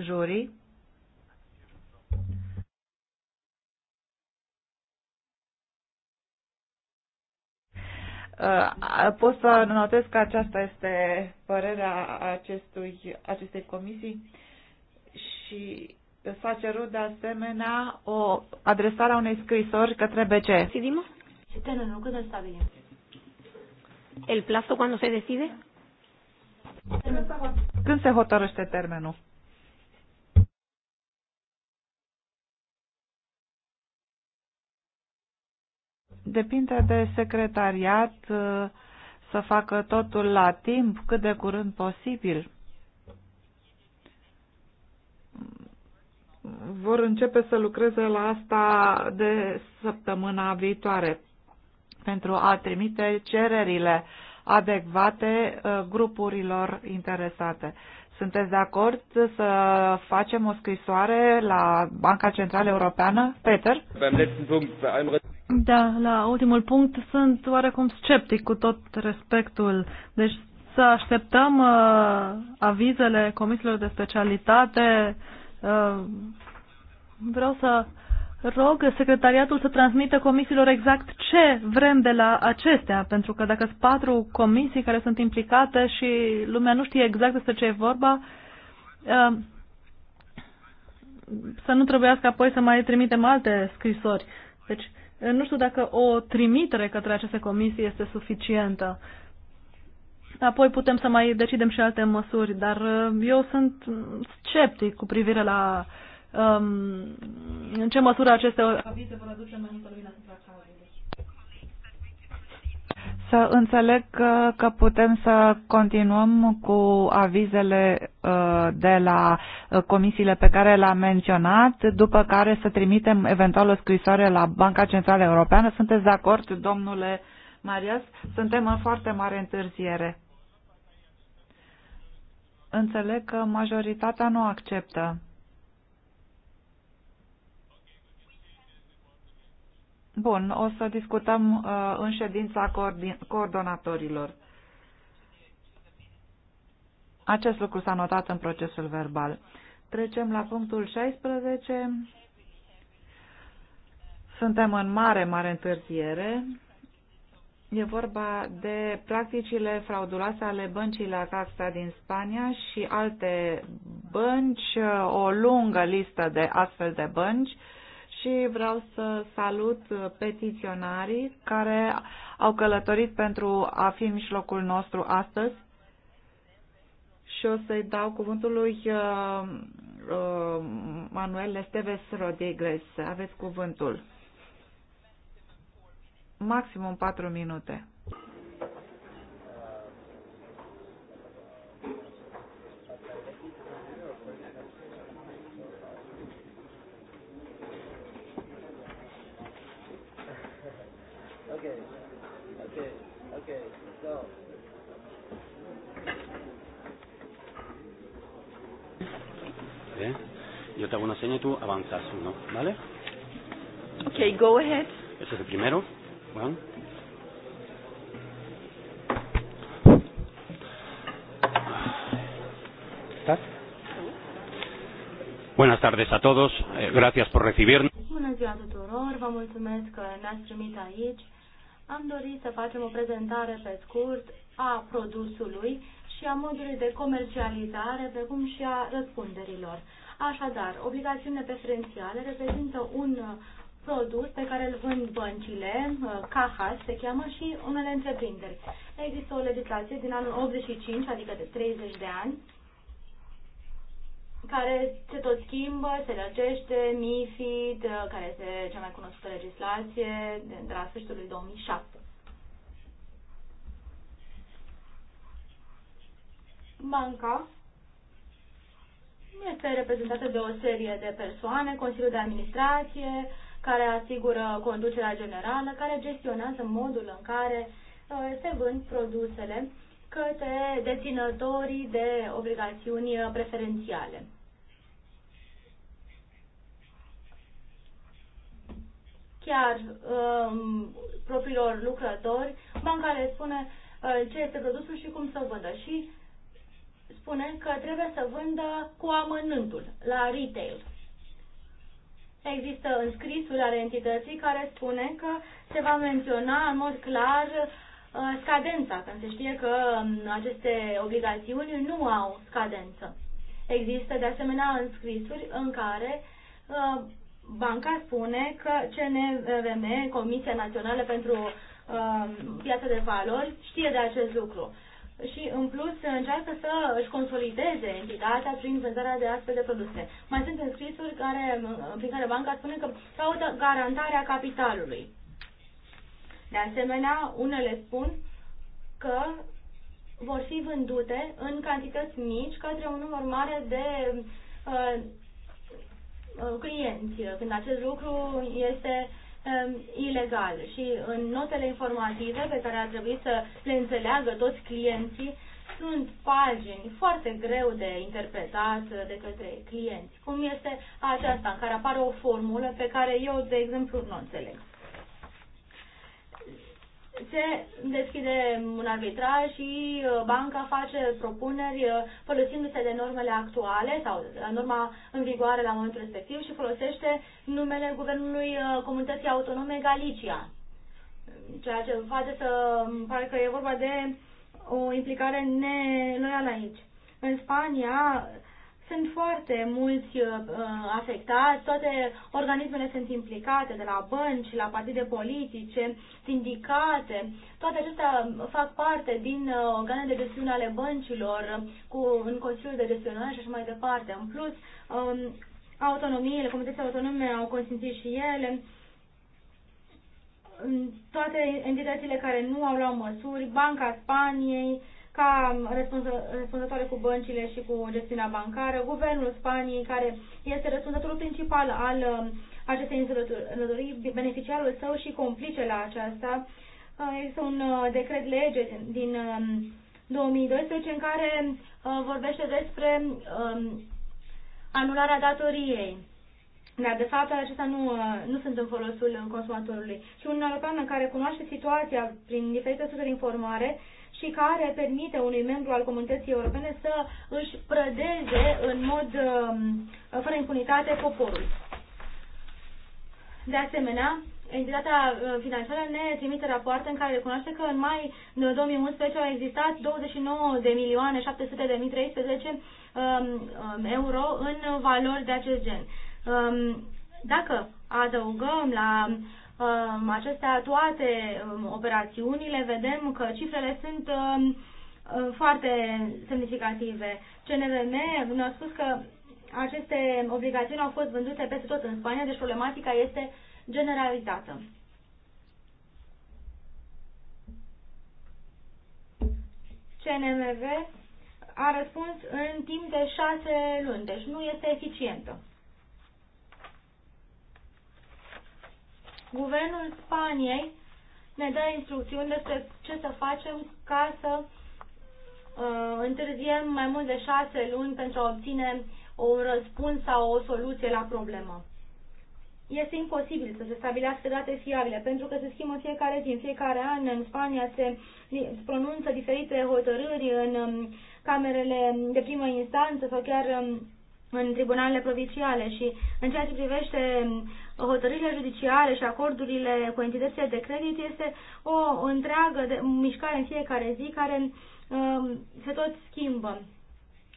jurii. Pot să notez că aceasta este părerea acestui, acestei comisii și s-a cerut de asemenea o adresare a unei scrisori către BC. Sidimos? termenul când îl stabilim? El plazo cuando se decide? Când se hotărăște termenul? Depinde de secretariat uh, să facă totul la timp, cât de curând posibil. Vor începe să lucreze la asta de săptămâna viitoare pentru a trimite cererile adecvate uh, grupurilor interesate. Sunteți de acord să facem o scrisoare la Banca Centrală Europeană? Peter? Da, la ultimul punct sunt oarecum sceptic cu tot respectul. Deci să așteptăm uh, avizele comisiilor de specialitate. Uh, vreau să rog secretariatul să transmită comisiilor exact ce vrem de la acestea, pentru că dacă sunt patru comisii care sunt implicate și lumea nu știe exact despre ce e vorba, uh, să nu trebuiască apoi să mai trimitem alte scrisori. Deci, uh, nu știu dacă o trimitere către aceste comisii este suficientă. Apoi putem să mai decidem și alte măsuri, dar uh, eu sunt sceptic cu privire la uh, Um, în ce măsură aceste avize vor aduce lumină asupra Să înțeleg că, că putem să continuăm cu avizele uh, de la uh, comisiile pe care le-am menționat, după care să trimitem eventual o scrisoare la Banca Centrală Europeană. Sunteți de acord, domnule Marias? Suntem în foarte mare întârziere. Înțeleg că majoritatea nu acceptă Bun, o să discutăm uh, în ședința coordonatorilor. Acest lucru s-a notat în procesul verbal. Trecem la punctul 16. Suntem în mare, mare întârziere. E vorba de practicile frauduloase ale băncii la Caxa din Spania și alte bănci, uh, o lungă listă de astfel de bănci și vreau să salut petiționarii care au călătorit pentru a fi în mijlocul nostru astăzi și o să-i dau cuvântul lui uh, uh, Manuel Esteves Rodriguez. Aveți cuvântul. Maximum 4 minute. Okay. Okay. Okay. So. Bene. Io te hago una seña y tú avanzas ¿no? ¿vale? Ok, go ahead. Ese es el primero. Juan. ¿Estás? Buenas tardes a todos. Eh, gracias por recibirnos. Bună ziua tuturor, vă mulțumesc că ne-ați primit aquí am dorit să facem o prezentare pe scurt a produsului și a modului de comercializare, precum și a răspunderilor. Așadar, obligațiunile preferențiale reprezintă un uh, produs pe care îl vând băncile, uh, CAHAS se cheamă, și unele întreprinderi. Există o legislație din anul 85, adică de 30 de ani, care se tot schimbă, se lăcește, MIFID, uh, care este cea mai cunoscută legislație de la sfârșitul lui 2007. Banca este reprezentată de o serie de persoane, Consiliul de Administrație, care asigură conducerea generală, care gestionează modul în care uh, se vând produsele către deținătorii de obligațiuni preferențiale. chiar um, propriilor lucrători. Banca le spune uh, ce este produsul și cum să vândă și spune că trebuie să vândă cu amănântul la retail. Există înscrisul ale entității care spune că se va menționa în mod clar uh, scadența, când se știe că um, aceste obligațiuni nu au scadență. Există de asemenea înscrisuri în care uh, Banca spune că CNVM, Comisia Națională pentru uh, Piața de Valori, știe de acest lucru și, în plus, încearcă să își consolideze entitatea prin vânzarea de astfel de produse. Mai sunt înscrisuri care, prin care banca spune că caută garantarea capitalului. De asemenea, unele spun că vor fi vândute în cantități mici către un număr mare de uh, Uh, clienți. Uh, când acest lucru este um, ilegal și în notele informative pe care ar trebui să le înțeleagă toți clienții sunt pagini foarte greu de interpretat uh, de către clienți, cum este aceasta în care apare o formulă pe care eu, de exemplu, nu înțeleg se deschide un arbitraj și uh, banca face propuneri uh, folosindu-se de normele actuale sau uh, norma în vigoare la momentul respectiv și folosește numele Guvernului Comunității Autonome Galicia. Ceea ce face să um, pare că e vorba de o implicare neloială aici. În Spania, sunt foarte mulți uh, uh, afectați, toate organismele sunt implicate, de la bănci, la partide politice, sindicate, toate acestea uh, fac parte din uh, organe de gestiune ale băncilor, uh, cu, în Consiliul de Gestionare și așa mai departe. În plus, um, autonomiile, comunitățile autonome au consimțit și ele, toate entitățile care nu au luat măsuri, Banca Spaniei, ca răspunzătoare cu băncile și cu gestiunea bancară, guvernul Spaniei, care este răspunzătorul principal al um, acestei înzălătorii, beneficiarul său și complicele aceasta. Uh, există un uh, decret lege din 2012 um, în care uh, vorbește despre um, anularea datoriei. Dar, de fapt, acestea nu, nu sunt în folosul consumatorului. Și un european care cunoaște situația prin diferite surse de informare și care permite unui membru al comunității europene să își prădeze în mod um, fără impunitate poporul. De asemenea, entitatea uh, financiară ne trimite rapoarte în care recunoaște că în mai 2011 uh, au existat 29 de milioane 700 de mii 13 um, um, euro în valori de acest gen. Dacă adăugăm la Um, acestea, toate um, operațiunile, vedem că cifrele sunt um, uh, foarte semnificative. CNVM ne-a spus că aceste obligațiuni au fost vândute peste tot în Spania, deci problematica este generalizată. CNMV a răspuns în timp de șase luni, deci nu este eficientă. Guvernul Spaniei ne dă instrucțiuni despre ce să facem ca să uh, întârziem mai mult de șase luni pentru a obține un răspuns sau o soluție la problemă. Este imposibil să se stabilească date fiabile, pentru că se schimbă fiecare zi, în fiecare an. În Spania se pronunță diferite hotărâri în um, camerele de primă instanță sau chiar um, în tribunalele provinciale și în ceea ce privește um, hotărârile judiciare și acordurile cu entitățile de credit este o întreagă de, mișcare în fiecare zi care um, se tot schimbă.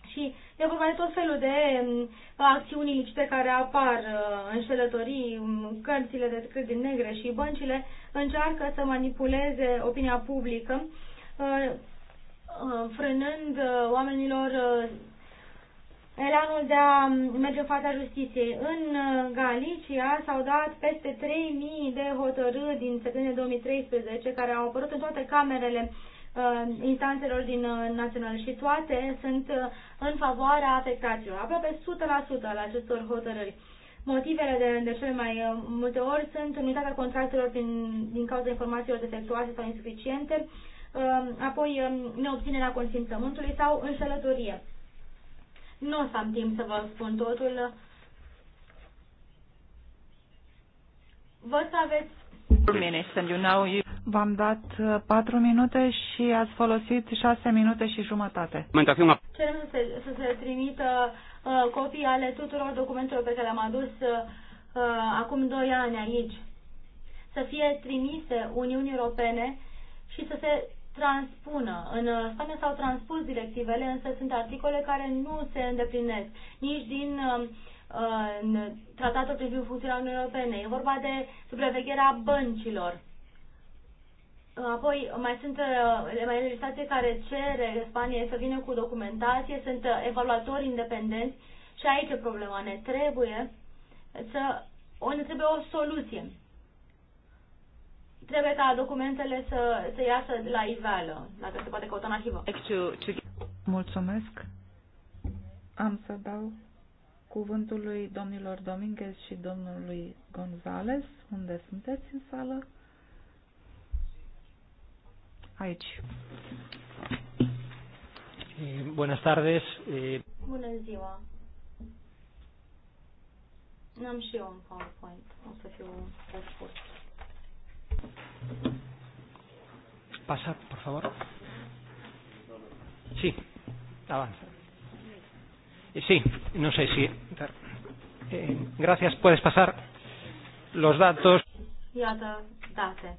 Și e vorba de tot felul de um, acțiuni licite care apar, uh, în șelătorii, um, cărțile de credit negre și băncile încearcă să manipuleze opinia publică, uh, uh, frânând oamenilor elanul de a merge în fața justiției. În uh, Galicia s-au dat peste 3.000 de hotărâri din septembrie 2013 care au apărut în toate camerele uh, instanțelor din uh, național și toate sunt uh, în favoarea afectațiilor, aproape 100% la acestor hotărâri. Motivele de, de cele mai uh, multe ori sunt unitatea contractelor din, din cauza informațiilor defectuoase sau insuficiente, uh, apoi uh, neobținerea consimțământului sau înșelătorie. Nu o să am timp să vă spun totul. Vă să aveți V-am dat uh, patru minute și ați folosit șase minute și jumătate. Cerem să se, să se trimită uh, copii ale tuturor documentelor pe care le-am adus uh, uh acum 2 ani aici, să fie trimise Uniunii Europene și să se transpună. În Spania s-au transpus directivele, însă sunt articole care nu se îndeplinesc nici din uh, tratatul privind funcționarea Uniunii Europene. E vorba de supravegherea băncilor. Apoi mai sunt uh, mai legislație care cere Spaniei să vină cu documentație, sunt uh, evaluatori independenți și aici e problema. Ne trebuie să o, ne trebuie o soluție trebuie ca documentele să, să iasă de la iveală, dacă se poate căuta în arhivă. Mulțumesc. Am să dau cuvântul lui domnilor Dominguez și domnului Gonzales. Unde sunteți în sală? Aici. Eh, Bună tardes. Eh. Bună ziua. N-am și eu un PowerPoint. O să fiu pe scurt. Pasa, por favor. Sí, avanza. Eh, sí, no sé si. Eh, gracias, puedes pasar los datos. Iată, date.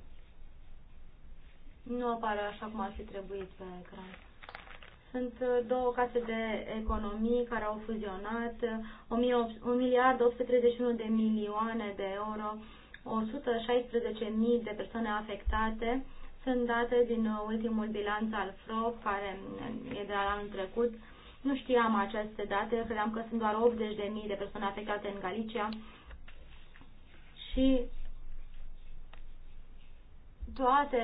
Nu apare așa cum ar fi trebuit pe ecran. Sunt uh, două case de economii care au fuzionat, 1 uh, miliard 831 de milioane de euro 116.000 de persoane afectate sunt date din ultimul bilanț al FRO, care e de la anul trecut. Nu știam aceste date, credeam că sunt doar 80.000 de persoane afectate în Galicia și toate,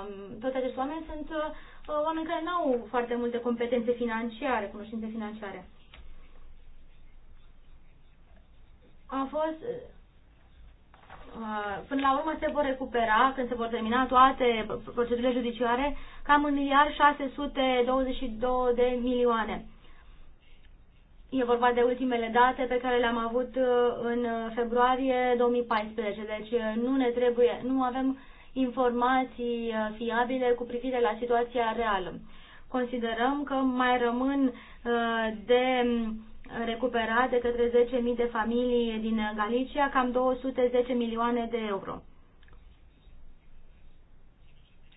um, toate aceste oameni sunt uh, oameni care nu au foarte multe competențe financiare, cunoștințe financiare. A fost Uh, până la urmă se vor recupera, când se vor termina toate procedurile judiciare, cam în miliard 622 de milioane. E vorba de ultimele date pe care le-am avut uh, în februarie 2014, deci uh, nu ne trebuie, nu avem informații fiabile cu privire la situația reală. Considerăm că mai rămân de recuperat de către 10.000 de familii din Galicia cam 210 milioane de euro.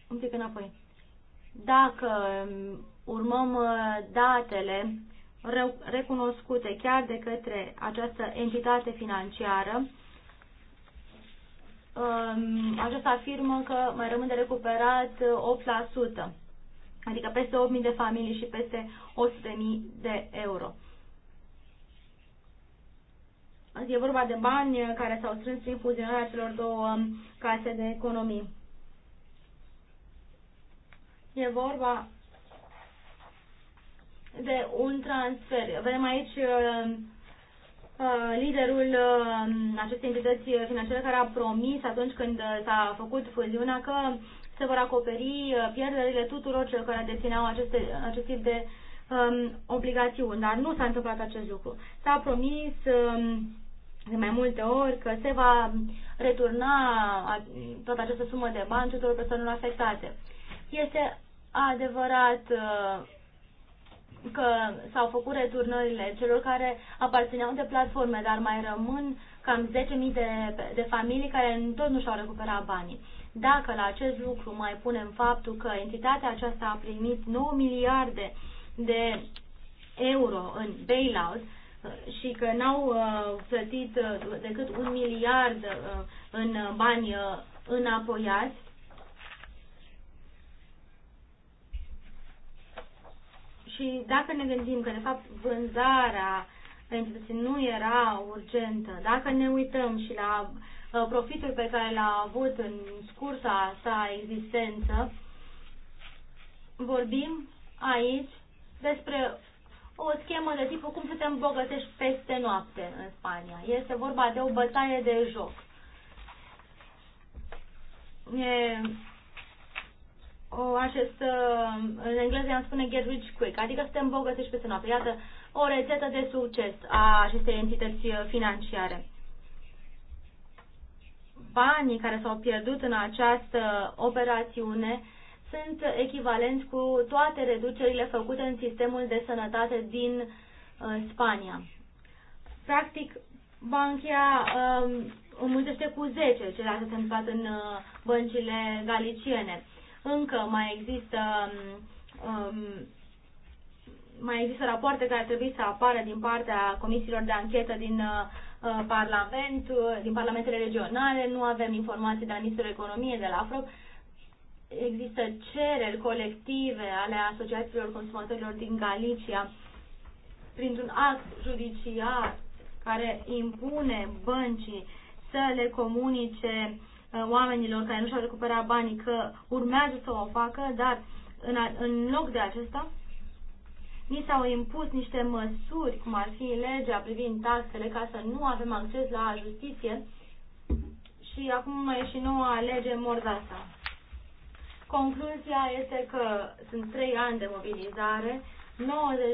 Un pic înapoi. Dacă um, urmăm uh, datele recunoscute chiar de către această entitate financiară, um, aceasta afirmă că mai rămân de recuperat 8%, adică peste 8.000 de familii și peste 100.000 de euro. E vorba de bani care s-au strâns prin fuzionarea celor două case de economii. E vorba de un transfer. Vedem aici uh, uh, liderul uh, acestei entități financiare care a promis atunci când s-a făcut fuziunea că se vor acoperi pierderile tuturor celor care dețineau aceste, acest tip de um, obligațiuni, dar nu s-a întâmplat acest lucru. S-a promis um, de mai multe ori că se va returna toată această sumă de bani tuturor persoanelor afectate. Este adevărat uh, că s-au făcut returnările celor care aparțineau de platforme, dar mai rămân cam 10.000 de, de familii care tot nu și-au recuperat banii. Dacă la acest lucru mai punem faptul că entitatea aceasta a primit 9 miliarde de euro în bailout, și că n-au uh, plătit uh, decât un miliard uh, în bani înapoiați. Și dacă ne gândim că, de fapt, vânzarea entității nu era urgentă, dacă ne uităm și la profitul pe care l-a avut în scurta sa existență, vorbim aici despre o schemă de tipul cum să te îmbogățești peste noapte în Spania. Este vorba de o bătaie de joc. E, o, acest, ă, în engleză am spune get rich quick, adică să te îmbogățești peste noapte. Iată o rețetă de succes a acestei entități ă, financiare. Banii care s-au pierdut în această operațiune uh, sunt echivalenți cu toate reducerile făcute în sistemul de sănătate din uh, Spania. Practic, Banchia uh, înmulțește cu 10 ce s-a întâmplat în uh, băncile galiciene. Încă mai există um, um mai există rapoarte care trebuie să apară din partea comisiilor de anchetă din uh, uh, Parlament, uh, din parlamentele regionale, nu avem informații de la Ministerul Economiei, de la AFROP, există cereri colective ale asociațiilor consumatorilor din Galicia printr-un act judiciar care impune băncii să le comunice uh, oamenilor care nu și-au recuperat banii că urmează să o facă, dar în, în loc de acesta ni s-au impus niște măsuri, cum ar fi legea privind taxele, ca să nu avem acces la justiție și acum mai e și noua lege Mordasa. Concluzia este că sunt trei ani de mobilizare, 90%,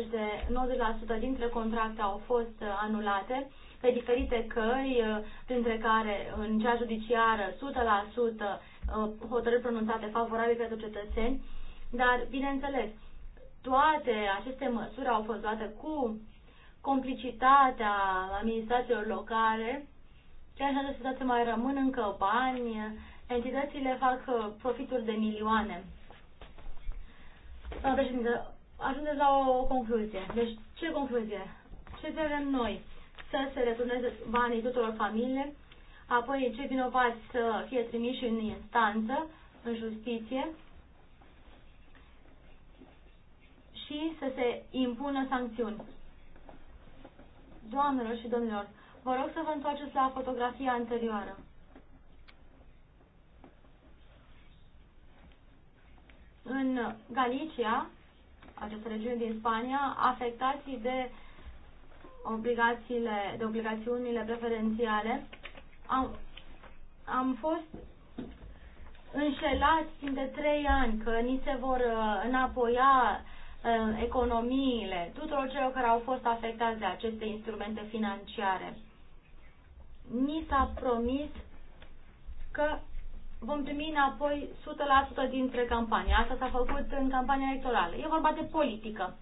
de, 90 dintre contracte au fost uh, anulate pe diferite căi, uh, printre care în cea judiciară 100% uh, hotărâri pronunțate favorabile pentru cetățeni, dar, bineînțeles, toate aceste măsuri au fost luate cu complicitatea administrațiilor locale, ceea ce această situație mai rămân încă bani entitățile fac uh, profituri de milioane. Doamna președinte, ajungeți la o concluzie. Deci, ce concluzie? Ce trebuie noi? Să se returneze banii tuturor familiile, apoi cei vinovați să fie trimiși în instanță, în justiție, și să se impună sancțiuni. Doamnelor și domnilor, vă rog să vă întoarceți la fotografia anterioară. În Galicia, această regiune din Spania, afectații de obligațiile, de obligațiunile preferențiale, am, am fost înșelați timp de trei ani că ni se vor uh, înapoia uh, economiile tuturor celor care au fost afectați de aceste instrumente financiare. Ni s-a promis că vom primi înapoi 100% dintre campanie. Asta s-a făcut în campania electorală. E vorba de politică.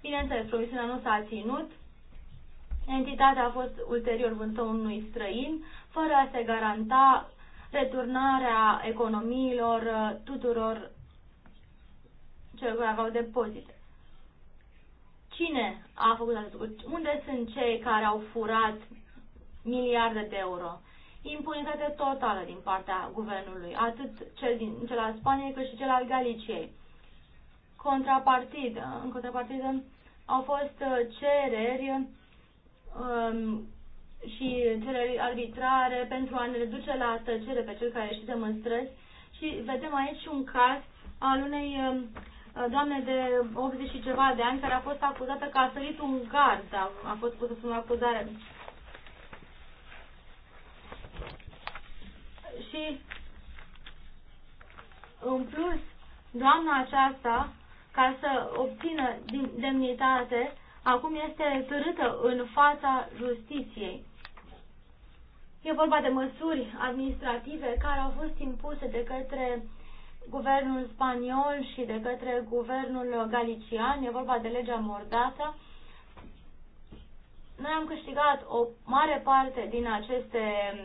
Bineînțeles, promisiunea nu s-a ținut. Entitatea a fost ulterior vândută unui străin, fără a se garanta returnarea economiilor uh, tuturor celor care aveau depozite. Cine a făcut acest lucru? Unde sunt cei care au furat miliarde de euro? impunitate totală din partea guvernului, atât cel, din, cel al Spaniei cât și cel al Galiciei. Contrapartidă, în contrapartidă au fost uh, cereri um, și cereri arbitrare pentru a ne reduce la tăcere pe cel care ieșit de demonstrări și vedem aici și un caz al unei um, doamne de 80 și ceva de ani care a fost acuzată că a sărit un gard, a, a fost pusă sub acuzare Și în plus, doamna aceasta, ca să obțină demnitate, acum este târâtă în fața justiției. E vorba de măsuri administrative care au fost impuse de către guvernul spaniol și de către guvernul galician, e vorba de legea mordată. Noi am câștigat o mare parte din aceste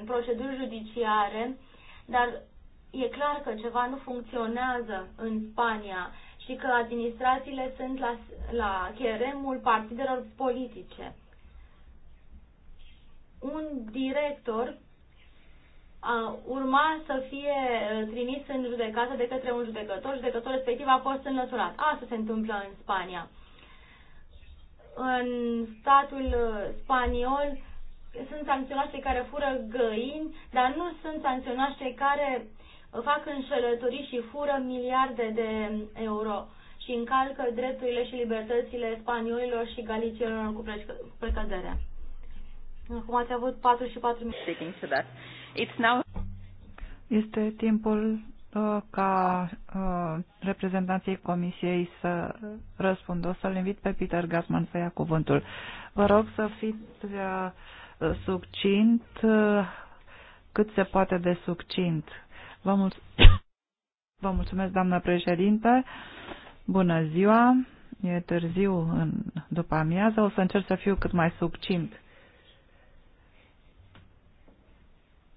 proceduri judiciare dar e clar că ceva nu funcționează în Spania și că administrațiile sunt la, la cheremul partidelor politice. Un director a, urma să fie uh, trimis în judecată de către un judecător, judecătorul respectiv a fost înlăturat. Asta se întâmplă în Spania. În statul uh, spaniol sunt sancționați cei care fură găini, dar nu sunt sancționați cei care uh, fac înșelătorii și fură miliarde de euro și încalcă drepturile și libertățile spaniolilor și galicienilor cu precădere. Acum ați avut 44 și minute. now... Este timpul uh, ca uh, reprezentanții comisiei să răspundă. O să-l invit pe Peter Gasman să ia cuvântul. Vă rog să fiți uh, succint, cât se poate de succint. Vă, mul- *coughs* Vă mulțumesc, doamnă președinte. Bună ziua. E târziu în după amiază. O să încerc să fiu cât mai succint.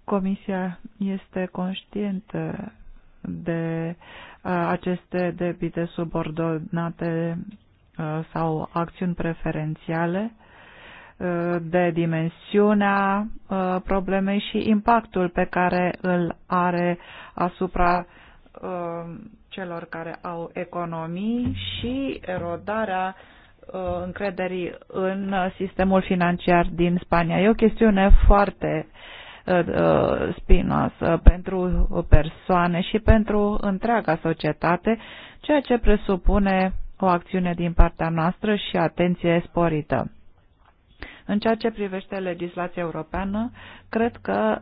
Comisia este conștientă de uh, aceste debite subordonate uh, sau acțiuni preferențiale de dimensiunea uh, problemei și impactul pe care îl are asupra uh, celor care au economii și erodarea uh, încrederii în sistemul financiar din Spania. E o chestiune foarte spinoasă pentru persoane și pentru întreaga societate, ceea ce presupune o acțiune din partea noastră și atenție sporită. În ceea ce privește legislația europeană, cred că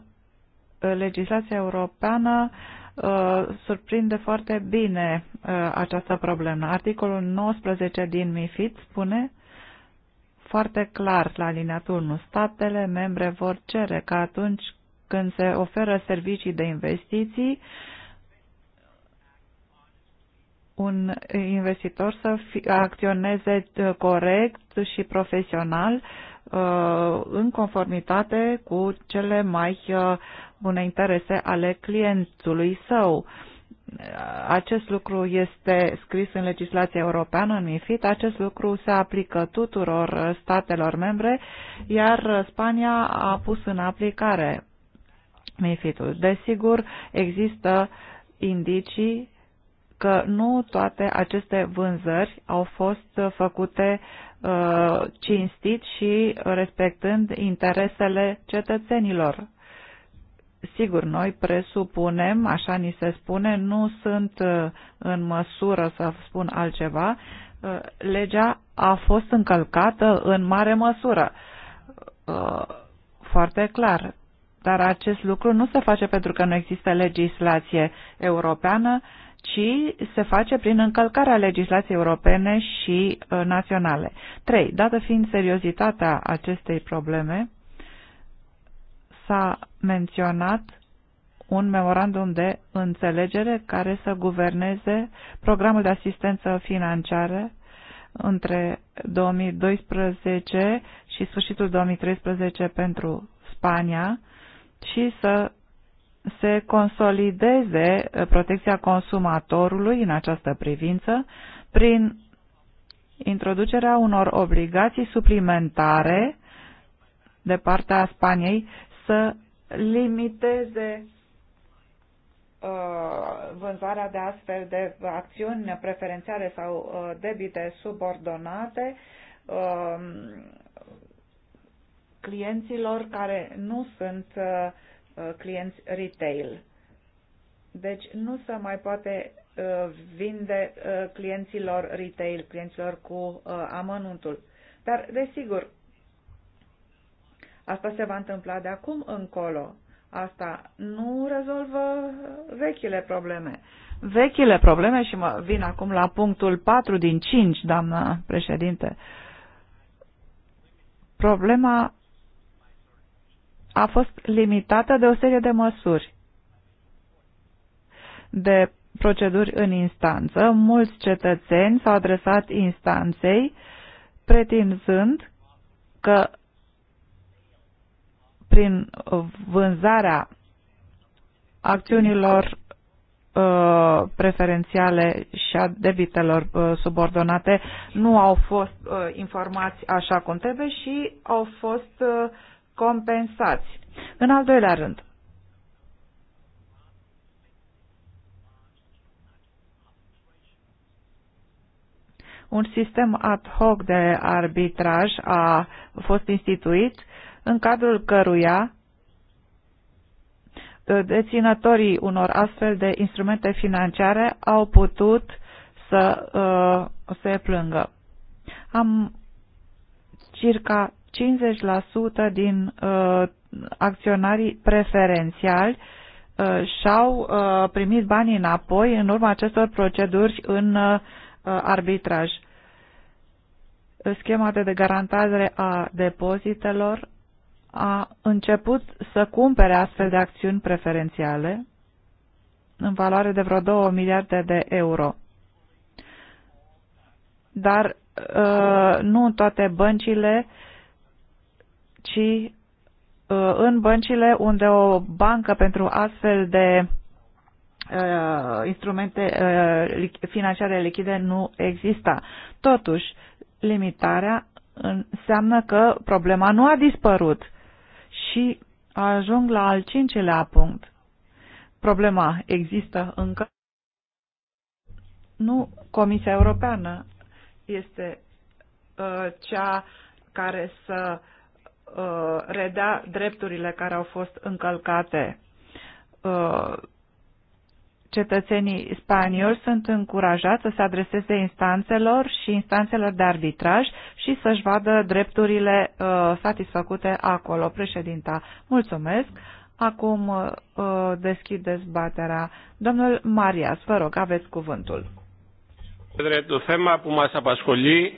uh, legislația europeană uh, surprinde foarte bine uh, această problemă. Articolul 19 din MIFID spune foarte clar la alineatul 1. Statele membre vor cere că atunci când se oferă servicii de investiții, un investitor să acționeze corect și profesional Uh, în conformitate cu cele mai uh, bune interese ale clientului său. Uh, acest lucru este scris în legislația europeană, în MIFID, acest lucru se aplică tuturor statelor membre, iar Spania a pus în aplicare MIFID-ul. Desigur, există indicii că nu toate aceste vânzări au fost făcute uh, cinstit și respectând interesele cetățenilor. Sigur, noi presupunem, așa ni se spune, nu sunt uh, în măsură să spun altceva, uh, legea a fost încălcată în mare măsură. foarte clar. Dar acest lucru nu se face pentru că nu există legislație europeană, ci se face prin încălcarea legislației europene și uh, naționale. 3. Dată fiind seriozitatea acestei probleme, s-a menționat un memorandum de înțelegere care să guverneze programul de asistență financiară între 2012 și sfârșitul 2013 pentru Spania și să se consolideze uh, protecția consumatorului în această privință prin introducerea unor obligații suplimentare de partea Spaniei să limiteze uh, vânzarea de astfel de acțiuni preferențiale sau uh, debite subordonate clienților care nu sunt uh, Uh, clienți retail. Deci nu se mai poate uh, vinde uh, clienților retail, clienților cu amănuntul. Dar, desigur, asta se va întâmpla de acum încolo. Asta nu rezolvă vechile probleme. Vechile probleme, și mă vin acum la punctul 4 din 5, doamna președinte, problema a fost limitată de o serie de măsuri, de proceduri în instanță. Mulți cetățeni s-au adresat instanței pretinzând că prin vânzarea acțiunilor uh, preferențiale și a debitelor uh, subordonate nu au fost uh, informați așa cum trebuie și au fost compensați. În al doilea rând, un sistem ad hoc de arbitraj a fost instituit în cadrul căruia ă, deținătorii unor astfel de instrumente financiare au putut să uh, se plângă. Am circa 50% din uh, acționarii preferențiali uh, și-au uh, primit banii înapoi în urma acestor proceduri în uh, arbitraj. Schema de garantare a depozitelor a început să cumpere astfel de acțiuni preferențiale în valoare de vreo 2 miliarde de euro. Dar uh, nu toate băncile uh, ci uh, în băncile unde o bancă pentru astfel de uh, instrumente uh, financiare lichide nu exista. Totuși, limitarea înseamnă că problema nu a dispărut și ajung la al cincilea punct. Problema există încă? Nu Comisia Europeană este uh, cea care să Uh, reda drepturile care au fost încălcate. Uh, cetățenii spanioli sunt încurajați să se adreseze instanțelor și instanțelor de arbitraj și să-și vadă drepturile uh, satisfăcute acolo. Președinta, mulțumesc. Acum deschid dezbaterea. Domnul Marias, vă rog, aveți cuvântul. Το θέμα που μας απασχολεί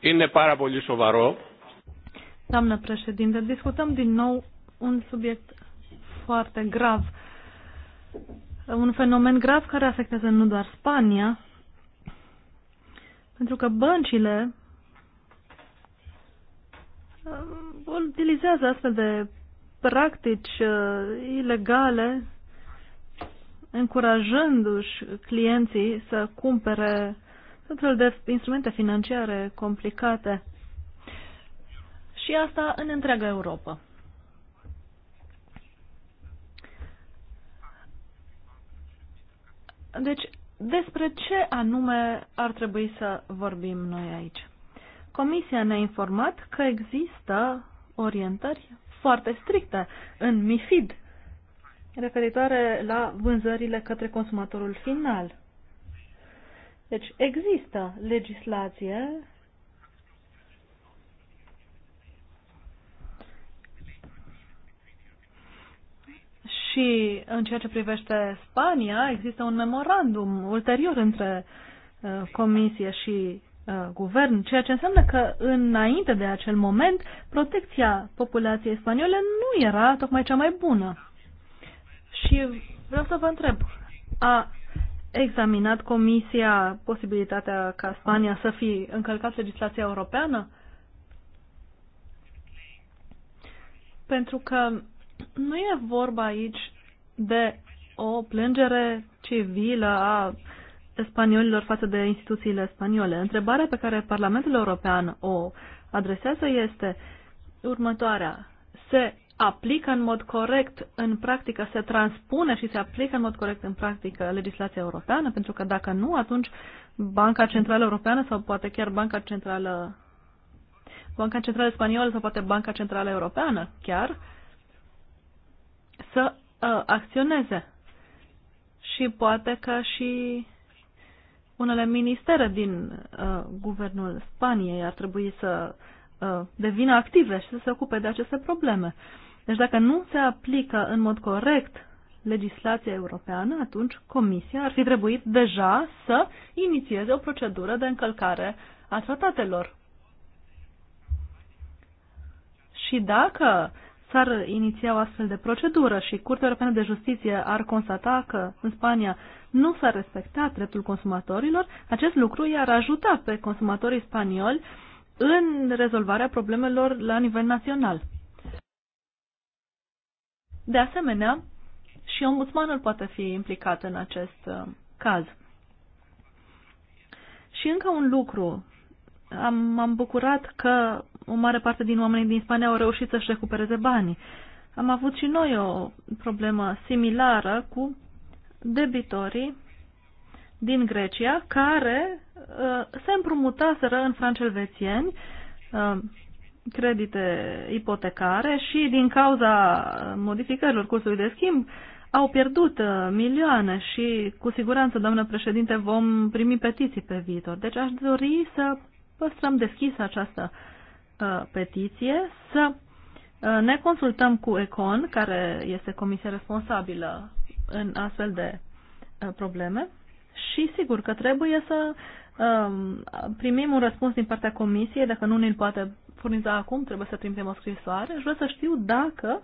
είναι πάρα πολύ σοβαρό Doamnă președinte, discutăm din nou un subiect foarte grav. Un fenomen grav care afectează nu doar Spania, pentru că băncile um, utilizează astfel de practici uh, ilegale, încurajându-și clienții să cumpere tot felul de instrumente financiare complicate și asta în întreaga Europa. Deci, despre ce anume ar trebui să vorbim noi aici? Comisia ne-a informat că există orientări foarte stricte în MIFID referitoare la vânzările către consumatorul final. Deci există legislație Și în ceea ce privește Spania, există un memorandum ulterior între uh, Comisie și uh, Guvern, ceea ce înseamnă că înainte de acel moment, protecția populației spaniole nu era tocmai cea mai bună. Și vreau să vă întreb, a examinat Comisia posibilitatea ca Spania să fi încălcat legislația europeană? Pentru că nu e vorba aici de o plângere civilă a spaniolilor față de instituțiile spaniole. Întrebarea pe care Parlamentul European o adresează este următoarea. Se aplică în mod corect în practică, se transpune și se aplică în mod corect în practică legislația europeană, pentru că dacă nu, atunci Banca Centrală Europeană sau poate chiar Banca Centrală Banca Centrală Spaniolă sau poate Banca Centrală Europeană chiar să uh, acționeze. Și poate că și unele ministere din uh, guvernul Spaniei ar trebui să uh, devină active și să se ocupe de aceste probleme. Deci dacă nu se aplică în mod corect legislația europeană, atunci Comisia ar fi trebuit deja să inițieze o procedură de încălcare a tratatelor. Și dacă uh, s-ar iniția o astfel de procedură și Curtea Europeană de Justiție ar constata că în Spania nu s-a respectat dreptul consumatorilor, acest lucru i-ar ajuta pe consumatorii spanioli în rezolvarea problemelor la nivel național. De asemenea, și ombudsmanul poate fi implicat în acest uh, caz. Și încă un lucru. Am, am bucurat că o mare parte din oamenii din Spania au reușit să-și recupereze banii. Am avut și noi o problemă similară cu debitorii din Grecia care uh, se împrumutaseră în francelvețieni uh, credite ipotecare și din cauza modificărilor cursului de schimb au pierdut uh, milioane și cu siguranță, doamnă președinte, vom primi petiții pe viitor. Deci aș dori să păstrăm deschisă această uh, uh, petiție să uh, ne consultăm cu Econ, care este comisia responsabilă în astfel de uh, probleme și sigur că trebuie să um, primim un răspuns din partea comisiei, dacă nu ne-l poate furniza acum, trebuie să trimitem o scrisoare și vreau să știu dacă,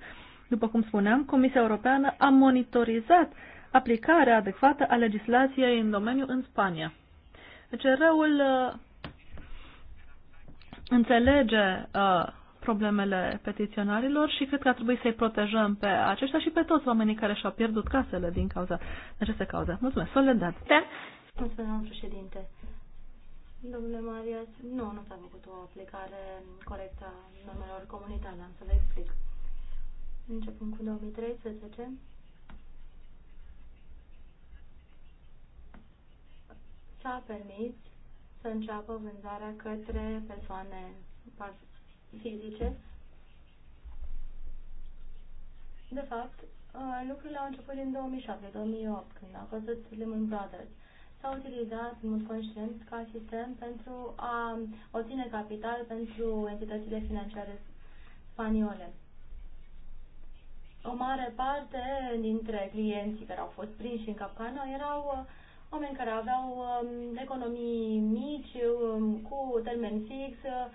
după cum spuneam, Comisia Europeană a monitorizat aplicarea adecvată a legislației în domeniu în Spania. Deci răul uh, înțelege uh, problemele petiționarilor și cred că ar trebui să-i protejăm pe aceștia și pe toți oamenii care și-au pierdut casele din cauza aceste cauze. Mulțumesc, Soledad. Da. Mulțumesc, domnul președinte. Domnule Maria, nu, nu s-a făcut o aplicare corectă a normelor comunitare, am să vă explic. Începând cu 2013, s-a permis să înceapă vânzarea către persoane fizice. De fapt, uh, lucrurile au început în 2007-2008, când a căzut Lehman Brothers. S-a utilizat în mod conștient ca sistem pentru a obține capital pentru entitățile financiare spaniole. O mare parte dintre clienții care au fost prinși în capcană erau uh, oameni care aveau um, economii mici, um, cu termen fix. Uh,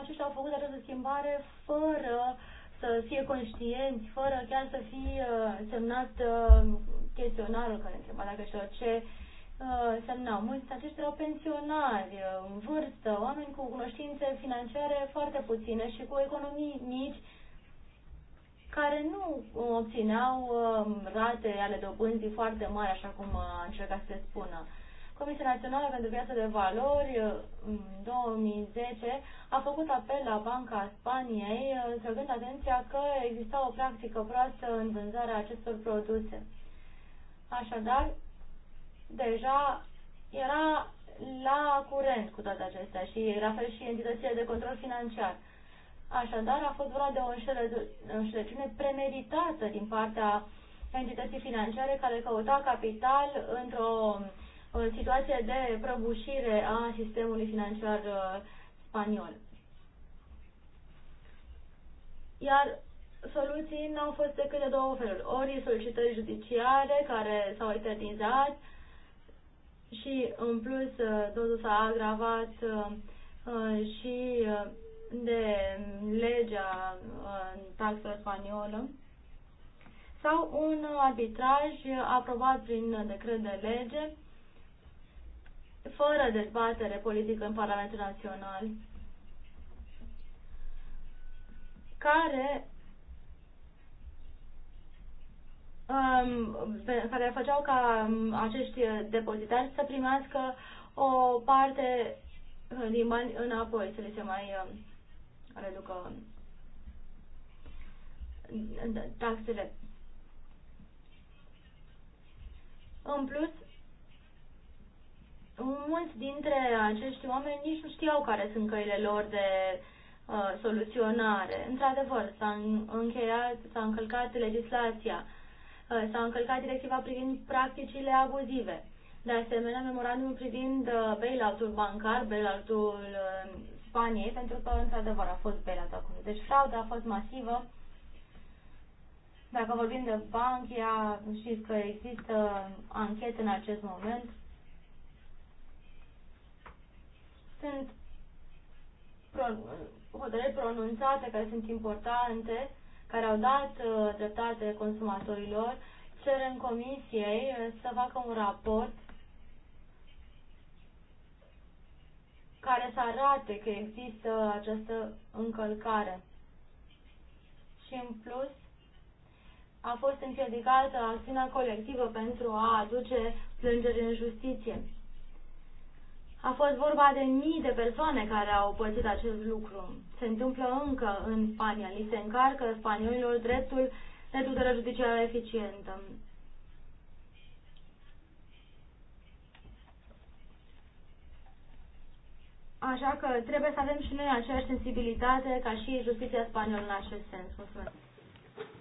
aceștia au făcut această schimbare fără să fie conștienți, fără chiar să fie uh, semnat uh, chestionarul care întreba dacă știu ce semnau. Mulți aceștia erau pensionari, în vârstă, oameni cu cunoștințe financiare foarte puține și cu economii mici, care nu uh, obțineau uh, rate ale dobânzii foarte mari, așa cum încerca să se spună. Comisia Națională pentru Viață de Valori uh, în 2010 a făcut apel la Banca Spaniei, trăgând atenția că exista o practică proastă în vânzarea acestor produse. Așadar, deja era la curent cu toate acestea și la fel și entitățile de control financiar. Așadar, a fost vorba de o înșelăciune premeditată din partea entității financiare care căuta capital într-o situație de prăbușire a sistemului financiar uh, spaniol. Iar soluții n-au fost decât de două feluri. Ori solicitări judiciare care s-au eternizat și în plus uh, totul s-a agravat uh, și de legea taxelor spaniolă sau un arbitraj aprobat prin decret de lege fără dezbatere politică în Parlamentul Național care um, care făceau ca um, acești depozitari să primească o parte din bani înapoi, să le se mai um, ducă taxele. În plus, mulți dintre acești oameni nici nu știau care sunt căile lor de uh, soluționare. Într-adevăr, s-a încheiat, s-a încălcat legislația, uh, s-a încălcat directiva privind practicile abuzive. De asemenea, memorandumul privind uh, bailout-ul bancar, bailout-ul uh, Spaniei, pentru că, într-adevăr, a fost belat acolo. Deci frauda a fost masivă. Dacă vorbim de Bankia, știți că există anchete în acest moment. Sunt hotărâri pronunțate care sunt importante, care au dat uh, dreptate consumatorilor, cerem comisiei uh, să facă un raport care să arate că există această încălcare. Și în plus, a fost împiedicată acțiunea colectivă pentru a aduce plângeri în justiție. A fost vorba de mii de persoane care au pățit acest lucru. Se întâmplă încă în Spania. Li se încarcă spaniolilor dreptul de tutelă judiciară eficientă. Așa că trebuie să avem și noi aceeași sensibilitate ca și justiția spaniolă în acest sens. Mulțumesc.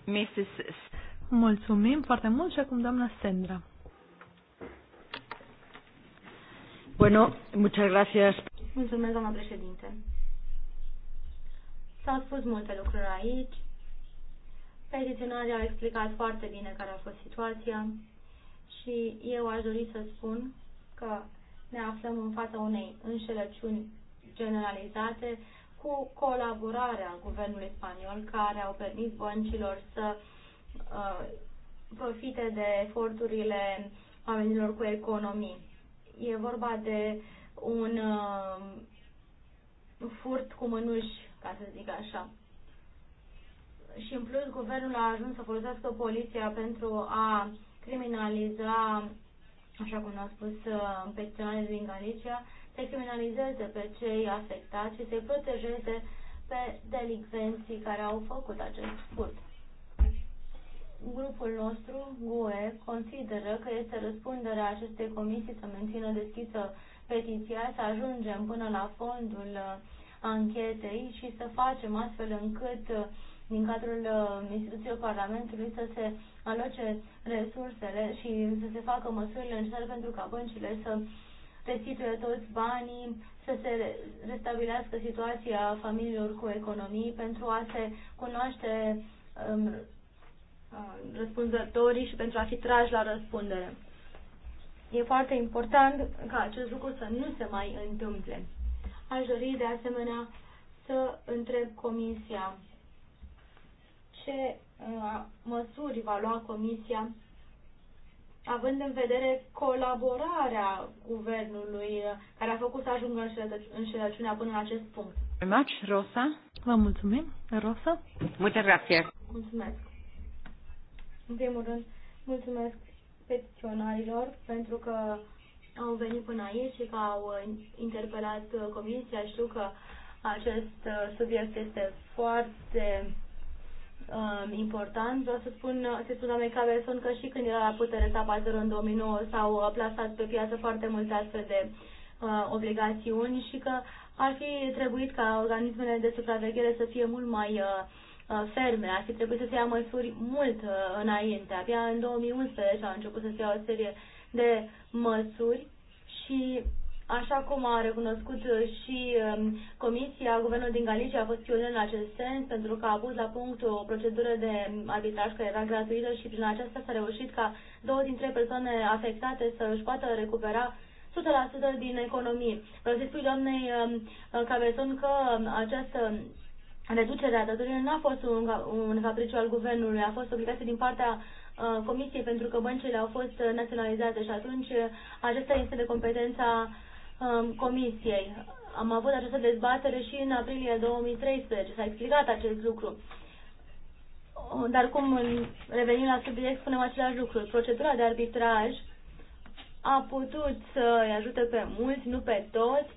Mrs. Mulțumim foarte mult și acum doamna Sandra. Bueno, muchas gracias. Mulțumesc, doamna președinte. S-au spus multe lucruri aici. Petiționarii au explicat foarte bine care a fost situația și eu aș dori să spun că ne aflăm în fața unei înșelăciuni generalizate cu colaborarea guvernului spaniol, care au permis băncilor să uh, profite de eforturile oamenilor cu economii. E vorba de un uh, furt cu mânuși, ca să zic așa. Și în plus, guvernul a ajuns să folosească poliția pentru a criminaliza așa cum au spus uh, petiționarii din Galicia, se criminalizeze pe cei afectați și se protejeze pe delicvenții care au făcut acest furt. Grupul nostru, GUE, consideră că este răspunderea acestei comisii să mențină deschisă petiția, să ajungem până la fondul uh, anchetei și să facem astfel încât uh, din cadrul uh, instituțiilor Parlamentului să se aloce resursele și să se facă măsurile necesare pentru ca băncile să restituie toți banii, să se restabilească situația familiilor cu economii pentru a se cunoaște um, uh, răspunzătorii și pentru a fi trași la răspundere. E foarte important ca acest lucru să nu se mai întâmple. Aș dori de asemenea să întreb Comisia ce uh, măsuri va lua Comisia având în vedere colaborarea guvernului uh, care a făcut să ajungă înșelăciunea până în acest punct. Mulțumesc, Rosa. Vă mulțumim. Rosa? Multe gracias. Mulțumesc. În primul rând, mulțumesc petiționarilor pentru că au venit până aici și că au uh, interpelat comisia. Știu că acest subiect este foarte um, important. Vreau să spun, să spun doamnei Caverson că și când era la putere Zapatero în 2009 s-au uh, plasat pe piață foarte multe astfel de uh, obligațiuni și că ar fi trebuit ca organismele de supraveghere să fie mult mai uh, uh ferme, ar fi trebuit să se ia măsuri mult uh, înainte. Abia în 2011 a început să se ia o serie de măsuri și Așa cum a recunoscut uh, și um, Comisia, Guvernul din Galicia a fost pionier în acest sens pentru că a pus la punct o procedură de um, arbitraj care era gratuită și prin aceasta s-a reușit ca două dintre persoane afectate să își poată recupera 100% din economii. Vreau să spui doamnei um, uh, Cabezon că această reducere a datorilor n-a fost un, un capriciu al guvernului, a fost obligație din partea uh, Comisiei pentru că băncile au fost naționalizate și atunci acesta este de competența uh, Um, comisiei. Am avut această dezbatere și în aprilie 2013, s-a explicat acest lucru. Dar cum revenim la subiect, spunem același lucru. Procedura de arbitraj a putut să-i ajute pe mulți, nu pe toți,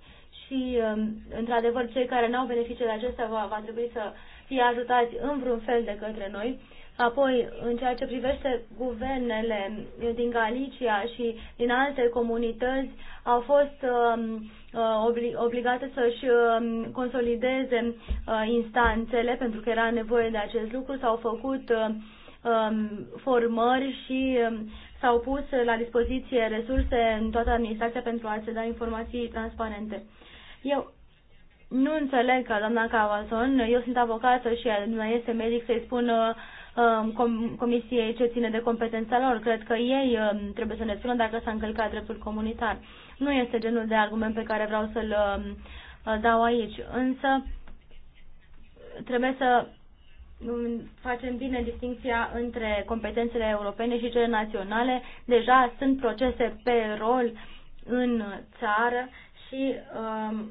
și, um, într-adevăr, cei care n-au beneficiile acestea va, va trebui să fie ajutați în vreun fel de către noi Apoi, în ceea ce privește guvernele din Galicia și din alte comunități, au fost um, uh, obligate să-și uh, consolideze uh, instanțele, pentru că era nevoie de acest lucru, s-au făcut uh, um, formări și s-au pus la dispoziție resurse în toată administrația pentru a se da informații transparente. Eu nu înțeleg ca doamna Cavazon, eu sunt avocată și nu este medic să-i spun Um, comisiei ce ține de competența lor. Cred că ei um, trebuie să ne spună dacă s-a încălcat dreptul comunitar. Nu este genul de argument pe care vreau să-l um, uh, dau aici. Însă trebuie să facem bine distinția între competențele europene și cele naționale. Deja sunt procese pe rol în țară și um,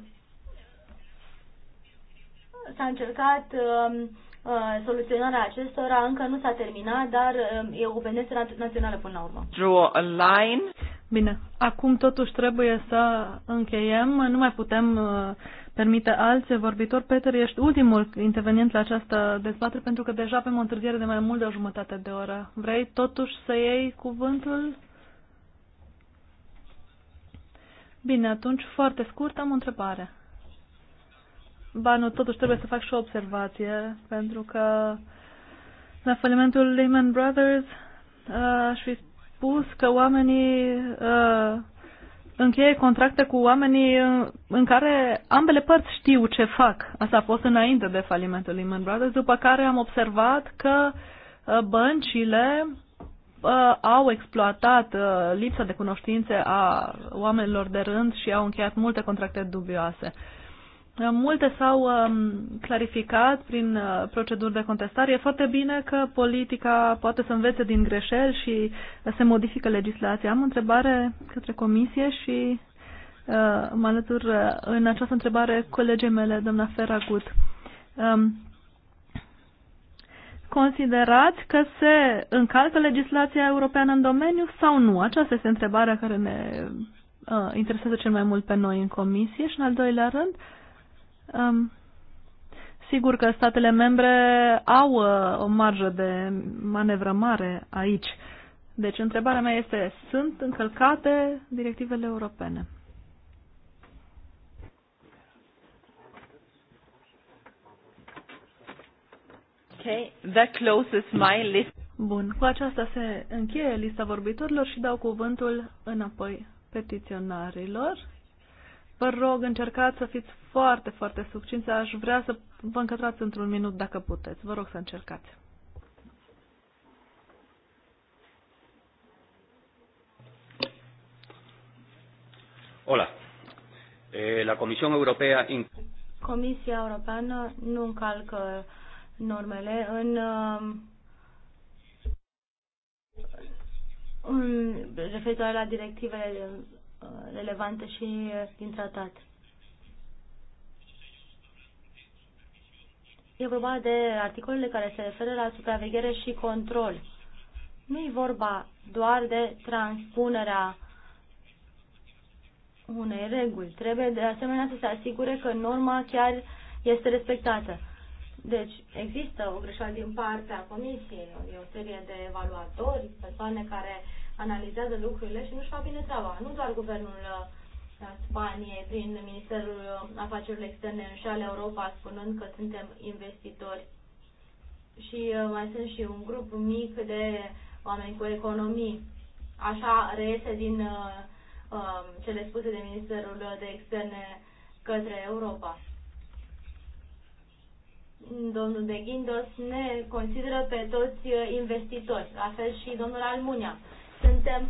s-a încercat um, Uh, soluționarea acestora încă nu s-a terminat, dar uh, e o pendență națională până la urmă. Draw a line. Bine, acum totuși trebuie să încheiem. Nu mai putem uh, permite alții vorbitori. Peter, ești ultimul intervenient la această dezbatere pentru că deja avem o întârziere de mai mult de o jumătate de oră. Vrei totuși să iei cuvântul? Bine, atunci foarte scurt am o întrebare. Ba nu, totuși trebuie să fac și o observație, pentru că la falimentul Lehman Brothers uh, aș fi spus că oamenii uh, încheie contracte cu oamenii în care ambele părți știu ce fac. Asta a fost înainte de falimentul Lehman Brothers, după care am observat că uh, băncile uh, au exploatat uh, lipsa de cunoștințe a oamenilor de rând și au încheiat multe contracte dubioase. Uh, Uh, multe s-au um, clarificat prin uh, proceduri de contestare. E foarte bine că politica poate să învețe din greșeli și se modifică legislația. Am o întrebare către comisie și uh, mă alătur în această întrebare colegii mele, doamna Feragut. Um, considerați că se încalcă legislația europeană în domeniu sau nu? Aceasta este întrebarea care ne interesează cel mai mult pe noi în comisie și în al doilea rând, uh, Um, sigur că statele membre au uh, o marjă de manevră mare aici. Deci întrebarea mea este, sunt încălcate directivele europene? Okay, that closes my list. Bun, cu aceasta se încheie lista vorbitorilor și dau cuvântul înapoi petiționarilor. Vă rog, încercați să fiți foarte, foarte succinți. Aș vrea să vă încătrați într-un minut dacă puteți. Vă rog să încercați. Hola. Eh, la Comisión Europea... Comisia Europeană nu încalcă normele în, um, în referitoare la directivele relevantă și din tratat. E vorba de articolele care se referă la supraveghere și control. Nu e vorba doar de transpunerea unei reguli. Trebuie de asemenea să se asigure că norma chiar este respectată. Deci există o greșeală din partea comisiei, e o serie de evaluatori, persoane care analizează lucrurile și nu-și fac bine treaba. Nu doar guvernul uh, Spaniei prin Ministerul uh, Afacerilor Externe înșeală Europa spunând că suntem investitori. Și uh, mai sunt și un grup mic de oameni cu economii. Așa reiese din um, cele spuse de Ministerul de Externe către Europa domnul de Ghindos ne consideră pe toți investitori, la fel și domnul Almunia. Suntem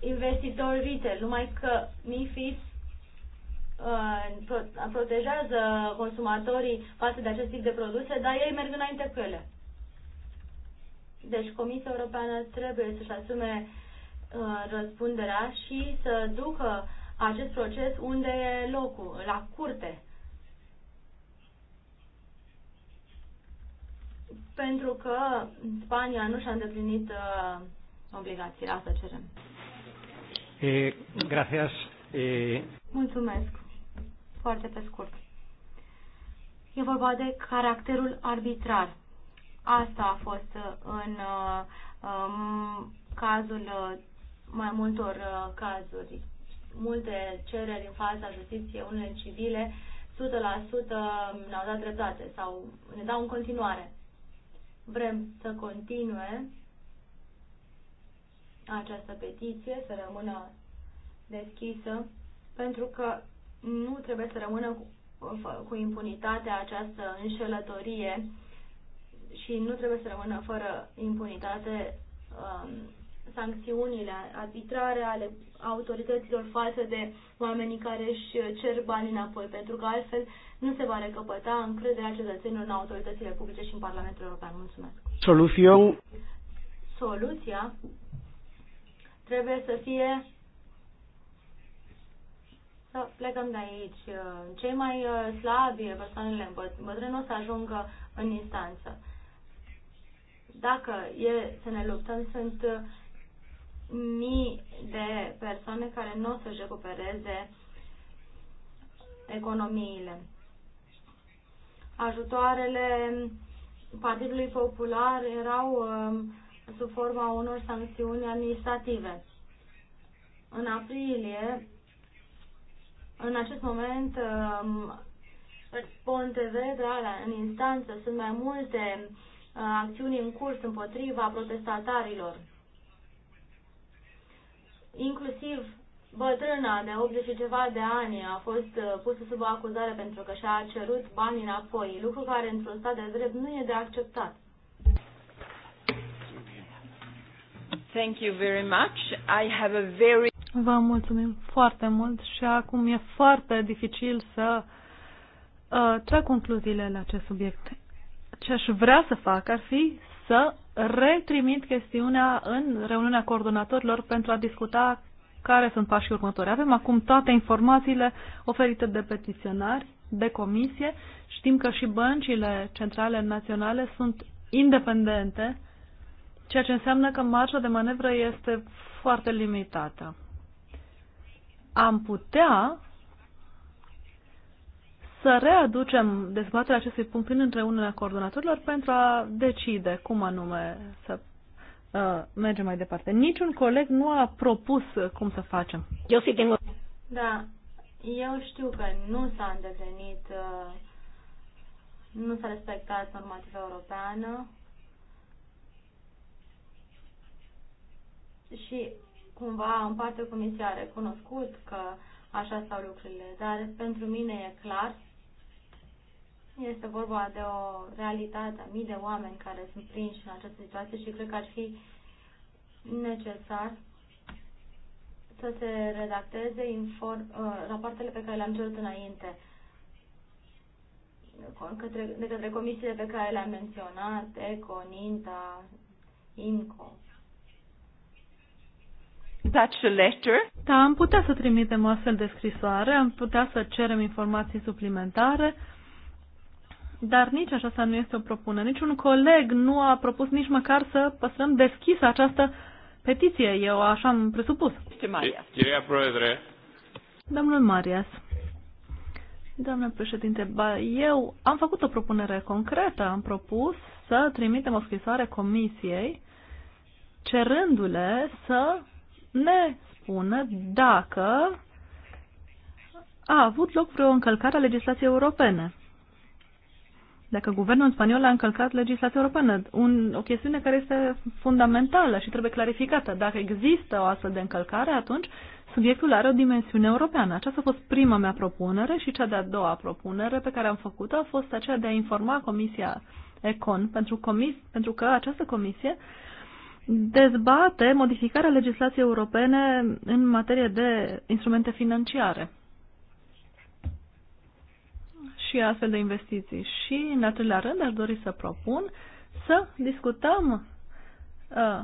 investitori retail, numai că MIFID uh, uh, protejează consumatorii față de acest tip de produse, dar ei merg înainte cu ele. Deci Comisia Europeană trebuie să-și asume uh, răspunderea și să ducă acest proces unde e locul, la curte. Pentru că Spania nu și-a îndeplinit obligațiile. Asta cerem. E, gracias. E... Mulțumesc. Foarte pe scurt. E vorba de caracterul arbitrar. Asta a fost uh, în um, cazul uh, mai multor cazuri. Multe cereri în fața justiției, unele civile, 100% ne-au dat dreptate sau ne dau în continuare. Vrem să continue această petiție să rămână deschisă, pentru că nu trebuie să rămână cu, cu impunitate această înșelătorie și nu trebuie să rămână fără impunitate um, sancțiunile arbitrare ale autorităților față de oamenii care își cer bani înapoi, pentru că altfel nu se va recăpăta încrederea cetățenilor în autoritățile publice și în Parlamentul European. Mulțumesc. Soluțion. Soluția trebuie să fie să plecăm de aici. Cei mai uh, slabi, persoanele bătrâni, o să ajungă în instanță. Dacă e să ne luptăm, sunt uh, mii de persoane care nu o să-și recupereze economiile. Ajutoarele Partidului Popular erau uh, sub forma unor sancțiuni administrative. În aprilie, în acest moment, um, Pontevedra, în instanță, sunt mai multe uh, acțiuni în curs împotriva protestatarilor. Inclusiv bătrâna de 80 și ceva de ani a fost uh, pusă sub acuzare pentru că și-a cerut bani înapoi, lucru care într-un stat de drept nu e de acceptat. Thank you very much. I have a very Vă mulțumim foarte mult și acum e foarte dificil să uh, trag concluziile la acest subiect. Ce aș vrea să fac ar fi să retrimit chestiunea în reuniunea coordonatorilor pentru a discuta care sunt pașii următori. Avem acum toate informațiile oferite de petiționari, de comisie. Știm că și băncile centrale naționale sunt independente ceea ce înseamnă că marja de manevră este foarte limitată. Am putea să readucem dezbaterea acestui punct în unele coordonatorilor pentru a decide cum anume să uh, mergem mai departe. Niciun coleg nu a propus cum să facem. Eu fi din... Da, eu știu că nu s-a îndeplinit, uh, nu s-a respectat normativa europeană și cumva în partea comisia a recunoscut că așa stau lucrurile, dar pentru mine e clar, este vorba de o realitate a mii de oameni care sunt prinși în această situație și cred că ar fi necesar să se redacteze inform, uh, rapoartele pe care le-am cerut înainte către, de către comisiile pe care le-am menționat, ECO, NINTA, INCO such a letter. Da, am putea să trimitem o astfel de scrisoare, am putea să cerem informații suplimentare, dar nici aceasta nu este o propunere. Niciun coleg nu a propus nici măcar să păstrăm deschisă această petiție. Eu așa am presupus. Domnul Marias. Doamnă președinte, ba, eu am făcut o propunere concretă. Am propus să trimitem o scrisoare comisiei cerându-le să ne spună dacă a avut loc vreo încălcare a legislației europene. Dacă guvernul spaniol a încălcat legislația europeană, un, o chestiune care este fundamentală și trebuie clarificată. Dacă există o astfel de încălcare, atunci subiectul are o dimensiune europeană. Aceasta a fost prima mea propunere și cea de-a doua propunere pe care am făcut-o a fost aceea de a informa Comisia Econ, pentru, comis, pentru că această comisie uh, dezbate modificarea legislației europene în materie de instrumente financiare și astfel de investiții. Și, în al treilea rând, aș dori să propun să discutăm uh,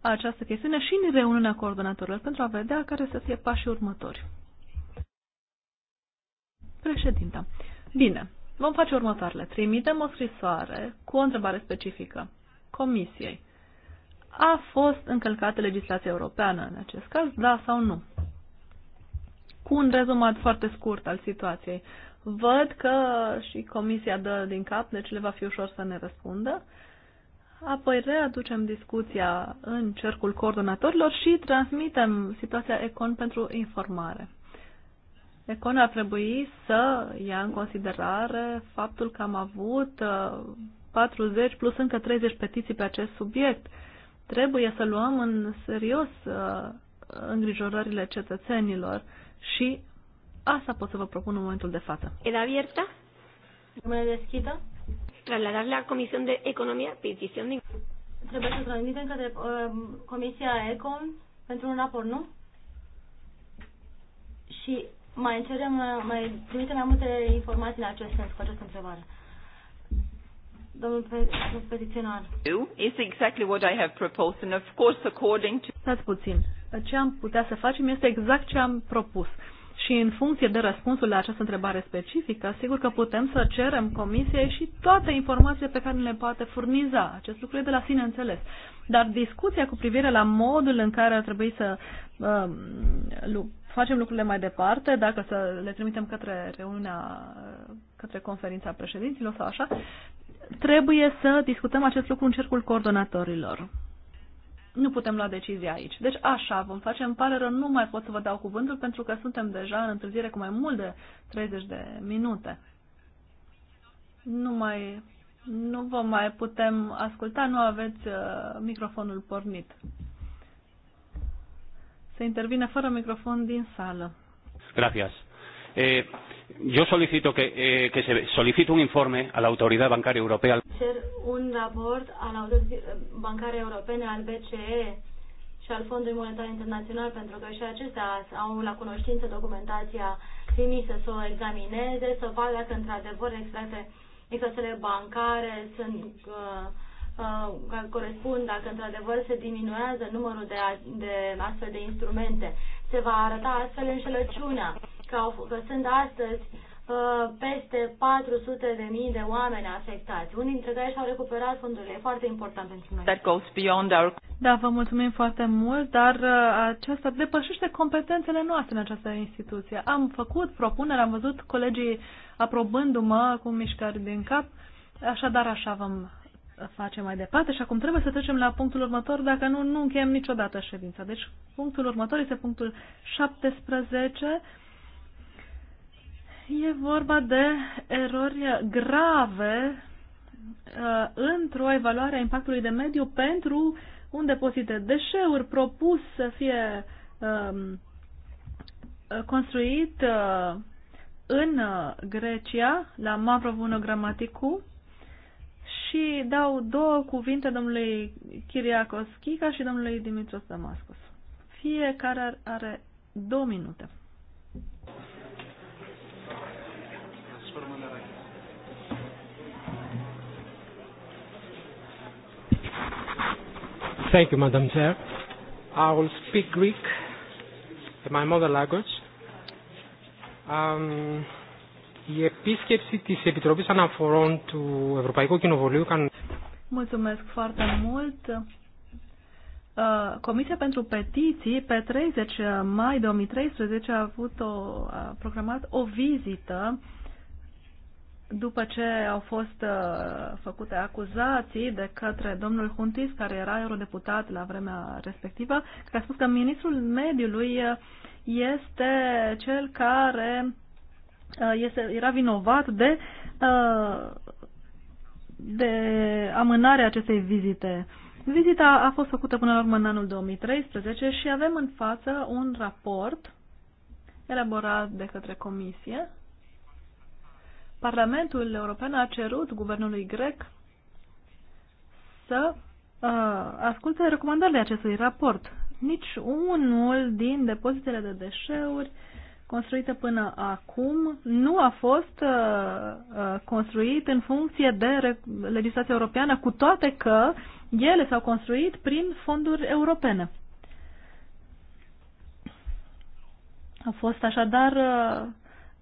această chestiune și în reuniunea coordonatorilor pentru a vedea care să fie pașii următori. Președinta. Bine, vom face următoarele. Trimitem o scrisoare cu o întrebare specifică Comisiei a fost încălcată legislația europeană în acest caz, da sau nu. Cu un rezumat foarte scurt al situației, văd că și comisia dă din cap, deci le va fi ușor să ne răspundă. Apoi readucem discuția în cercul coordonatorilor și transmitem situația ECON pentru informare. ECON ar trebui să ia în considerare faptul că am avut 40 uh, plus încă 30 petiții pe acest subiect. Trebuie să luăm în serios uh, îngrijorările cetățenilor și asta pot să vă propun în momentul de față. E abierta? Rămâne deschidă? Trasladar la Comisia de Economia petición din. Trebuie să transmitem către uh, Comisia Econ pentru un raport, nu? Și mai cerem, uh, mai trimitem mai multe informații la acest sens, cu această întrebare. Domnul petiționar. exactly what I have proposed and of course according to... Stați puțin. Ce am putea să facem este exact ce am propus. Și în funcție de răspunsul la această întrebare specifică, sigur că putem să cerem comisiei și toate informațiile pe care le poate furniza. Acest lucru e de la sine înțeles. Dar discuția cu privire la modul în care ar trebui să uh, facem lucrurile mai departe, dacă să le trimitem către reuniunea, către conferința președinților sau așa, trebuie să discutăm acest lucru în cercul coordonatorilor. Nu putem lua decizia aici. Deci așa vom face. Îmi pare rău, nu mai pot să vă dau cuvântul pentru că suntem deja în întârziere cu mai mult de 30 de minute. Nu mai, nu vă mai putem asculta, nu aveți uh, microfonul pornit. Se intervine fără microfon din sala. Gracias. Eh, yo solicito que, eh, que se solicite un informe a la Autoridad Bancaria Europea. Cer un raport la Autoridad Bancaria Europea, al BCE și al Fondului Monetar Internațional, pentru că și acestea au la cunoștință documentația trimisă să o examineze, să vadă dacă într-adevăr extrase extrasele bancare sunt uh, uh, corespund dacă într-adevăr se diminuează numărul de, de astfel de instrumente. Se va arăta astfel înșelăciunea că, au, că sunt astăzi uh, peste 400 de mii de oameni afectați. Unii dintre care și-au recuperat fondurile. E foarte important pentru noi. That goes beyond our... Da, vă mulțumim foarte mult, dar uh, aceasta depășește competențele noastre în această instituție. Am făcut propuneri, am văzut colegii aprobându-mă cu mișcări din cap, așadar așa vom facem mai departe și acum trebuie să trecem la punctul următor, dacă nu, nu încheiem niciodată ședința. Deci punctul următor este punctul 17. E vorba de erori grave uh, într-o evaluare a impactului de mediu pentru un depozit de deșeuri propus să fie um, construit uh, în uh, Grecia, la Mavrovunogramaticu, și dau două cuvinte domnului Kiriakos Chica și domnului Dimitros Damascos. Fiecare are două minute. Thank you, Madam Chair. I will speak Greek, my mother language. Um, Η επίσκεψη της Επιτροπής Αναφορών του Ευρωπαϊκού Κοινοβουλίου... Mulțumesc foarte mult! Comisia pentru Petiții pe 30 mai 2013 a avut o, a programat o vizită după ce au fost uh, făcute acuzații de către domnul Huntis, care era eurodeputat la vremea respectivă, că a spus că ministrul mediului uh, este cel care Uh, este, era vinovat de, uh, de amânarea acestei vizite. Vizita a fost făcută până la urmă în anul 2013 și avem în față un raport elaborat de către Comisie. Parlamentul European a cerut guvernului grec să uh, asculte recomandările acestui raport. Nici unul din depozitele de deșeuri uh, construită până acum nu a fost uh, uh, construit în funcție de legislația europeană, cu toate că ele s-au construit prin fonduri europene. A fost așadar,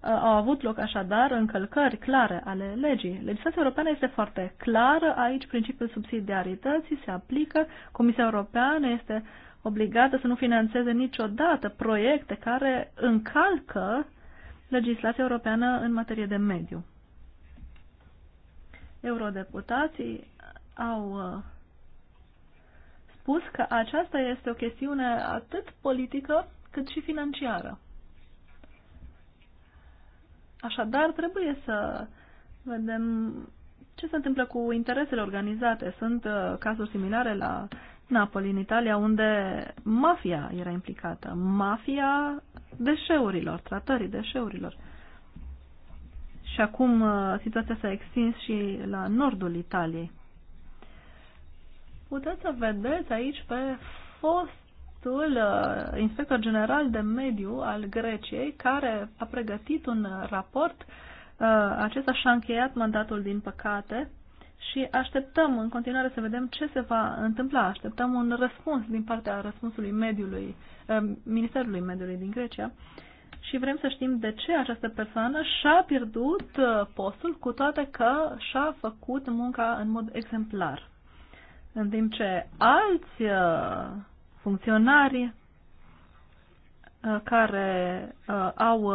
uh, au avut loc așadar încălcări clare ale legii. Legislația europeană este foarte clară, aici principiul subsidiarității se aplică, Comisia Europeană este uh, obligată să nu financeze niciodată proiecte care încalcă legislația europeană în materie de mediu. Eurodeputații au uh, spus că aceasta este o chestiune atât politică cât și financiară. Așadar, trebuie să vedem ce se întâmplă cu interesele organizate. Sunt uh, cazuri similare la Napoli, în Italia, unde mafia era implicată, mafia deșeurilor, tratării deșeurilor. Și acum uh, situația s-a extins și la nordul Italiei. Puteți să vedeți aici pe fostul uh, inspector general de mediu al Greciei, care a pregătit un raport. Uh, acesta și-a încheiat mandatul, din păcate, și așteptăm în continuare să vedem ce se va întâmpla. Așteptăm un răspuns din partea răspunsului mediului, eh, Ministerului Mediului din Grecia și vrem să știm de ce această persoană și-a pierdut eh, postul cu toate că și-a făcut munca în mod exemplar. În timp ce alți eh, funcționari care au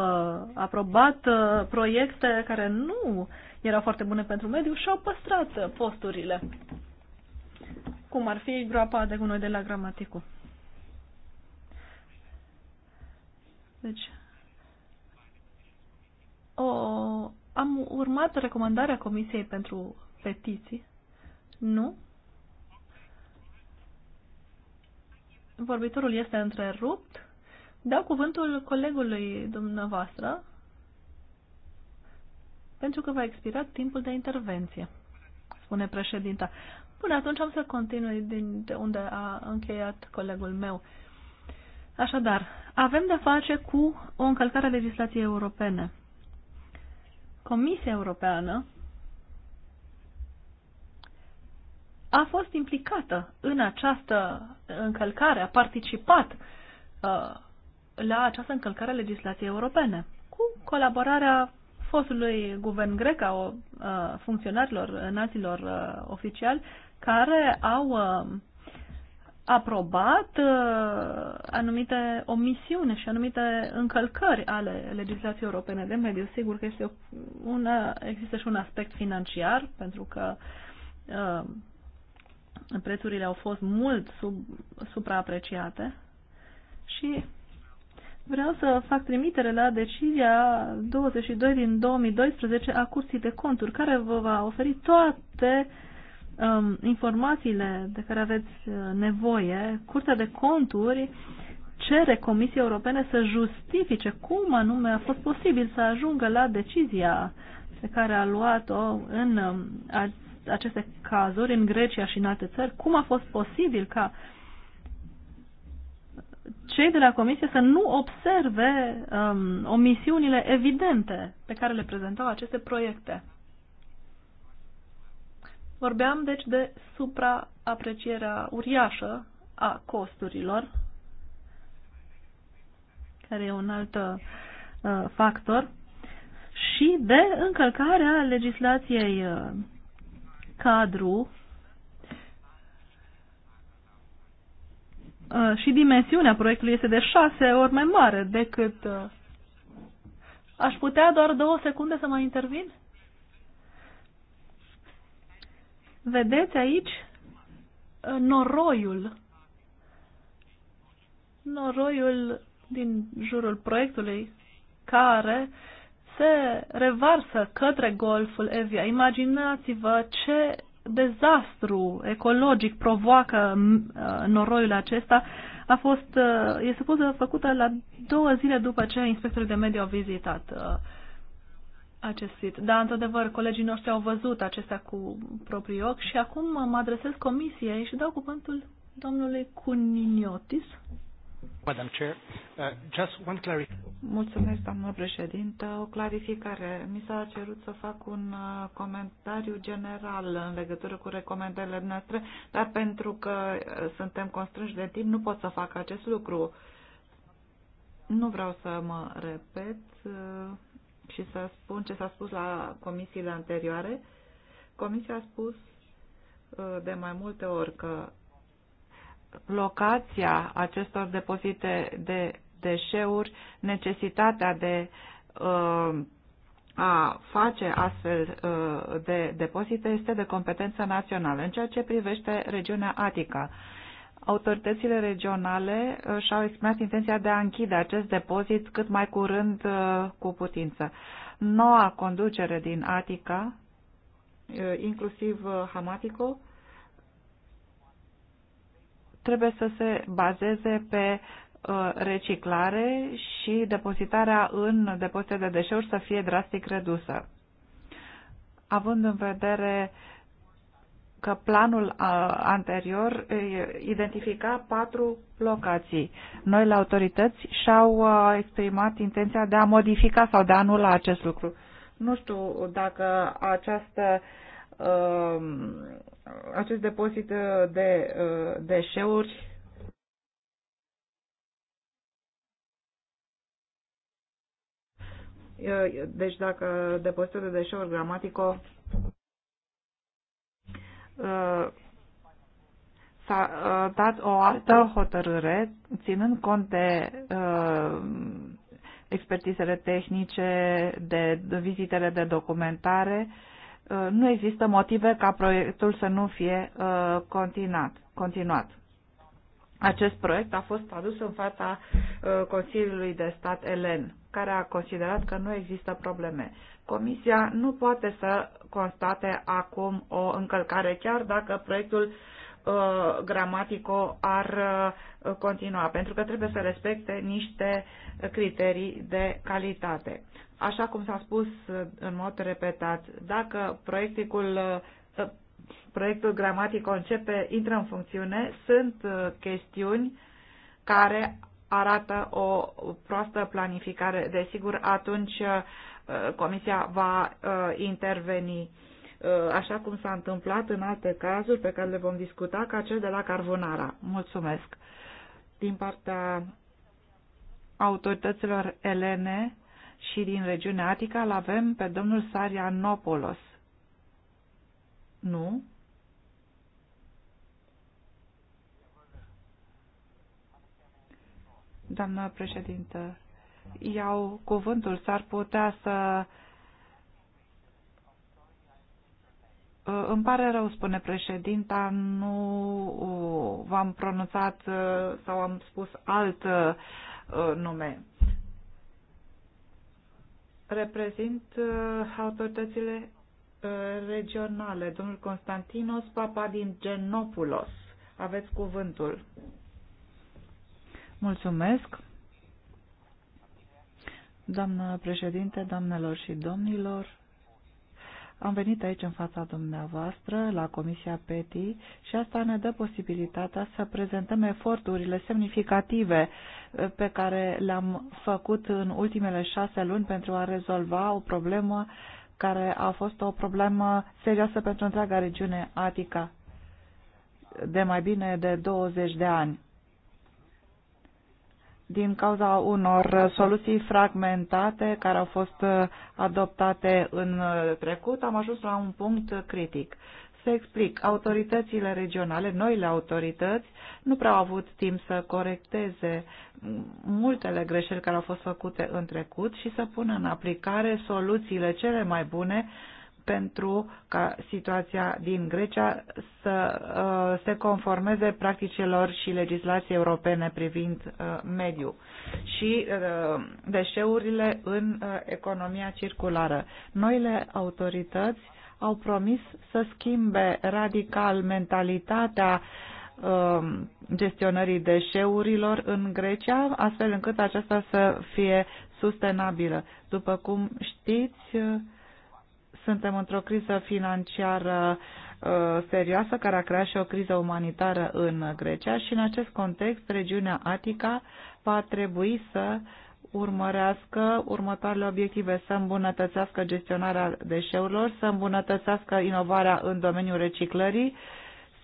aprobat proiecte care nu erau foarte bune pentru mediu și au păstrat uh, posturile. Cum ar fi groapa de gunoi de la Gramaticu. Deci, o, am urmat recomandarea Comisiei pentru Petiții. Nu? Vorbitorul este întrerupt. Dau cuvântul colegului dumneavoastră, pentru că va expira timpul de intervenție, spune președinta. Până atunci am să continui din de unde a încheiat colegul meu. Așadar, avem de face cu o încălcare a legislației europene. Comisia Europeană a fost implicată în această încălcare, a participat uh, la această încălcare a legislației europene, cu colaborarea fostului guvern grec, a uh, funcționarilor înalților uh, oficiali, care au uh, aprobat anumite omisiuni și anumite încălcări ale legislației europene de mediu. Sigur că este una, există și un aspect financiar, pentru că prețurile au fost mult sub, supraapreciate și Vreau să fac trimitere la decizia 22 din 2012 a Curții de Conturi, care vă va oferi toate um, informațiile de care aveți uh, nevoie. Curtea de Conturi cere Comisiei Europene să justifice cum anume a fost posibil să ajungă la decizia pe care a luat-o în um, aceste cazuri, în Grecia și în alte țări, cum a fost posibil ca uh, cei de la Comisie să nu observe um, omisiunile evidente pe care le prezentau aceste proiecte. Vorbeam, deci, de supraaprecierea uriașă a costurilor, care e un alt uh, factor, și de încălcarea legislației uh, cadru Uh, și dimensiunea proiectului este de șase ori mai mare decât... Uh, aș putea doar două secunde să mai intervin? Vedeți aici uh, noroiul. Noroiul din jurul proiectului care se revarsă către golful Evia. Imaginați-vă ce dezastru ecologic provoacă uh, noroiul acesta a fost, uh, este poză făcută la două zile după ce inspectorii de mediu au vizitat uh, acest sit. Da, într-adevăr, colegii noștri au văzut acestea cu proprii ochi și acum mă adresez comisiei și dau cuvântul domnului Cuniniotis. Madam Chair, uh, just one Mulțumesc, doamnă președintă. O clarificare. Mi s-a cerut să fac un uh, comentariu general în legătură cu recomandările noastre, dar pentru că uh, suntem constrânși de timp, nu pot să fac acest lucru. Nu vreau să mă repet uh, și să spun ce s-a spus la comisiile anterioare. Comisia a spus de mai multe ori că locația acestor depozite de deșeuri, necesitatea de uh, a face astfel uh, de depozite este de competență națională. În ceea ce privește regiunea Atica, autoritățile regionale uh, și-au exprimat intenția de a închide acest depozit cât mai curând cu putință. Noua conducere din Atica, inclusiv Hamatico, trebuie să se bazeze pe uh, reciclare și depozitarea în depozite de deșeuri să fie drastic redusă. Având în vedere că planul uh, anterior uh, identifica patru locații. Noi la autorități și-au exprimat intenția de a modifica sau de a anula acest lucru. Nu știu dacă această uh, Um, acest depozit uh, de uh, deșeuri uh, deci dacă depozitul de deșeuri gramatico s-a dat o altă hotărâre, ținând cont de expertizele tehnice, de vizitele de documentare, Uh, nu există motive ca proiectul să nu fie uh, continuat. continuat. Acest proiect a fost adus în fața uh, Consiliului de Stat Elen, care a considerat că nu există probleme. Comisia nu poate să constate acum o încălcare, chiar dacă proiectul gramatico ar continua, pentru că trebuie să respecte niște criterii de calitate. Așa cum s-a spus uh, în mod repetat, dacă proiecticul, uh, uh, proiectul gramatic începe, intră în funcțiune, sunt chestiuni care arată o proastă planificare. Desigur, atunci Comisia va interveni așa cum s-a întâmplat în alte cazuri pe care le vom discuta, ca cel de la Carbonara. Mulțumesc. Din partea autorităților elene, și din regiunea Atica îl avem pe domnul Sarianopoulos. Nu? Doamnă președintă, iau cuvântul, s-ar putea să... Uh, îmi pare rău, spune președinta, nu uh, v-am pronunțat uh, sau am spus alt nume reprezint uh, autoritățile uh, regionale. Domnul Constantinos Papa din Genopulos. Aveți cuvântul. Mulțumesc. Doamnă președinte, doamnelor și domnilor, am venit aici în fața dumneavoastră, la Comisia PETI, și asta ne dă posibilitatea să prezentăm eforturile semnificative uh, pe care le-am făcut în ultimele șase luni pentru a rezolva o problemă care a fost o problemă serioasă pentru întreaga regiune Atica de mai bine de 20 de ani din cauza unor soluții fragmentate care au fost uh, adoptate în uh, trecut, am ajuns la un punct critic. Să explic, autoritățile regionale, noile autorități, nu prea au avut timp să corecteze multele greșeli care au fost făcute în trecut și să pună în aplicare soluțiile cele mai bune pentru ca situația din Grecia să uh, se conformeze practicilor și legislației europene privind uh, mediu și uh, deșeurile în economia circulară. Noile autorități au promis să schimbe radical mentalitatea um, gestionării deșeurilor în Grecia, astfel încât aceasta să fie sustenabilă. După cum știți, suntem într-o criză financiară uh, serioasă care a creat și o criză umanitară în Grecia și în acest context regiunea Atica va trebui să urmărească următoarele obiective, să îmbunătățească gestionarea deșeurilor, să îmbunătățească inovarea în domeniul reciclării,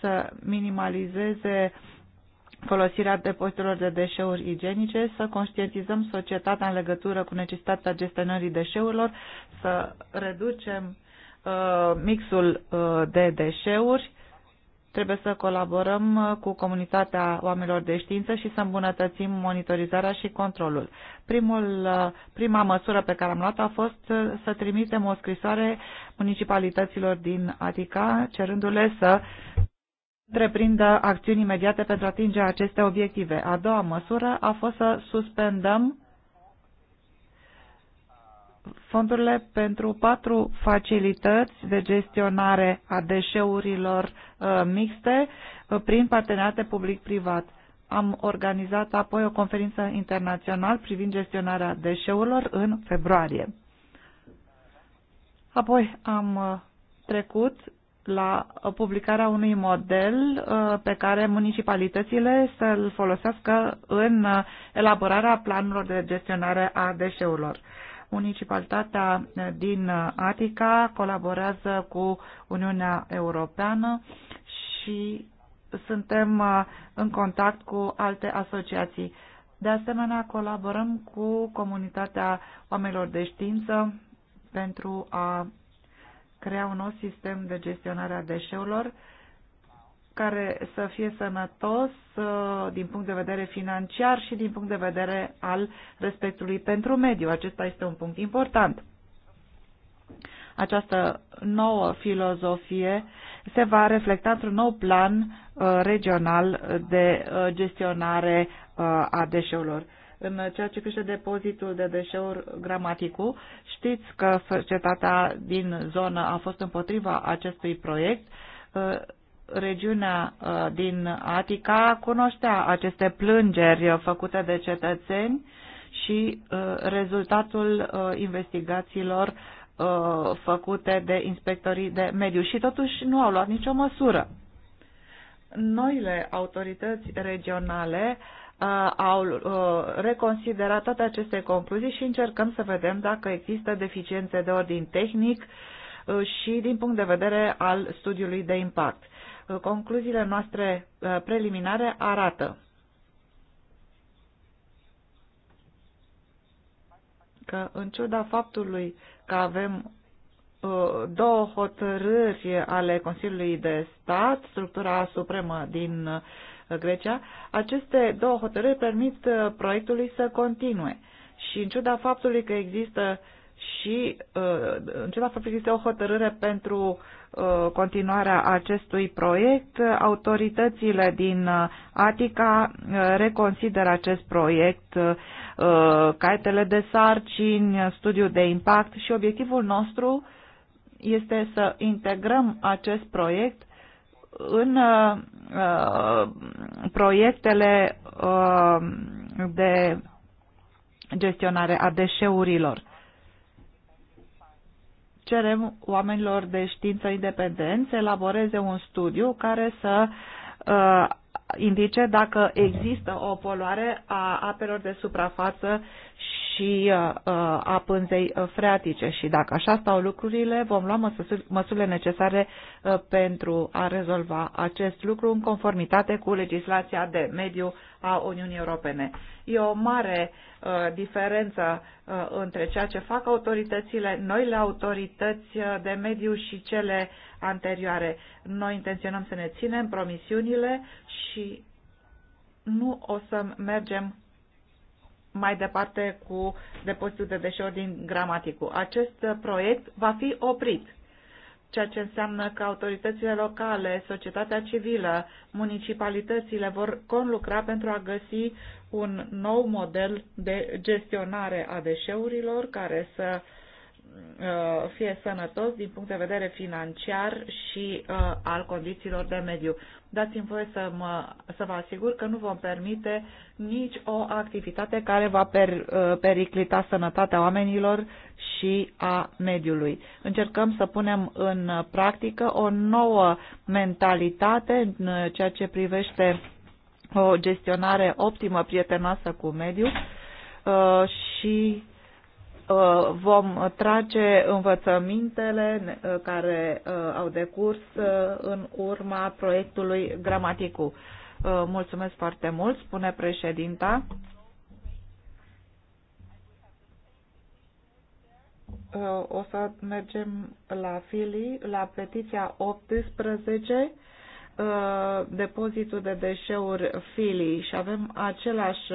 să minimalizeze folosirea depozitelor de deșeuri igienice, să conștientizăm societatea în legătură cu necesitatea gestionării deșeurilor, să reducem uh, mixul uh, de deșeuri, trebuie să colaborăm uh, cu comunitatea oamenilor de știință și să îmbunătățim monitorizarea și controlul. Primul, uh, prima măsură pe care am luat-o a fost uh, să trimitem o scrisoare municipalităților din Atica, cerându-le să întreprindă acțiuni imediate pentru a atinge aceste obiective. A doua măsură a fost să suspendăm fondurile pentru patru facilități de gestionare a deșeurilor uh, mixte uh, prin parteneriate public-privat. Am organizat apoi o conferință internațională privind gestionarea deșeurilor în februarie. Apoi am uh, trecut la publicarea unui model uh, pe care municipalitățile să-l folosească în uh, elaborarea planurilor de gestionare a deșeurilor. Municipalitatea uh, din Atica colaborează cu Uniunea Europeană și suntem în contact cu alte asociații. De asemenea, colaborăm cu comunitatea oamenilor de știință pentru a crea un nou sistem de gestionare a deșeurilor care să fie sănătos uh, din punct de vedere financiar și din punct de vedere al respectului pentru mediu. Acesta este un punct important. Această nouă filozofie se va reflecta într-un nou plan uh, regional de uh, gestionare a deșeurilor. În ceea ce privește depozitul de deșeuri gramaticul, știți că societatea din zonă a fost împotriva acestui proiect. Uh, regiunea uh, din Atica cunoștea aceste plângeri făcute de cetățeni și uh, rezultatul investigațiilor făcute de inspectorii de mediu și totuși nu au luat nicio măsură. Noile autorități regionale au reconsiderat toate aceste concluzii și încercăm să vedem dacă există deficiențe de ordin tehnic și din punct de vedere al studiului de impact. Concluziile noastre preliminare arată că în ciuda faptului că avem două hotărâri ale Consiliului de Stat, structura supremă din Uh, Grecia, aceste două hotărâri permit uh, proiectului să continue. Și în ciuda faptului că există și uh, în ciuda faptului că există o hotărâre pentru continuarea acestui proiect, autoritățile din Atica reconsideră acest proiect, caietele de sarcini, studiu de impact și obiectivul nostru este să integrăm acest proiect în uh, proiectele uh, de gestionare a deșeurilor. Cerem oamenilor de știință independenți să elaboreze un studiu care să uh, indice dacă există o poluare a apelor de suprafață și uh, uh, a pânzei uh, freatice și dacă așa stau lucrurile, vom lua măsurile necesare pentru a rezolva acest lucru în conformitate cu legislația de mediu a Uniunii Europene. E o mare diferență între ceea ce fac autoritățile, noile autorități de mediu și cele anterioare. Noi intenționăm să ne ținem promisiunile și nu o să mergem mai departe cu depozitul de deșeuri din Gramaticu. Acest proiect va fi oprit, ceea ce înseamnă că autoritățile locale, societatea civilă, municipalitățile vor conlucra pentru a găsi un nou model de gestionare a deșeurilor care să uh, Uh, fie sănătos din punct de vedere financiar și uh, al condițiilor de mediu. Dați-mi voie să, mă, să vă asigur că nu vom permite nici o activitate care va per, uh, periclita sănătatea oamenilor și a mediului. Încercăm să punem în practică o nouă mentalitate în ceea ce privește o gestionare optimă, prietenoasă cu mediul și Uh, vom trage învățămintele uh, care uh, au decurs în urma proiectului Gramaticu. Mulțumesc foarte mult, spune președinta. O să mergem la Fili, la petiția 18, depozitul de deșeuri Fili și avem același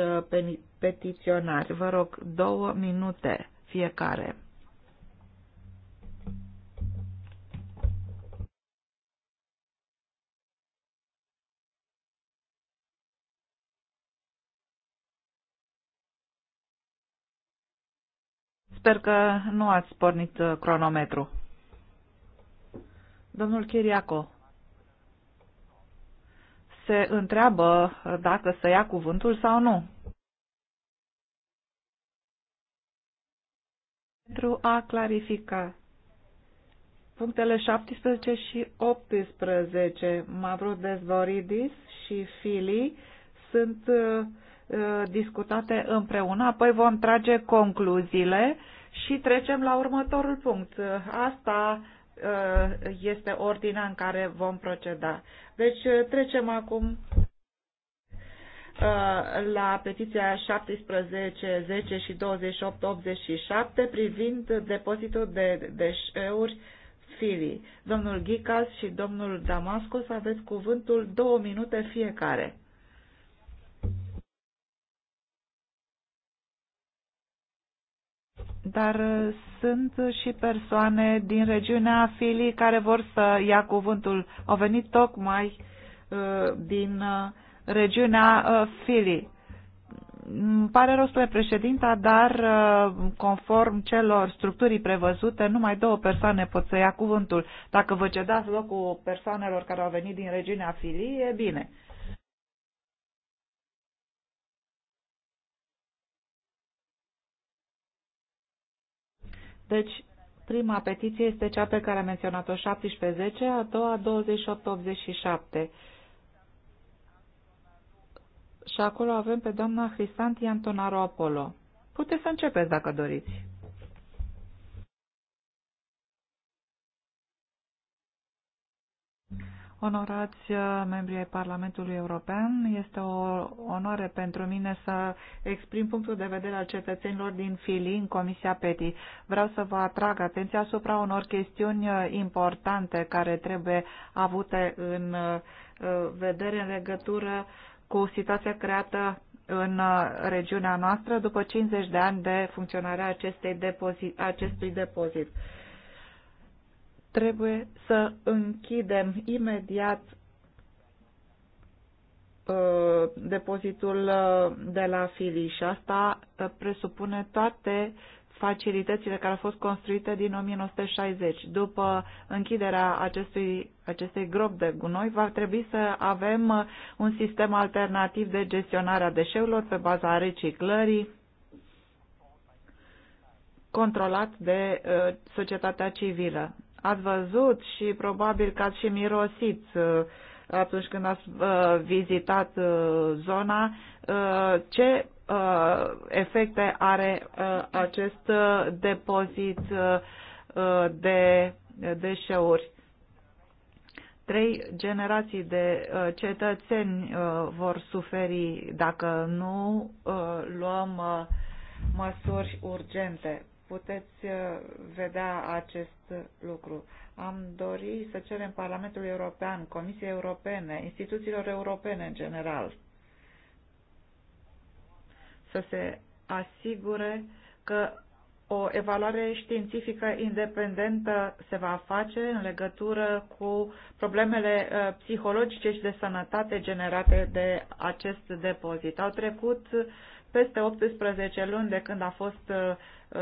petiționar. Vă rog, două minute fiecare. Sper că nu ați pornit uh, cronometru. Domnul Chiriaco se întreabă uh, dacă să ia cuvântul sau nu. Pentru a clarifica punctele 17 și 18, Mavrodes și Fili sunt uh, uh, discutate împreună, apoi vom trage concluziile și trecem la următorul punct. Asta uh, este ordinea în care vom proceda. Deci trecem acum Uh, la petiția 17, 10 și 28, 87 privind depozitul de deșeuri Fili. Domnul Ghicas și domnul Damascos aveți cuvântul două minute fiecare. Dar uh, sunt și persoane din regiunea Filii care vor să ia cuvântul. Au venit tocmai uh, din uh, regiunea uh, Fili. Îmi pare rău, spune președinta, dar uh, conform celor structurii prevăzute, numai două persoane pot să ia cuvântul. Dacă vă cedați locul persoanelor care au venit din regiunea Filii, e bine. Deci, prima petiție este cea pe care am menționat-o 17-10, a doua 28-87 și acolo avem pe doamna Hristanti Antonaro Apollo. Puteți să începeți dacă doriți. Onorați uh, membrii ai Parlamentului European, este o onoare pentru mine să exprim punctul de vedere al cetățenilor din Fili în Comisia PETI. Vreau să vă atrag atenția asupra unor chestiuni uh, importante care trebuie avute în uh, vedere în legătură cu situația creată în uh, regiunea noastră după 50 de ani de funcționare a acestui depozit. Trebuie să închidem imediat uh, depozitul uh, de la filii și asta presupune toate facilitățile care au fost construite din 1960. După închiderea acestui, acestei gropi de gunoi, va trebui să avem un sistem alternativ de gestionare a deșeurilor pe baza reciclării, controlat de uh, societatea civilă. Ați văzut și probabil că ați și mirosit uh, atunci când ați uh, vizitat uh, zona, uh, ce Uh, efecte are uh, acest uh, depozit de deșeuri. Trei generații de cetățeni vor suferi dacă nu luăm măsuri urgente. Puteți vedea acest lucru. Am dorit să cerem Parlamentului European, Comisiei Europene, instituțiilor europene în general, să se asigure că o evaluare științifică independentă se va face în legătură cu problemele uh, psihologice și de sănătate generate de acest depozit. Au trecut peste 18 luni de când a fost uh,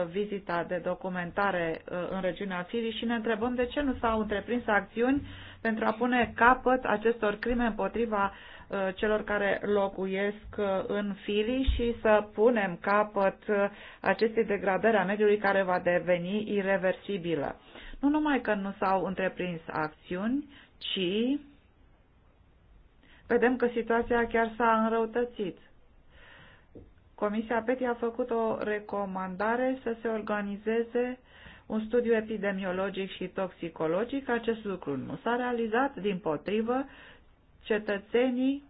vizita de documentare uh, în regiunea Sirii și ne întrebăm de ce nu s-au întreprins acțiuni pentru a pune capăt acestor crime împotriva Uh, celor care locuiesc uh, în filii și să punem capăt uh, acestei degradări a mediului care va deveni irreversibilă. Nu numai că nu s-au întreprins acțiuni, ci vedem că situația chiar s-a înrăutățit. Comisia PETI a făcut o recomandare să se organizeze un studiu epidemiologic și toxicologic. Acest lucru nu s-a realizat, din potrivă, Cetățenii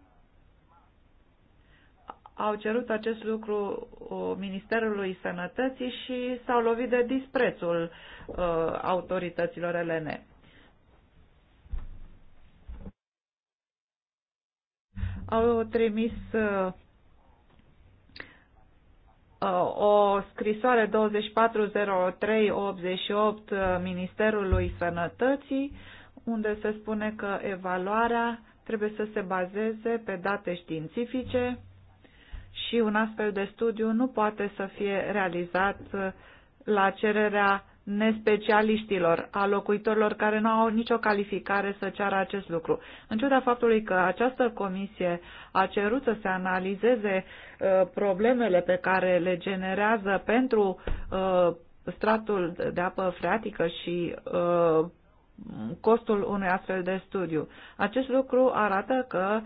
au cerut acest lucru uh, Ministerului Sănătății și s-au lovit de disprețul uh, autorităților elene. Au trimis uh, uh o scrisoare 240388 uh, Ministerului Sănătății, unde se spune că evaluarea trebuie să se bazeze pe date științifice și un astfel de studiu nu poate să fie realizat uh, la cererea nespecialiștilor, a locuitorilor care nu au nicio calificare să ceară acest lucru. În ciuda faptului că această comisie a cerut să se analizeze uh, problemele pe care le generează pentru uh, stratul de apă freatică și uh, costul unui astfel de studiu. Acest lucru arată că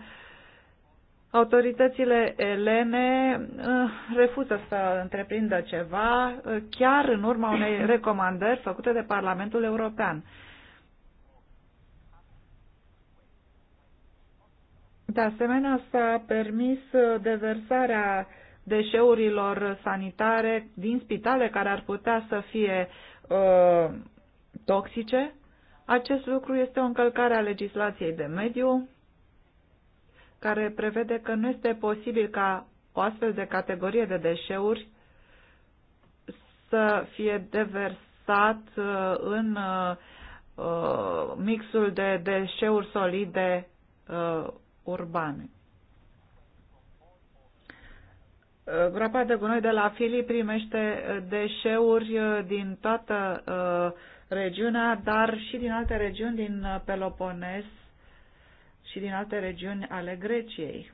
autoritățile elene uh, refuză să întreprindă ceva uh, chiar în urma unei recomandări făcute de Parlamentul European. De asemenea, s-a permis uh, deversarea deșeurilor sanitare din spitale care ar putea să fie uh, toxice acest lucru este o încălcare a legislației de mediu, care prevede că nu este posibil ca o astfel de categorie de deșeuri să fie deversat uh, în uh, uh, mixul de deșeuri solide urbane. Groapa de gunoi de la Filii primește deșeuri din toată regiunea, dar și din alte regiuni din Pelopones și din alte regiuni ale Greciei.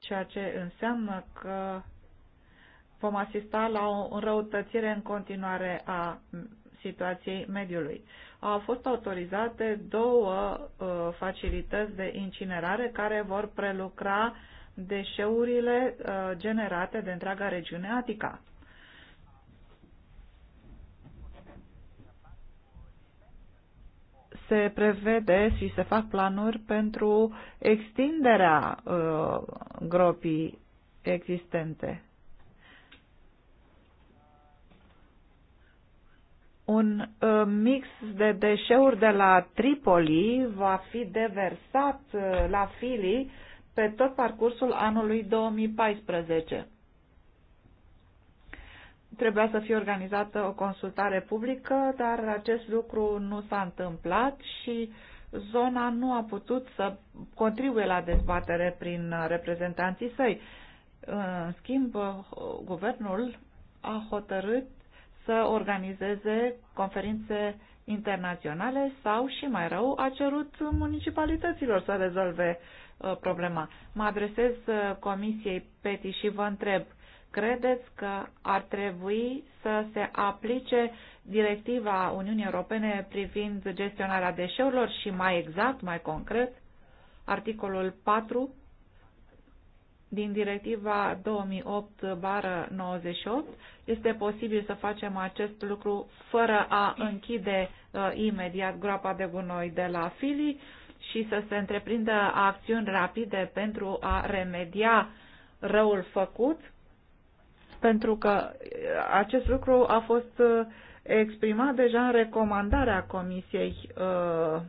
Ceea ce înseamnă că vom asista la o înrăutățire în continuare a situației mediului. Au fost autorizate două uh, facilități de incinerare care vor prelucra deșeurile uh, generate de întreaga regiune Atica. se prevede și se fac planuri pentru extinderea uh, gropii existente. Un uh, mix de deșeuri de la Tripoli va fi deversat uh, la Fili pe tot parcursul anului 2014. Trebuia să fie organizată o consultare publică, dar acest lucru nu s-a întâmplat și zona nu a putut să contribuie la dezbatere prin reprezentanții săi. În schimb, guvernul a hotărât să organizeze conferințe internaționale sau, și mai rău, a cerut municipalităților să rezolve uh, problema. Mă adresez uh, Comisiei PETI și vă întreb, credeți că ar trebui să se aplice directiva Uniunii Europene privind gestionarea deșeurilor și mai exact, mai concret, articolul 4 din directiva 2008-98 este posibil să facem acest lucru fără a închide uh, imediat groapa de gunoi de la filii și să se întreprindă acțiuni rapide pentru a remedia răul făcut pentru că uh, acest lucru a fost uh, exprimat deja în recomandarea Comisiei uh,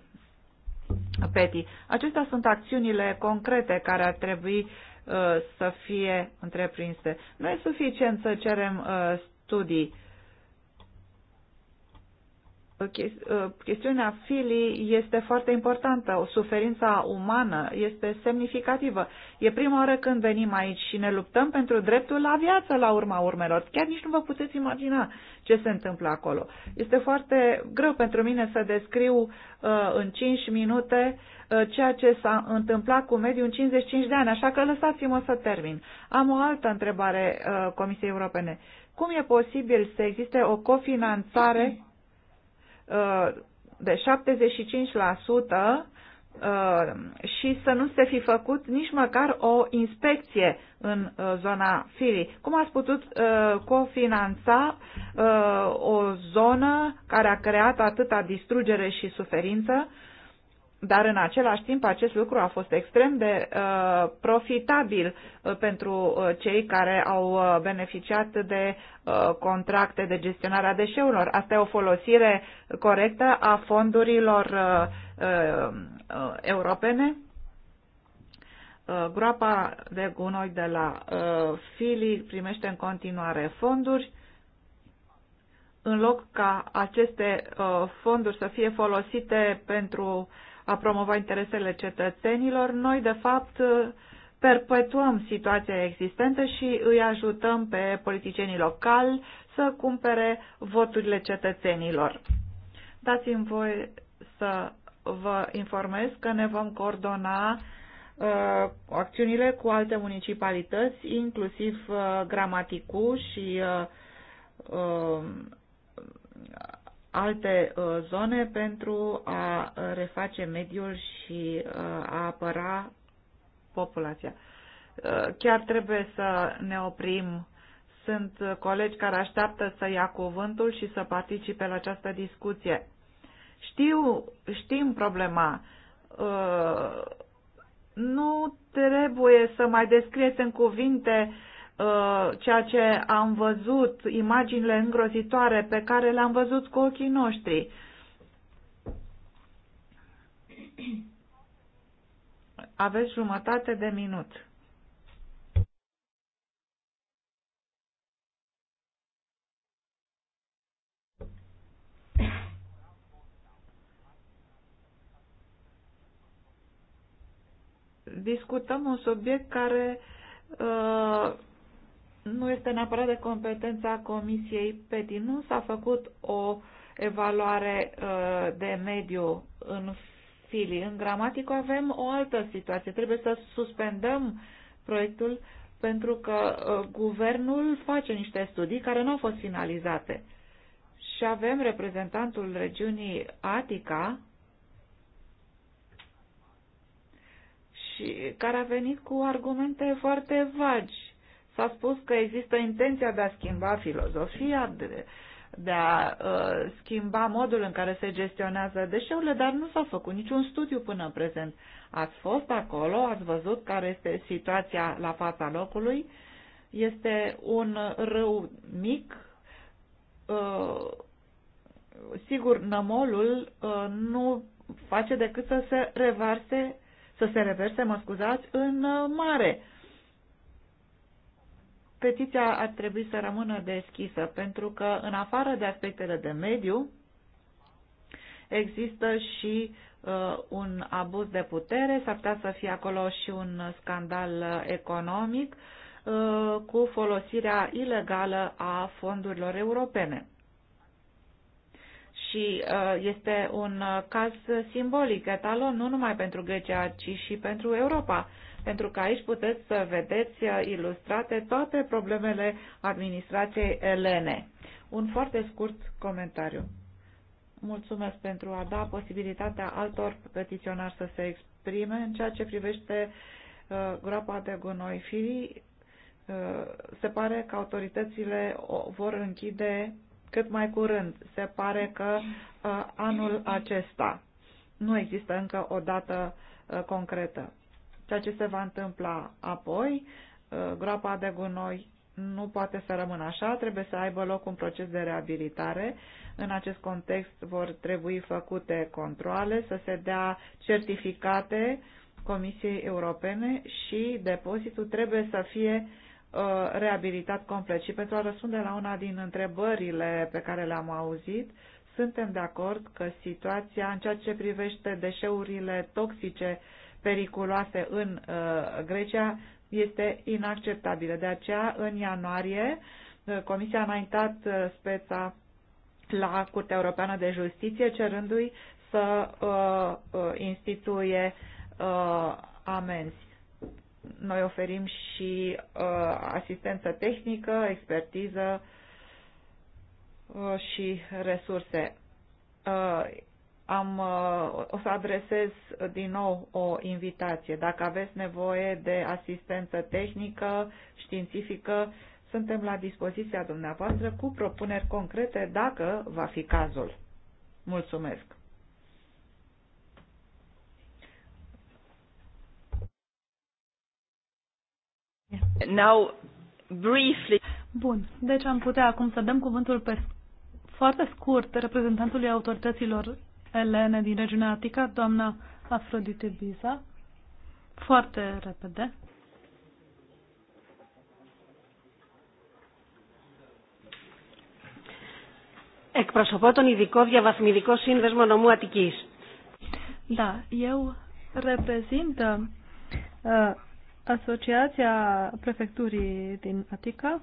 PETI. Acestea sunt acțiunile concrete care ar trebui să fie întreprinse. Nu e suficient să cerem studii. Uh, chestiunea filii este foarte importantă. O suferința umană este semnificativă. E prima oară când venim aici și ne luptăm pentru dreptul la viață la urma urmelor. Chiar nici nu vă puteți imagina ce se întâmplă acolo. Este foarte greu pentru mine să descriu uh, în 5 minute uh, ceea ce s-a întâmplat cu mediul în 55 de ani, așa că lăsați-mă să termin. Am o altă întrebare uh, Comisiei Europene. Cum e posibil să existe o cofinanțare Okay de 75% uh, și să nu se fi făcut nici măcar o inspecție în uh, zona Filii. Cum ați putut uh, cofinanța o zonă care a creat atâta distrugere și suferință dar în același timp acest lucru a fost extrem de uh, profitabil uh, pentru uh, cei care au uh, beneficiat de uh, contracte de gestionare a deșeurilor. Asta e o folosire corectă a fondurilor uh, uh, uh, europene. Uh, groapa de gunoi de la uh, Fili primește în continuare fonduri în loc ca aceste uh, fonduri să fie folosite pentru uh, a promova interesele cetățenilor, noi de fapt perpetuăm situația existentă și îi ajutăm pe politicienii locali să cumpere voturile cetățenilor. Dați-mi voi să vă informez că ne vom coordona uh, acțiunile cu alte municipalități, inclusiv uh, Gramaticu și uh, uh, alte uh, zone pentru a reface mediul și uh, a apăra populația. Uh, chiar trebuie să ne oprim. Sunt colegi care așteaptă să ia cuvântul și să participe la această discuție. Știu, știm problema. Nu trebuie să mai descrieți în cuvinte uh, Uh, ceea ce am văzut, imaginile îngrozitoare pe care le-am văzut cu ochii noștri. Aveți jumătate de minut. Discutăm un subiect care uh, nu este neapărat de competența Comisiei PETI. Nu s-a făcut o evaluare uh, de mediu în filii. În gramatică avem o altă situație. Trebuie să suspendăm proiectul pentru că uh, guvernul face niște studii care nu au fost finalizate. Și avem reprezentantul regiunii Atica și care a venit cu argumente foarte vagi S-a spus că există intenția de a schimba filozofia, de, de a uh, schimba modul în care se gestionează deșeurile, dar nu s-a făcut niciun studiu până în prezent. Ați fost acolo, ați văzut care este situația la fața locului. Este un râu mic. Uh, sigur, nămolul uh, nu face decât să se reverse, să se reverse, mă scuzați, în mare. Uh, petiția ar trebui să rămână deschisă, pentru că în afară de aspectele de mediu, există și uh, un abuz de putere, s-ar putea să fie acolo și un scandal uh, economic uh, cu folosirea ilegală a fondurilor europene. Și uh, este un uh, caz simbolic, etalon, nu numai pentru Grecia, ci și pentru Europa. Uh, pentru că aici puteți să vedeți uh, ilustrate toate problemele administrației elene. Un foarte scurt comentariu. Mulțumesc pentru a da posibilitatea altor petiționari să se exprime în ceea ce privește uh, groapa de gunoi firii. Uh, se pare că autoritățile o vor închide cât mai curând. Se pare că uh, anul acesta nu există încă o dată uh, concretă ceea ce se va întâmpla apoi. Ă, groapa de gunoi nu poate să rămână așa, trebuie să aibă loc un proces de reabilitare. În acest context vor trebui făcute controle, să se dea certificate Comisiei Europene și depozitul trebuie să fie ă, reabilitat complet. Și pentru a răspunde la una din întrebările pe care le-am auzit, suntem de acord că situația în ceea ce privește deșeurile toxice periculoase în uh, Grecia este inacceptabilă. De aceea, în ianuarie, uh, Comisia a înaintat uh, speța la Curtea Europeană de Justiție, cerându-i să uh, instituie uh, amenzi. Noi oferim și uh, asistență tehnică, expertiză uh, și resurse. Uh, am, uh, o să adresez din nou o invitație. Dacă aveți nevoie de asistență tehnică, științifică, suntem la dispoziția dumneavoastră cu propuneri concrete dacă va fi cazul. Mulțumesc! Now, briefly. Bun, deci am putea acum să dăm cuvântul pe foarte scurt reprezentantului autorităților elene din regiunea Atica, doamna Afrodite Biza. Foarte repede. Εκπροσωπώ τον ειδικό διαβαθμιδικό σύνδεσμο νομού Αττικής. Da, eu reprezint uh, Asociația Prefecturii din Atica,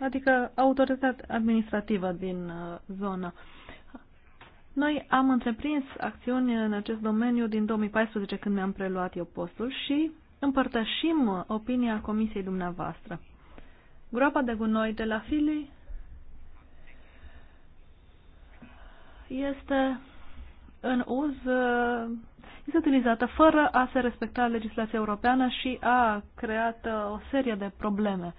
adică autoritatea administrativă din uh, zonă. Uh, noi am întreprins acțiuni în acest domeniu din 2014 când mi-am preluat eu postul și împărtășim opinia comisiei dumneavoastră. Groapa de gunoi de la Fili este în uz, este utilizată fără a se respecta legislația europeană și a creat o serie de probleme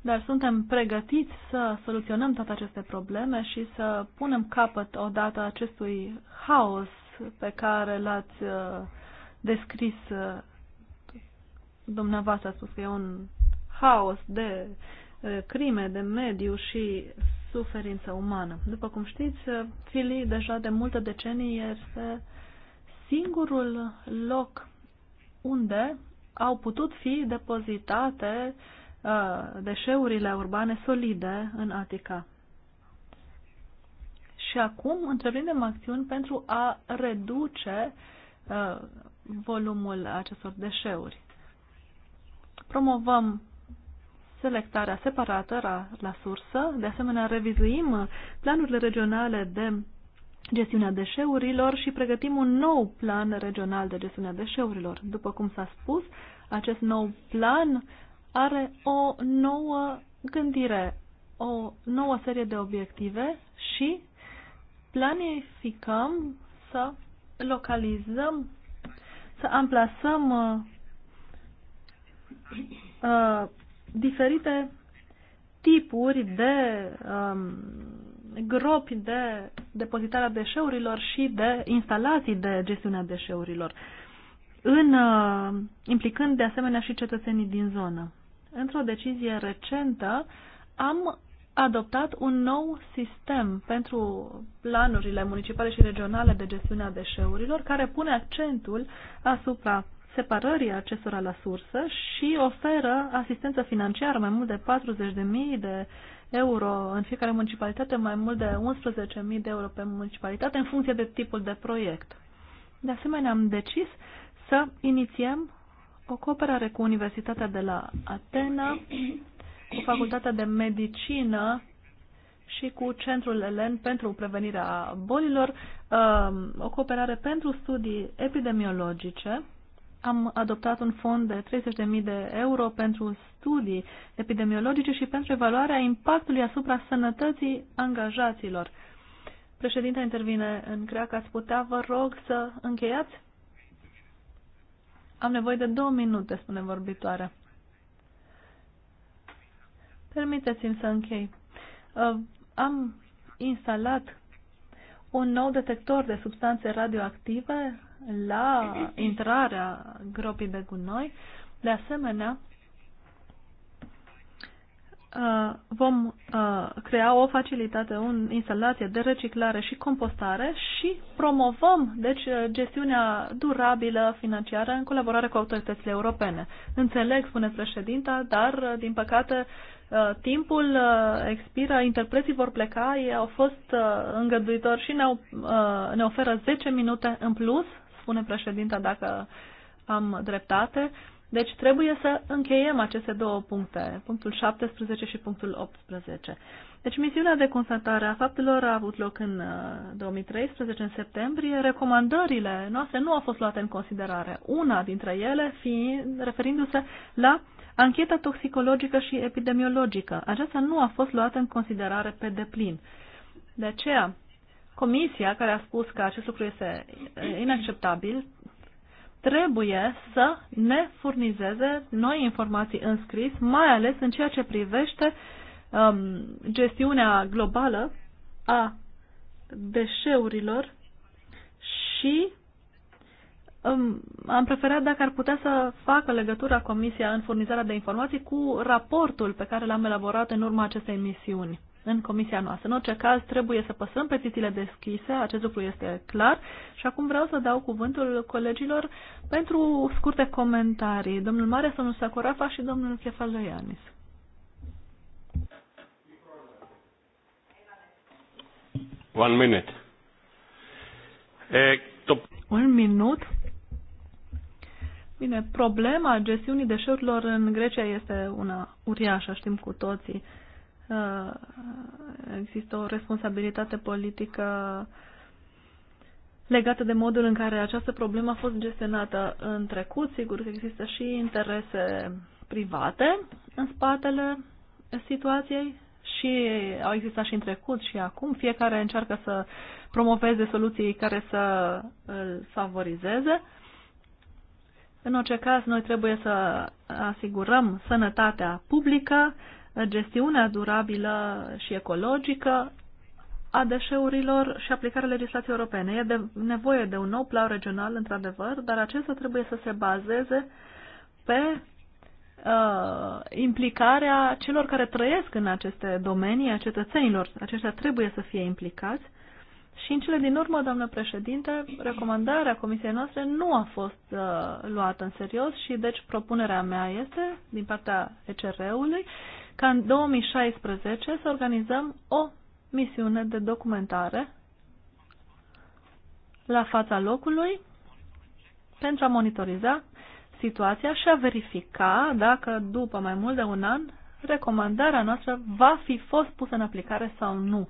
dar suntem pregătiți să soluționăm toate aceste probleme și să punem capăt odată acestui haos pe care l-ați uh, descris uh, dumneavoastră, a spus că e un haos de uh, crime, de mediu și suferință umană. După cum știți, Fili deja de multe decenii este singurul loc unde au putut fi depozitate uh, Uh, deșeurile urbane solide în Atica. Și acum întreprindem acțiuni pentru a reduce uh, volumul acestor deșeuri. Promovăm selectarea separată la, la sursă, de asemenea revizuim planurile regionale de gestiunea deșeurilor și pregătim un nou plan regional de gestiunea deșeurilor. După cum s-a spus, acest nou plan are o nouă gândire, o nouă serie de obiective și planificăm să localizăm, să amplasăm uh, uh, diferite tipuri de um, gropi de depozitarea deșeurilor și de instalații de gestiunea deșeurilor, în, uh, implicând de asemenea și cetățenii din zonă într-o decizie recentă, am adoptat un nou sistem pentru planurile municipale și regionale de gestiune a deșeurilor, care pune accentul asupra separării acestora la sursă și oferă asistență financiară mai mult de 40.000 de euro în fiecare municipalitate, mai mult de 11.000 de euro pe municipalitate, în funcție de tipul de proiect. De asemenea, am decis să inițiem o cooperare cu Universitatea de la Atena, cu Facultatea de Medicină și cu Centrul Elen pentru prevenirea bolilor, um, o cooperare pentru studii epidemiologice. Am adoptat un fond de 30.000 de euro pentru studii epidemiologice și pentru evaluarea impactului asupra sănătății angajaților. Președinte intervine în greacă, ați putea, vă rog, să încheiați? Am nevoie de două minute, spune vorbitoarea. Permiteți-mi să închei. Uh, am instalat un nou detector de substanțe radioactive la intrarea gropii de gunoi. De asemenea, Uh, vom uh, crea o facilitate, o instalație de reciclare și compostare și promovăm deci uh, gestiunea durabilă financiară în colaborare cu autoritățile europene. Înțeleg, spune președinta, dar din păcate timpul expiră, interpreții vor pleca, ei au fost îngăduitori și ne-au, ne oferă 10 minute în plus, spune președinta dacă am dreptate. Deci trebuie să încheiem aceste două puncte, punctul 17 și punctul 18. Deci misiunea de constatare a faptelor a avut loc în 2013, uh, în septembrie. Recomandările noastre nu au fost luate în considerare, una dintre ele fiind referindu-se la ancheta toxicologică și epidemiologică. Aceasta nu a fost luată în considerare pe deplin. De aceea, comisia care a spus că acest lucru este inacceptabil, trebuie să ne furnizeze noi informații în scris, mai ales în ceea ce privește um, gestiunea globală a deșeurilor și um, am preferat dacă ar putea să facă legătura Comisia în furnizarea de informații cu raportul pe care l-am elaborat în urma acestei misiuni în comisia noastră. În orice caz, trebuie să păsăm petițiile deschise, acest lucru este clar. Și acum vreau să dau cuvântul colegilor pentru scurte comentarii. Domnul Mare Sonu Sacorafa și domnul Kefaloianis. One minute. E, to- Un minut. Bine, problema gestiunii deșeurilor în Grecia este una uriașă, știm cu toții. Uh, există o responsabilitate politică legată de modul în care această problemă a fost gestionată în trecut. Sigur că există și interese private în spatele situației și au existat și în trecut și acum. Fiecare încearcă să promoveze soluții care să îl favorizeze. În orice caz, noi trebuie să asigurăm sănătatea publică, gestiunea durabilă și ecologică a deșeurilor și aplicarea legislației europene. E de nevoie de un nou plan regional, într-adevăr, dar acesta trebuie să se bazeze pe uh, implicarea celor care trăiesc în aceste domenii, a cetățenilor. Aceștia trebuie să fie implicați. Și în cele din urmă, doamnă președinte, recomandarea comisiei noastre nu a fost uh, luată în serios și deci propunerea mea este, din partea ECR-ului, ca în 2016 să organizăm o misiune de documentare la fața locului pentru a monitoriza situația și a verifica dacă după mai mult de un an recomandarea noastră va fi fost pusă în aplicare sau nu,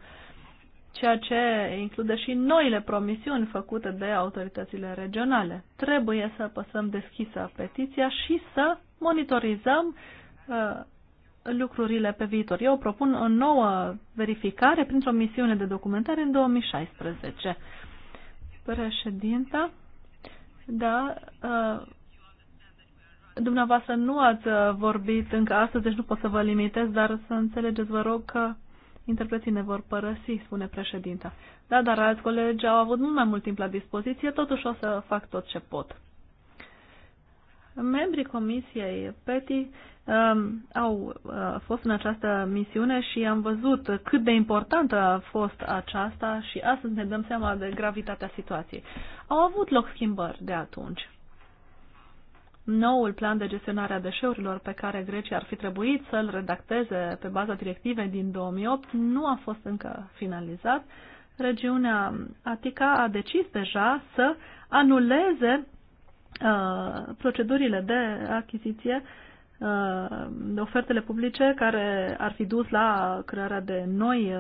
ceea ce include și noile promisiuni făcute de autoritățile regionale. Trebuie să păsăm deschisă petiția și să monitorizăm uh, lucrurile pe viitor. Eu propun o nouă verificare printr-o misiune de documentare în 2016. Președinta, da, ă, dumneavoastră nu ați vorbit încă astăzi, deci nu pot să vă limitez, dar să înțelegeți, vă rog, că interpreții ne vor părăsi, spune președinta. Da, dar alți colegi au avut mult mai mult timp la dispoziție, totuși o să fac tot ce pot. Membrii Comisiei PETI um, au uh, fost în această misiune și am văzut cât de importantă a fost aceasta și astăzi ne dăm seama de gravitatea situației. Au avut loc schimbări de atunci. Noul plan de gestionare a deșeurilor pe care Grecia ar fi trebuit să-l redacteze pe baza directivei din 2008 nu a fost încă finalizat. Regiunea Atica a decis deja să anuleze Uh, procedurile de achiziție, uh, de ofertele publice care ar fi dus la crearea de noi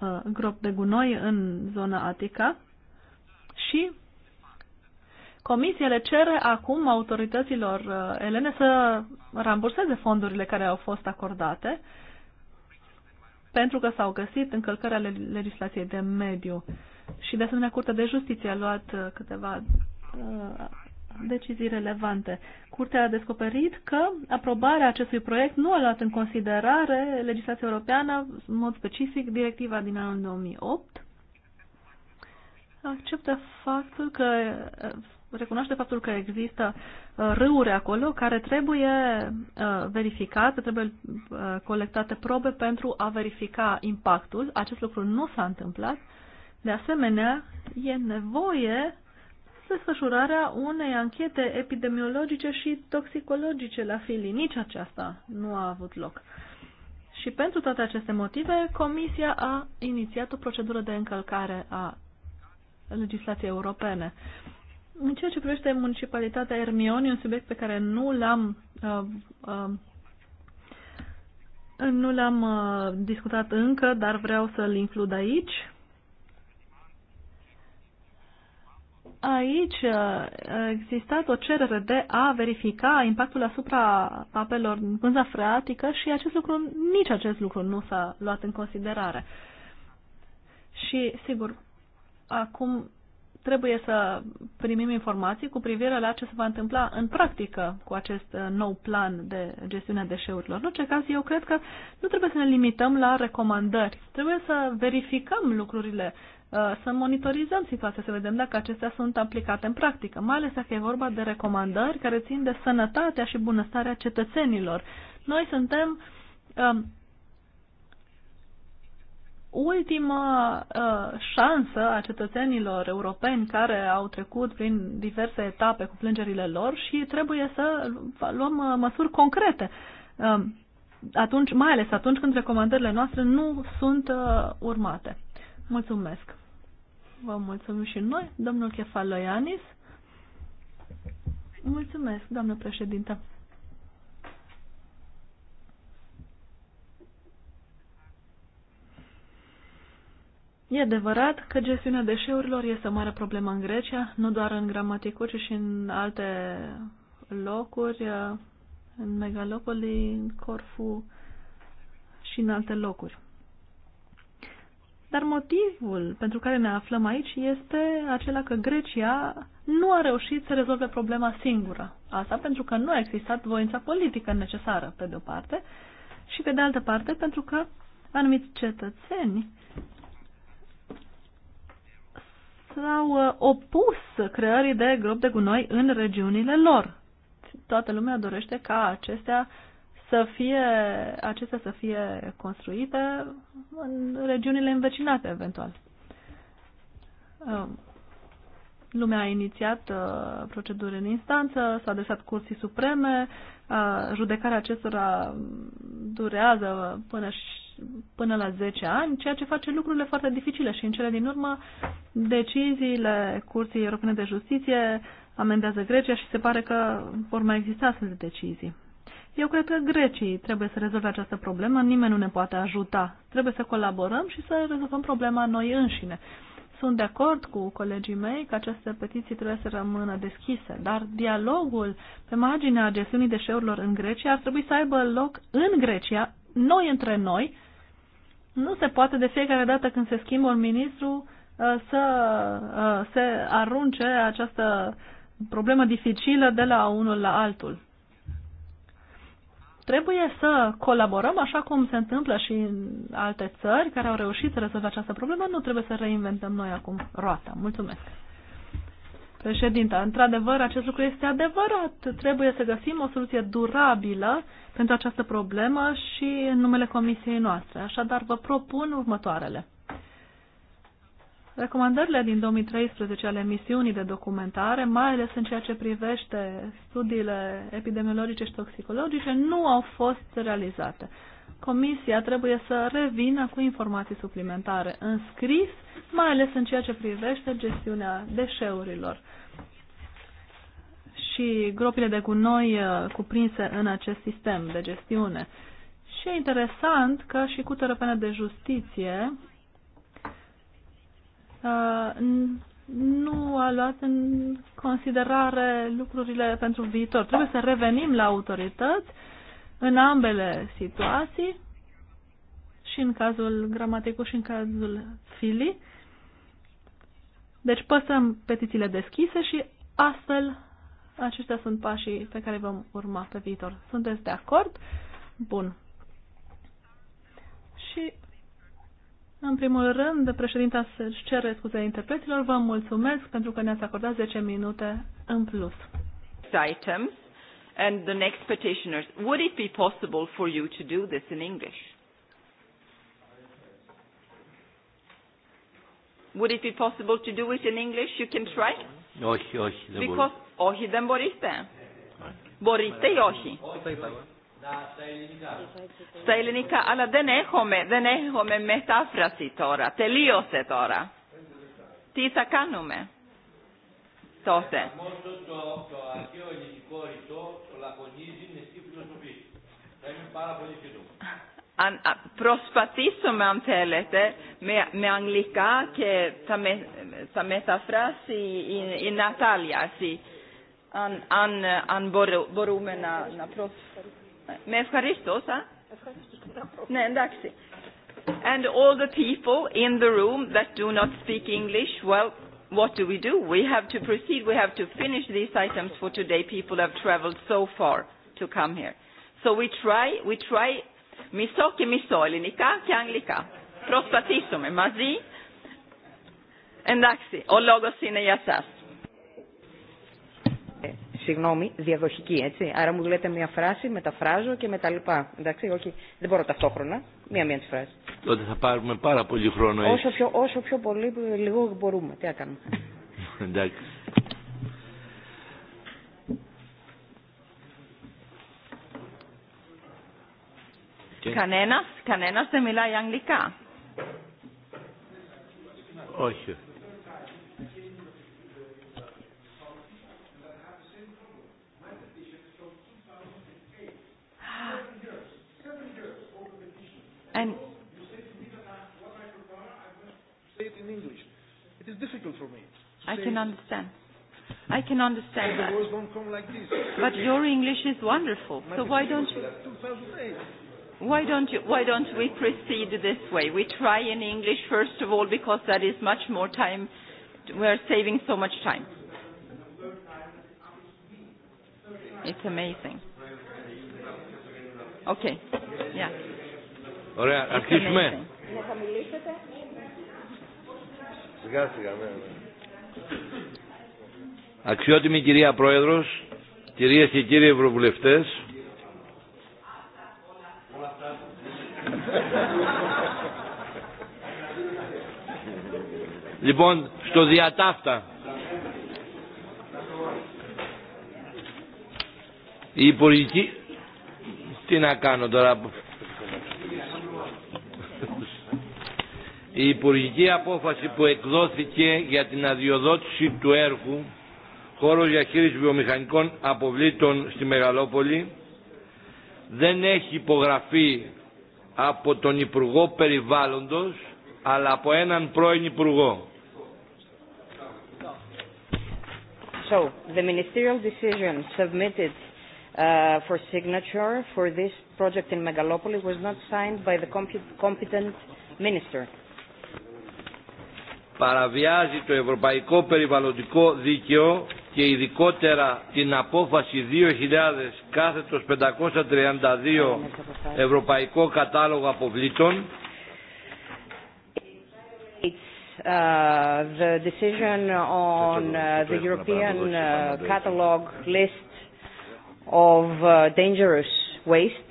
uh, gropi de gunoi în zona Atica și Comisia le cere acum autorităților elene să ramburseze fondurile care au fost acordate pentru că s-au găsit încălcări ale legislației de mediu. Și de asemenea, Curtea de Justiție a luat câteva decizii relevante. Curtea a descoperit că aprobarea acestui proiect nu a luat în considerare legislația europeană, în mod specific directiva din anul 2008. Acceptă faptul că recunoaște faptul că există uh, râuri acolo care trebuie uh, verificate, trebuie uh, colectate probe pentru a verifica impactul. Acest lucru nu s-a întâmplat. De asemenea, e nevoie desfășurarea unei anchete epidemiologice și toxicologice la filii. Nici aceasta nu a avut loc. Și pentru toate aceste motive, Comisia a inițiat o procedură de încălcare a legislației europene. În ceea ce privește municipalitatea Ermioni, un subiect pe care nu l-am uh, uh, nu l-am uh, discutat încă, dar vreau să-l includ aici. aici a uh, existat o cerere de a verifica impactul asupra apelor în pânza freatică și acest lucru, nici acest lucru nu s-a luat în considerare. Și, sigur, acum trebuie să primim informații cu privire la ce se va întâmpla în practică cu acest uh, nou plan de gestiune a deșeurilor. În orice caz, eu cred că nu trebuie să ne limităm la recomandări. Trebuie să verificăm lucrurile Uh, să monitorizăm situația, să vedem dacă acestea sunt aplicate în practică, mai ales dacă e vorba de recomandări care țin de sănătatea și bunăstarea cetățenilor. Noi suntem um, ultima uh, șansă a cetățenilor europeni care au trecut prin diverse etape cu plângerile lor și trebuie să luăm uh, măsuri concrete. Uh, atunci, mai ales atunci când recomandările noastre nu sunt uh, urmate. Mulțumesc. Vă mulțumim și noi, domnul Chefaloianis. Mulțumesc, doamnă președintă. E adevărat că gestiunea deșeurilor este o mare problemă în Grecia, nu doar în Gramaticu, ci și în alte locuri, în Megalopoli, în Corfu și în alte locuri. Dar motivul pentru care ne aflăm aici este acela că Grecia nu a reușit să rezolve problema singură. Asta pentru că nu a existat voința politică necesară, pe de-o parte, și pe de altă parte pentru că anumiți cetățeni s-au uh, opus creării de grob de gunoi în regiunile lor. Toată lumea dorește ca acestea să fie, acestea să fie construite în regiunile învecinate, eventual. Um, lumea a inițiat uh, proceduri în instanță, s-a adresat curții supreme, uh, judecarea acestora durează până, până la 10 ani, ceea ce face lucrurile foarte dificile și în cele din urmă deciziile Curții Europene de Justiție amendează Grecia și se pare că vor mai exista astfel de decizii. Eu cred că grecii trebuie să rezolve această problemă, nimeni nu ne poate ajuta. Trebuie să colaborăm și să rezolvăm problema noi înșine. Sunt de acord cu colegii mei că aceste petiții trebuie să rămână deschise, dar dialogul pe marginea gestiunii deșeurilor în Grecia ar trebui să aibă loc în Grecia, noi între noi. Nu se poate de fiecare dată când se schimbă un ministru uh, să uh, se arunce această problemă dificilă de la unul la altul. Trebuie să colaborăm așa cum se întâmplă și în alte țări care au reușit să rezolve această problemă. Nu trebuie să reinventăm noi acum roata. Mulțumesc. Președinta, într-adevăr, acest lucru este adevărat. Trebuie să găsim o soluție durabilă pentru această problemă și în numele comisiei noastre. Așadar, vă propun următoarele. Recomandările din 2013 ale misiunii de documentare, mai ales în ceea ce privește studiile epidemiologice și toxicologice, nu au fost realizate. Comisia trebuie să revină cu informații suplimentare în scris, mai ales în ceea ce privește gestiunea deșeurilor și gropile de gunoi uh, cuprinse în acest sistem de gestiune. Și e interesant că și cu Europeană de Justiție Uh, nu a luat în considerare lucrurile pentru viitor. Trebuie să revenim la autorități în ambele situații, și în cazul gramaticul și în cazul filii. Deci păstrăm petițiile deschise și astfel aceștia sunt pașii pe care vom urma pe viitor. Sunteți de acord? Bun. Și în primul rând, președinta își cere scuze interpreților. Vă mulțumesc pentru că ne-ați acordat 10 minute în plus. Items and the next petitioners. Would it be possible for you to do this in English? Would it be possible to do it in English? You can try. Όχι, όχι. Because, όχι, δεν μπορείτε. Μπορείτε ή όχι. όχι. Da, στα ελληνικά. Στα ελληνικά, αλλά δεν έχουμε, δεν έχουμε μετάφραση τώρα. Τελείωσε τώρα. Τι θα κάνουμε τότε. Μόνο το, το αρχαίο ελληνικό ρητό το λακωνίζει με στη φιλοσοφή. Θα είναι πάρα πολύ σύντομο. Αν, προσπαθήσουμε αν θέλετε με, με αγγλικά και θα, με, θα μεταφράσει η, η Νατάλια. Αν, αν, αν μπορούμε να, να προσφέρουμε με ευχαρίστως, α. Ναι, εντάξει. And all the people in the room that do not speak English, well, what do we do? We have to proceed. We have to finish these items for today. People have traveled so far to come here. So we try, we try μισό και μισό, ελληνικά anglica. αγγλικά. Προσπαθήσουμε zi. Εντάξει, ο λόγος είναι για σας συγγνώμη, διαδοχική, έτσι. Άρα μου λέτε μια φράση, μεταφράζω και μετά λοιπά. Εντάξει, όχι, δεν μπορώ ταυτόχρονα. Μία-μία τη φράση. Τότε θα πάρουμε πάρα πολύ χρόνο έτσι. Όσο πιο, όσο πιο πολύ, λίγο μπορούμε. Τι να Εντάξει. Okay. Κανένας, κανένας δεν μιλάει αγγλικά. Όχι. And say it in English. It is difficult for me. I can understand. I can understand that. But your English is wonderful. so why don't you? Why don't, you, why don't we proceed this way? We try in English first of all because that is much more time. We are saving so much time. It's amazing. Okay. Yeah. Ωραία, αρχίσουμε. Να μιλήσετε. Σιγά σιγά, ναι, ναι. Αξιότιμη κυρία Πρόεδρος, κυρίες και κύριοι Ευρωβουλευτές, Λοιπόν, στο διατάφτα. Η υπουργική... Τι να κάνω τώρα, Η υπουργική απόφαση που εκδόθηκε για την αδειοδότηση του έργου χώρο διαχείριση βιομηχανικών αποβλήτων στη Μεγαλόπολη δεν έχει υπογραφεί από τον Υπουργό Περιβάλλοντος αλλά από έναν πρώην Υπουργό. So, the ministerial decision submitted uh, for signature for this project in Megalopoli was not signed by the competent minister παραβιάζει το Ευρωπαϊκό Περιβαλλοντικό Δίκαιο και ειδικότερα την απόφαση 2000 κάθετος 532 Ευρωπαϊκό Κατάλογο Αποβλήτων Uh, the decision on uh, the European uh, catalogue list of uh, dangerous waste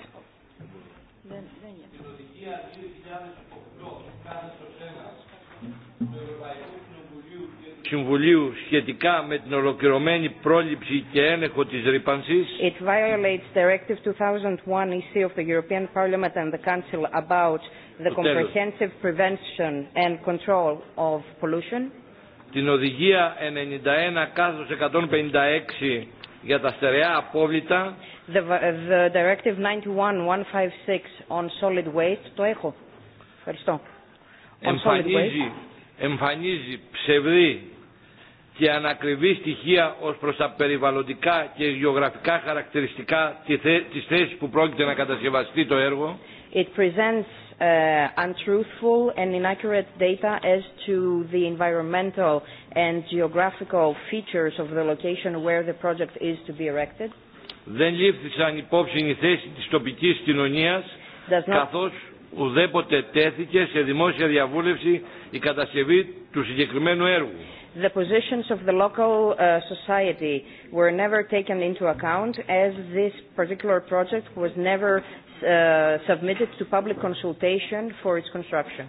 Συμβουλίου σχετικά με την ολοκληρωμένη πρόληψη και έλεγχο της ρήπανσης. It violates Directive 2001 EC of the European Parliament and the Council about the comprehensive prevention and control of pollution. Την οδηγία 91 κάθος 156 για τα στερεά απόβλητα. The, the Directive 91-156 on solid waste. Το έχω. Ευχαριστώ. Εμφανίζει εμφανίζει ψευδή και ανακριβή στοιχεία ως προς τα περιβαλλοντικά και γεωγραφικά χαρακτηριστικά της θέσης που πρόκειται να κατασκευαστεί το έργο. It presents uh, untruthful and inaccurate data as to the environmental and geographical features of the location where the project is to be erected. Δεν λήφθησαν υπόψη η θέση της τοπικής κοινωνίας, not... καθώς ουδέποτε τέθηκε σε δημόσια διαβούλευση η κατασκευή του συγκεκριμένου έργου. The positions of the local uh, society were never taken into account as this particular project was never uh, submitted to public consultation for its construction.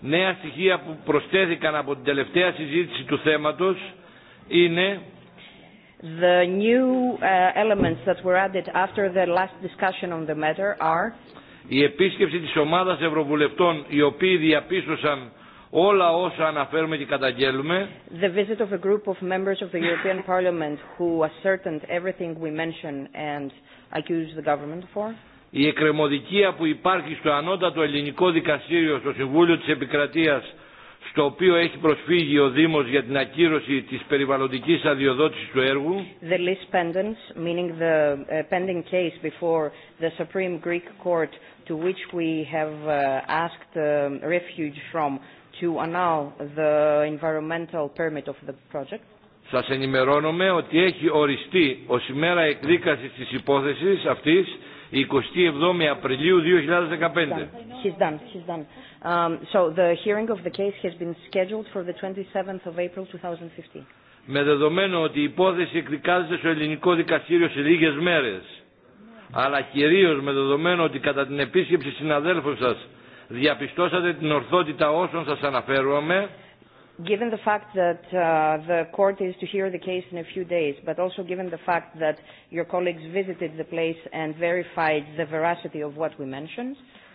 Νέα στοιχεία που προσθέθηκαν από την τελευταία συζήτηση του θέματος είναι The new uh, elements that were added after the last discussion on the matter are η επίσκεψη της ομάδας ευρωβουλευτών οι οποίοι διαπίστωσαν όλα όσα αναφέρουμε και καταγγέλουμε. The visit of a group of members of the European *coughs* Parliament who ascertained everything we mention and accused the government for. Η εκκρεμωδικία που υπάρχει στο ανώτατο ελληνικό δικαστήριο στο Συμβούλιο της Επικρατείας στο οποίο έχει προσφύγει ο Δήμος για την ακύρωση της περιβαλλοντικής αδειοδότησης του έργου. The list pendants, meaning the uh, pending case before the Supreme Greek Court to which we have uh, asked um, refuge from to annul the environmental permit of the project. Σας ενημερώνουμε ότι έχει οριστεί ως ημέρα εκδίκασης της υπόθεσης αυτής η 27η Απριλίου 2015. He's done. He's done. Um, so the hearing of the case has been scheduled for the 27th of April 2015. Με δεδομένο ότι η υπόθεση εκδικάζεται στο ελληνικό δικαστήριο σε λίγες μέρες, αλλά κυρίως με δεδομένο ότι κατά την επίσκεψη συναδέλφων σας διαπιστώσατε την ορθότητα όσων σας αναφέρομαι given the fact that uh, the court is to hear the case in a few days, but also given the fact that your colleagues visited the place and verified the veracity of what we mentioned.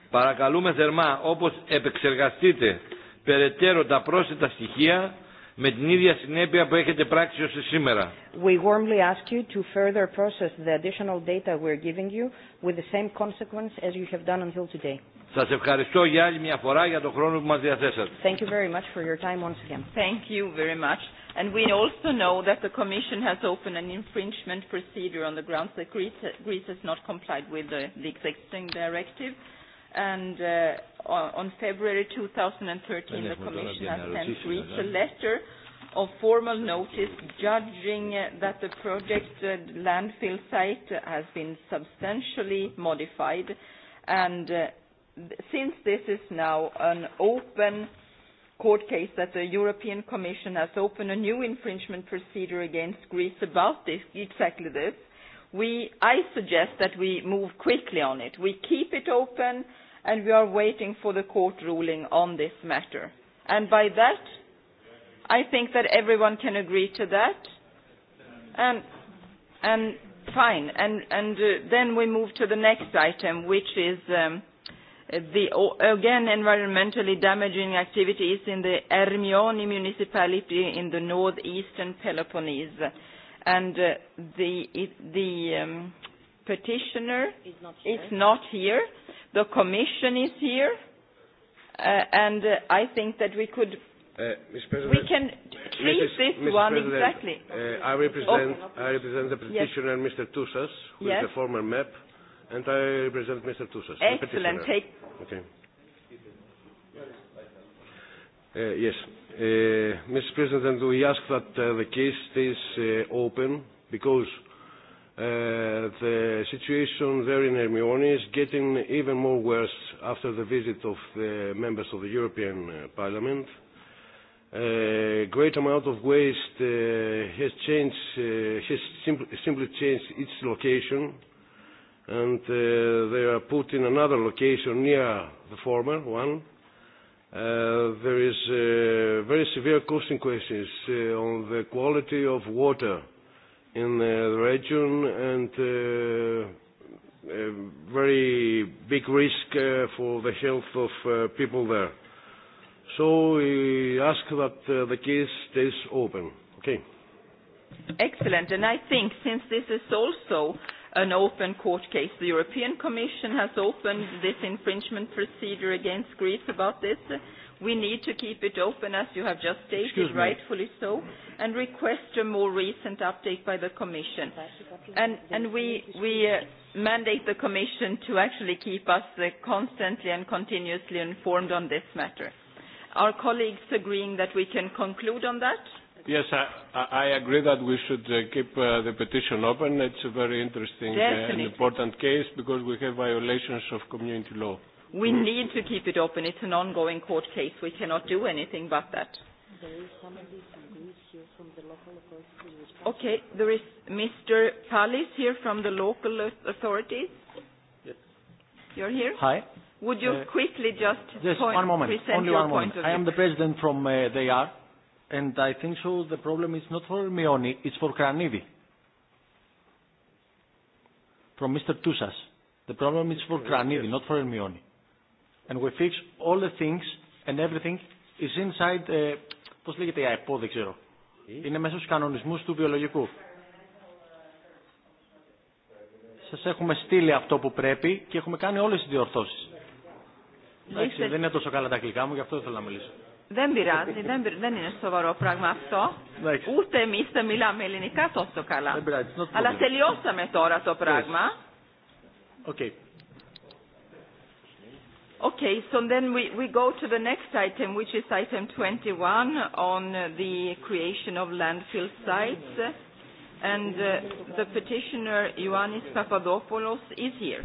Παρακαλούμε θερμά, όπως επεξεργαστείτε περαιτέρω τα πρόσθετα στοιχεία, με την ίδια συνέπεια που έχετε πράξει ως σήμερα. We warmly ask you to further process the additional data we are giving you with the same consequence as you have done until today. Σας ευχαριστώ για άλλη μια φορά για τον χρόνο που μας διαθέσατε. Thank you very much for your time once again. Thank you very much. And we also know that the Commission has opened an infringement procedure on the grounds that Greece, Greece has not complied with the, the existing directive and uh, on February 2013 the Commission has sent Greece a letter of formal notice judging that the project uh, landfill site has been substantially modified and uh, since this is now an open court case that the European Commission has opened a new infringement procedure against Greece about this, exactly this, we, I suggest that we move quickly on it. We keep it open, and we are waiting for the court ruling on this matter. And By that, I think that everyone can agree to that. And, and Fine. And, and uh, Then we move to the next item, which is um, the, again, environmentally damaging activities in the Ermioni municipality in the northeastern Peloponnese and uh, the it, the um, petitioner is not here. Is not here. The commission is here, uh, and uh, I think that we could Uh, we can treat Mrs. this Mrs. one President, exactly. Uh, I represent oh. I represent the petitioner, yes. Mr. Tussas, who yes. is the former MEP, and I represent Mr. Tussas. Excellent. The Take. Okay. Uh, yes. Eh, Mr. President, we ask that uh, the case stays uh, open because uh, the situation there in Hermione is getting even more worse after the visit of the members of the European Parliament. A great amount of waste has changed, has simply changed its location, and they are put in another location near the former one Uh, there is a uh, very severe consequences uh, on the quality of water in the region and uh, a very big risk uh, for the health of uh, people there. So we ask that uh, the case stays open. Okay. Excellent. And I think since this is also an open court case. The European Commission has opened this infringement procedure against Greece about this. We need to keep it open, as you have just stated, rightfully so, and request a more recent update by the Commission. And, and we, we uh, mandate the Commission to actually keep us uh, constantly and continuously informed on this matter. Our colleagues agreeing that we can conclude on that? Yes, I, I agree that we should uh, keep uh, the petition open. It's a very interesting uh, and important case because we have violations of community law. We need to keep it open. It's an ongoing court case. We cannot do anything but that. Okay, there is Mr. Palis here from the local authorities. Yes. You're here? Hi. Would you uh, quickly just yes, point, one moment. Only one moment. I am the president from uh, the AR and I think so the problem is not for Mioni, it's for Kranidi. From Mr. Tusas. The problem is for Kranidi, not for Mioni. And we fix all the things and everything is inside, the... πώς λέγεται η ΑΕΠΟ, δεν ξέρω. Είναι μέσα στους κανονισμούς του βιολογικού. Σας έχουμε στείλει αυτό που πρέπει και έχουμε κάνει όλες τις διορθώσεις. Εντάξει, δεν είναι τόσο καλά τα αγγλικά μου, γι' αυτό δεν θέλω να μιλήσω. Δεν πειράζει, δεν, δεν είναι σοβαρό πράγμα αυτό. Ούτε εμεί δεν μιλάμε ελληνικά τόσο καλά. Αλλά τελειώσαμε τώρα το πράγμα. Okay. Okay, so then we, we go to the next item, which is item 21 on the creation of landfill sites. And uh, the petitioner, Ioannis Papadopoulos, is here.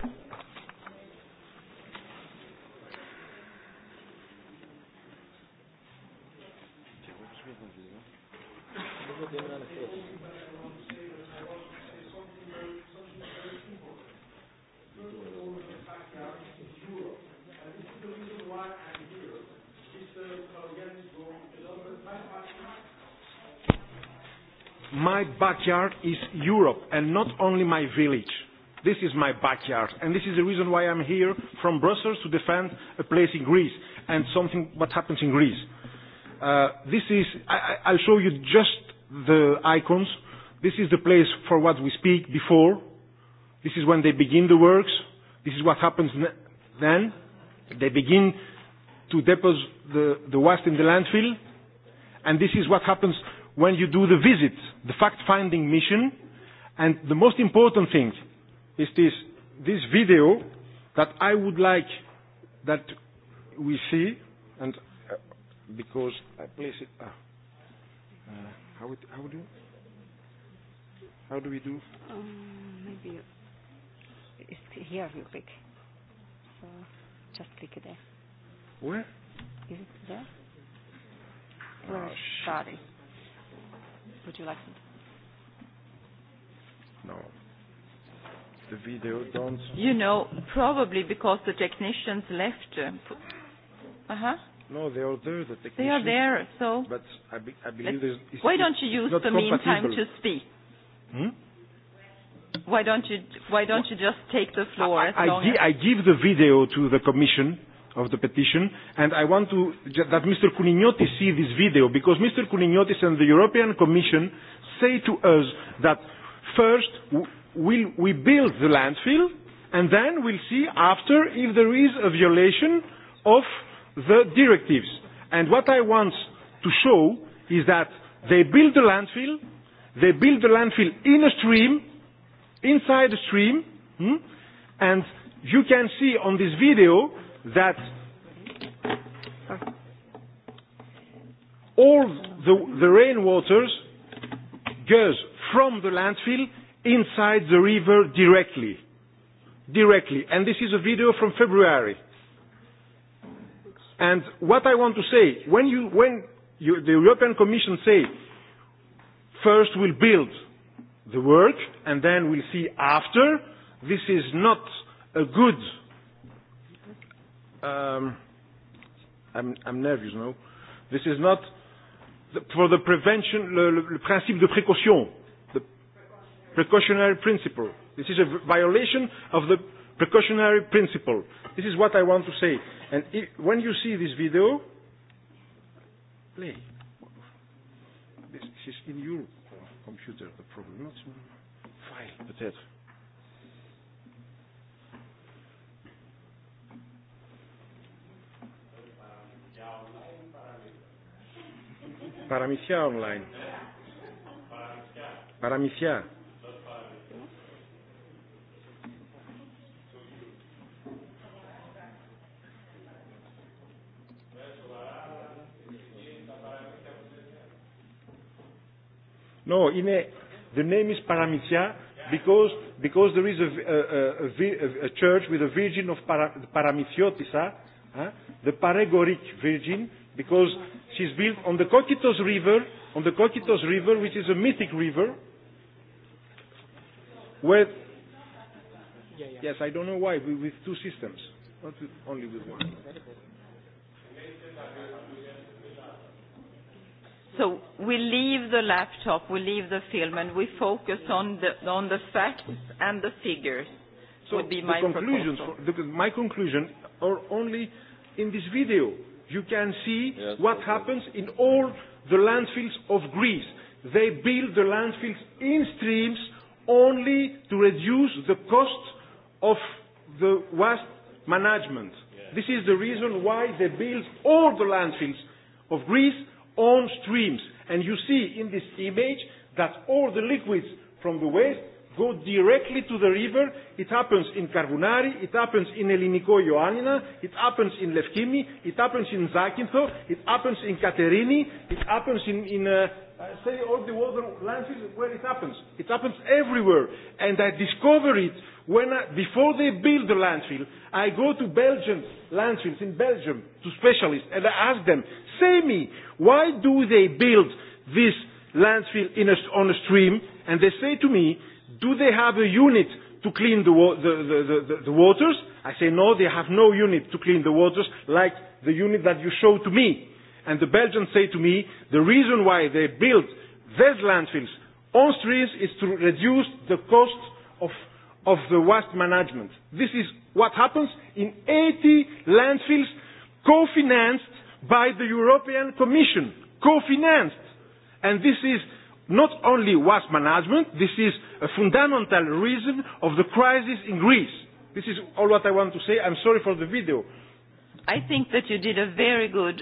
My backyard is Europe and not only my village. This is my backyard. And this is the reason why I'm here from Brussels to defend a place in Greece and something what happens in Greece. Uh, this is, I, I'll show you just the icons. This is the place for what we speak before. This is when they begin the works. This is what happens then. They begin to deposit the, the waste in the landfill. And this is what happens when you do the visit, the fact-finding mission. And the most important thing is this, this video that I would like that we see, and uh, because I place it. Ah, uh, uh, How would how do how do we do? Um, maybe it's here you click. So just click there. Where? Is it there? Oh, Where? Oh, sorry. Would you like it? No the video don't you know probably because the technicians left uh huh No, they are there. The They are there. So. But I, be, I believe there's. Why don't you use the meantime to speak? Hmm? Why don't you Why don't you just take the floor? I, as I, long as I give the video to the commission of the petition, and I want to that Mr. Kouniniotis see this video because Mr. Kouniniotis and the European Commission say to us that first we'll, we build the landfill, and then we'll see after if there is a violation of the directives. And what I want to show is that they build the landfill, they build the landfill in a stream, inside a stream, hmm? and you can see on this video that all the, the rainwaters goes from the landfill inside the river directly. Directly. And this is a video from February. And what I want to say, when, you, when you, the European Commission say, first we'll build the work and then we'll see after, this is not a good, um, I'm, I'm nervous now, this is not the, for the prevention, le, le, le principe de précaution, the precautionary principle. This is a violation of the precautionary principle. This is what I want to say. And if, when you see this video, play. This is in your computer, the problem, not file, but that. Paramithia online. Paramithia. No, a, the name is Paramitia because, because there is a, a, a, a church with a virgin of para, Paramithiotisa, huh? the Paregoric virgin, because she's built on the Kokitos river, on the Kokitos river, which is a mythic river, where, yeah, yeah. yes, I don't know why, with, with two systems, not with, only with one. So we leave the laptop, we leave the film, and we focus on the, on the facts and the figures. So would be my conclusions. the, my conclusion are only in this video. You can see yes, what okay. happens in all the landfills of Greece. They build the landfills in streams only to reduce the cost of the waste management. Yes. This is the reason why they build all the landfills of Greece own streams. And you see in this image that all the liquids from the waste go directly to the river. It happens in Carbonari, it happens in Eliniko Ioannina, it happens in Lefkimi, it happens in Zakynthos, it happens in Katerini, it happens in, in uh, say all the water lands where it happens. It happens everywhere. And I discover it when I, uh, before they build the landfill, I go to Belgian landfills in Belgium to specialists and I ask them, say me, why do they build this landfill in a, on a stream? And they say to me, Do they have a unit to clean the, wa- the, the, the, the, the waters? I say no, they have no unit to clean the waters like the unit that you showed to me. And the Belgians say to me, the reason why they built these landfills on streams is to reduce the cost of, of the waste management. This is what happens in 80 landfills co-financed by the European Commission. Co-financed. And this is not only waste management, this is a fundamental reason of the crisis in Greece. This is all what I want to say. I'm sorry for the video. I think that you did a very good,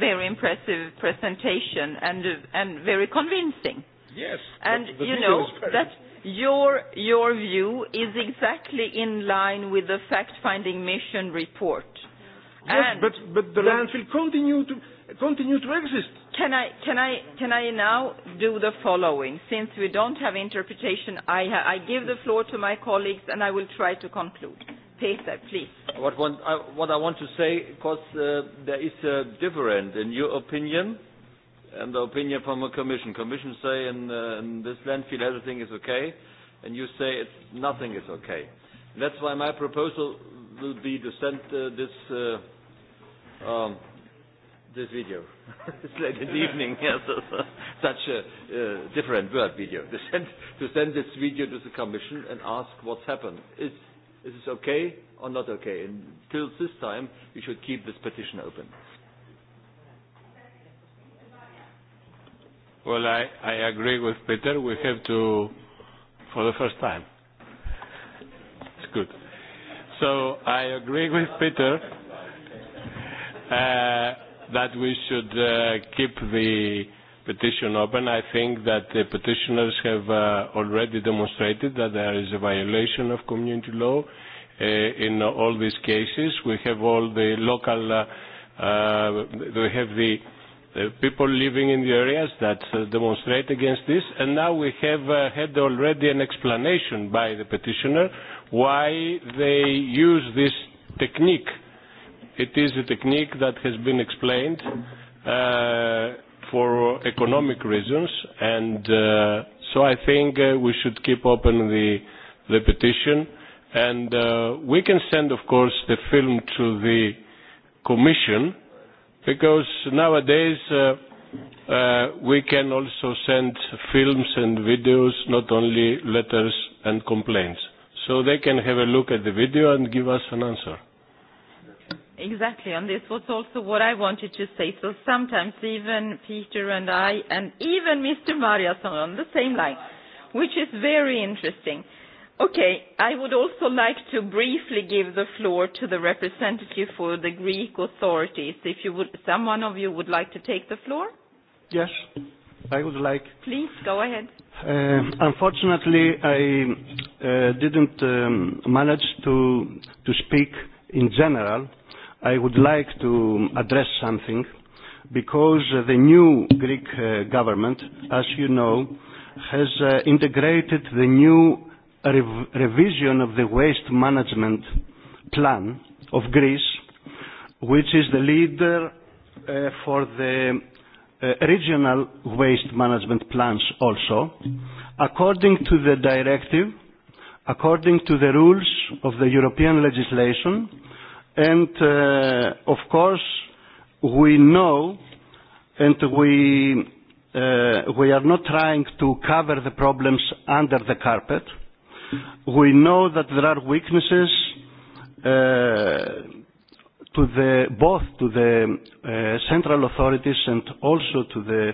very impressive presentation and, and very convincing. Yes. And the, the you know that your, your view is exactly in line with the fact-finding mission report. Yes, and but, but the, the landfill continue to, continue to exist Can I, can, I, can I now do the following? Since we don't have interpretation, I, ha I give the floor to my colleagues and I will try to conclude. Peter, please. What, one, I, uh, what I want to say, because uh, there is a difference in your opinion and the opinion from the commission. Commission say in, uh, in this landfill everything is okay, and you say it's, nothing is okay. That's why my proposal will be to send uh, this uh, um, this video. *laughs* it's late in the evening. Yes, such a uh, different word video. To send, to send this video to the Commission and ask what's happened. Is, is this okay or not okay? And till this time, we should keep this petition open. Well, I, I agree with Peter. We have to, for the first time. It's good. So I agree with Peter. Uh, that we should uh, keep the petition open. I think that the petitioners have uh, already demonstrated that there is a violation of community law uh, in all these cases. We have all the local, uh, uh, we have the the people living in the areas that uh, demonstrate against this. And now we have uh, had already an explanation by the petitioner why they use this technique It is a technique that has been explained uh, for economic reasons, and uh, so I think uh, we should keep open the, the petition. And uh, we can send, of course, the film to the Commission, because nowadays uh, uh, we can also send films and videos, not only letters and complaints. So they can have a look at the video and give us an answer. Exactly, and this was also what I wanted to say. So sometimes even Peter and I, and even Mr. Marias are on the same line, which is very interesting. Okay, I would also like to briefly give the floor to the representative for the Greek authorities. If you would, someone of you would like to take the floor? Yes, I would like. Please go ahead. Uh, unfortunately, I uh, didn't um, manage to to speak in general I would like to address something because the new Greek uh, government, as you know, has uh, integrated the new rev revision of the waste management plan of Greece, which is the leader uh, for the uh, regional waste management plans also, according to the directive, according to the rules of the European legislation, and uh, of course we know and we uh, we are not trying to cover the problems under the carpet. We know that there are weaknesses uh, to the, both to the uh, central authorities and also to the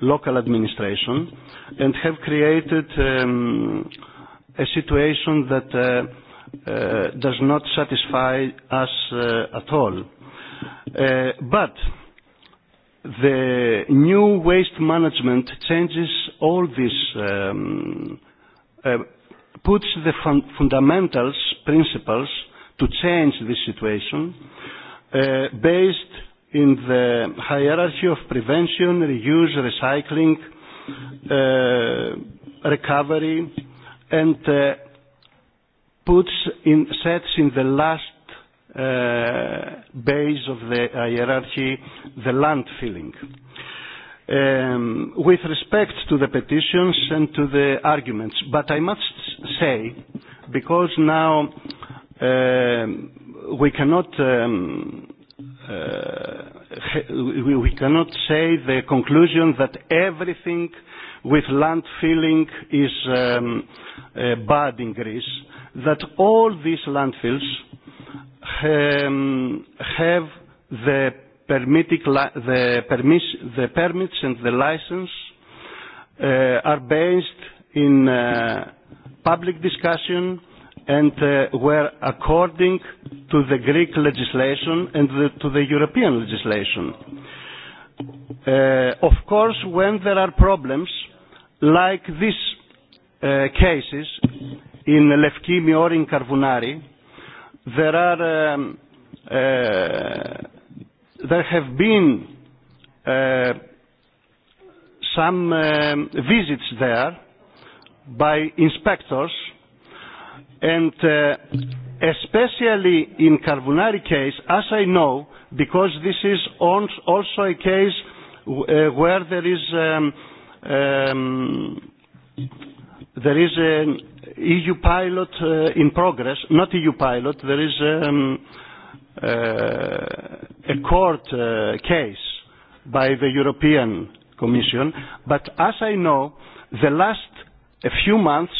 local administration and have created um, a situation that uh, uh, does not satisfy us uh, at all. Uh, but the new waste management changes all this, um, uh, puts the fun fundamentals, principles to change this situation uh, based in the hierarchy of prevention, reuse, recycling, uh, recovery, and uh, puts in, sets in the last uh, base of the uh, hierarchy the land filling. Um, with respect to the petitions and to the arguments, but I must say, because now uh, we cannot um, uh, we cannot say the conclusion that everything with land filling is um, uh, bad in Greece that all these landfills um, have the, permitted the, permis the permits and the license uh, are based in uh, public discussion and uh, were according to the Greek legislation and the, to the European legislation. Uh, of course, when there are problems like these uh, cases, in Lefkimi or in Karvunari, there are um, uh, there have been uh, some um, visits there by inspectors, and uh, especially in Carvunari case, as I know, because this is on, also a case uh, where there is um, um, there is an Uh, EU pilot uh, in progress, not EU pilot, there is um, uh, a court uh, case by the European Commission, but as I know, the last a few months,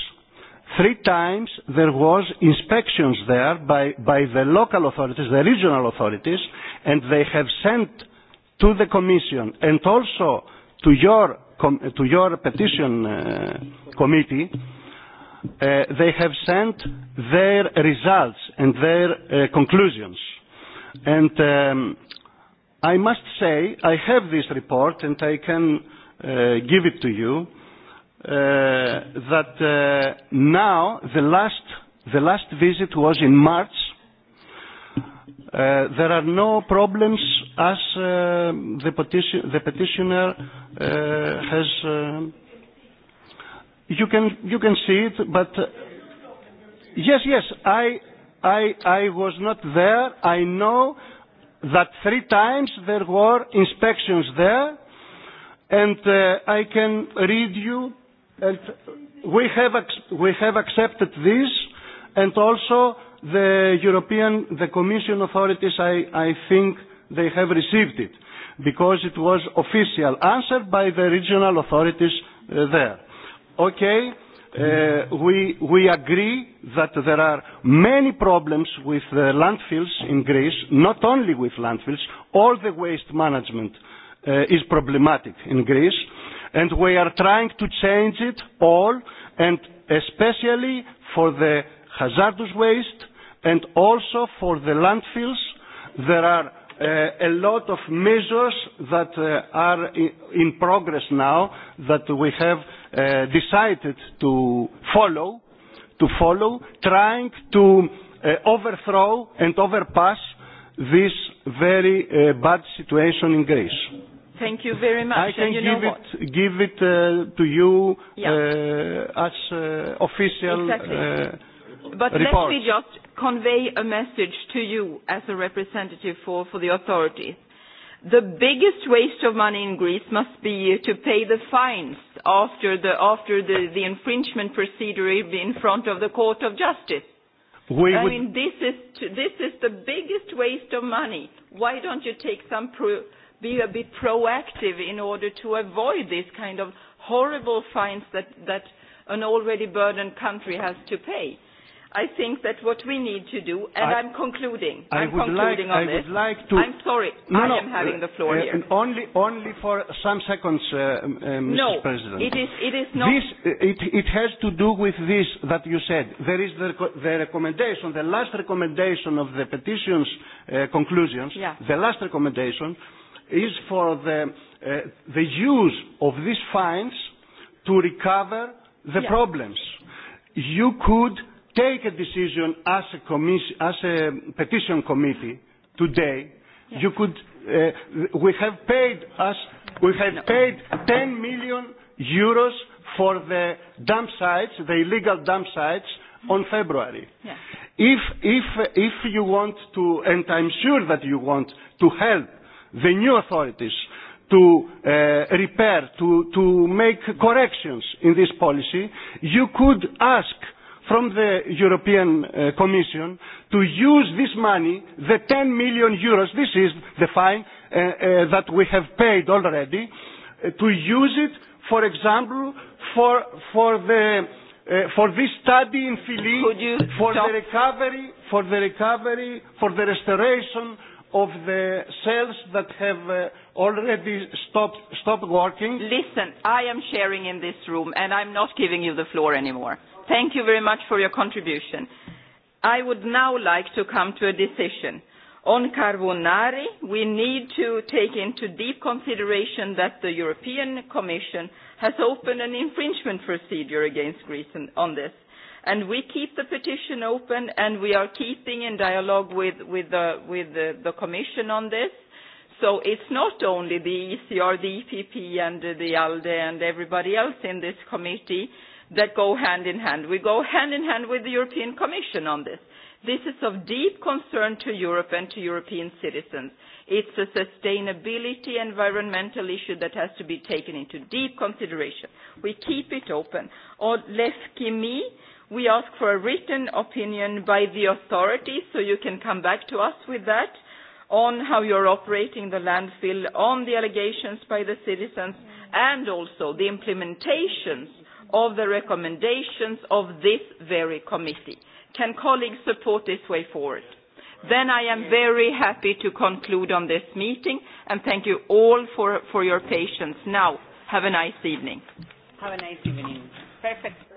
three times there was inspections there by, by the local authorities, the regional authorities, and they have sent to the Commission and also to your, to your petition uh, committee uh, they have sent their results and their uh, conclusions. And um, I must say, I have this report and I can uh, give it to you, uh, that uh, now the last, the last visit was in March. Uh, there are no problems as uh, the, petition, the petitioner uh, has uh, You can you can see it, but uh, yes, yes, I I I was not there. I know that three times there were inspections there, and uh, I can read you. And we have we have accepted this, and also the European the Commission authorities. I I think they have received it because it was official answered by the regional authorities uh, there okay, uh, we, we agree that there are many problems with the landfills in Greece, not only with landfills, all the waste management uh, is problematic in Greece, and we are trying to change it all, and especially for the hazardous waste and also for the landfills, there are uh, a lot of measures that uh, are in, in progress now that we have uh, decided to follow, to follow, trying to uh, overthrow and overpass this very uh, bad situation in Greece. Thank you very much. I can and you give, know it, what? give it uh, to you yeah. uh, as uh, official exactly. uh, But report. let me just convey a message to you as a representative for, for the authorities The biggest waste of money in Greece must be to pay the fines after the, after the, the infringement procedure in front of the Court of Justice. We I would... mean, this is, this is the biggest waste of money. Why don't you take some pro, be a bit proactive in order to avoid this kind of horrible fines that, that an already burdened country has to pay? I think that what we need to do, and I, I'm concluding, I I'm concluding like, on I this. Would like to, I'm sorry, no, I no, am having the floor uh, here. Only, only for some seconds, uh, uh, Mrs. No, President. it is, it is not. This, it, it has to do with this that you said. There is the, the recommendation, the last recommendation of the petition's uh, conclusions, yeah. the last recommendation is for the, uh, the use of these fines to recover the yeah. problems. You could take a decision as a, as a petition committee today, yes. you could. Uh, we have paid us. We have no. paid 10 million euros for the dump sites, the illegal dump sites, on February. Yes. If, if, if you want to, and I'm sure that you want to help the new authorities to uh, repair, to, to make corrections in this policy, you could ask from the European uh, Commission to use this money, the 10 million euros, this is the fine uh, uh, that we have paid already, uh, to use it, for example, for, for the Uh, for this study in Philly, for the recovery, for the recovery, for the restoration of the cells that have uh, already stopped, stopped working. Listen, I am sharing in this room and I'm not giving you the floor anymore. Thank you very much for your contribution. I would now like to come to a decision. On Carbonari, we need to take into deep consideration that the European Commission has opened an infringement procedure against Greece on this. And we keep the petition open, and we are keeping in dialogue with, with, the, with the, the Commission on this. So it's not only the ECR, the EPP, and the ALDE, and everybody else in this committee that go hand in hand. We go hand in hand with the European Commission on this. This is of deep concern to Europe and to European citizens. It's a sustainability environmental issue that has to be taken into deep consideration. We keep it open. On Lefkimi, we ask for a written opinion by the authorities, so you can come back to us with that on how you're operating the landfill, on the allegations by the citizens, and also the implementations of the recommendations of this very committee. Can colleagues support this way forward? Then I am very happy to conclude on this meeting, and thank you all for, for your patience. Now, have a nice evening. Have a nice evening. Perfect.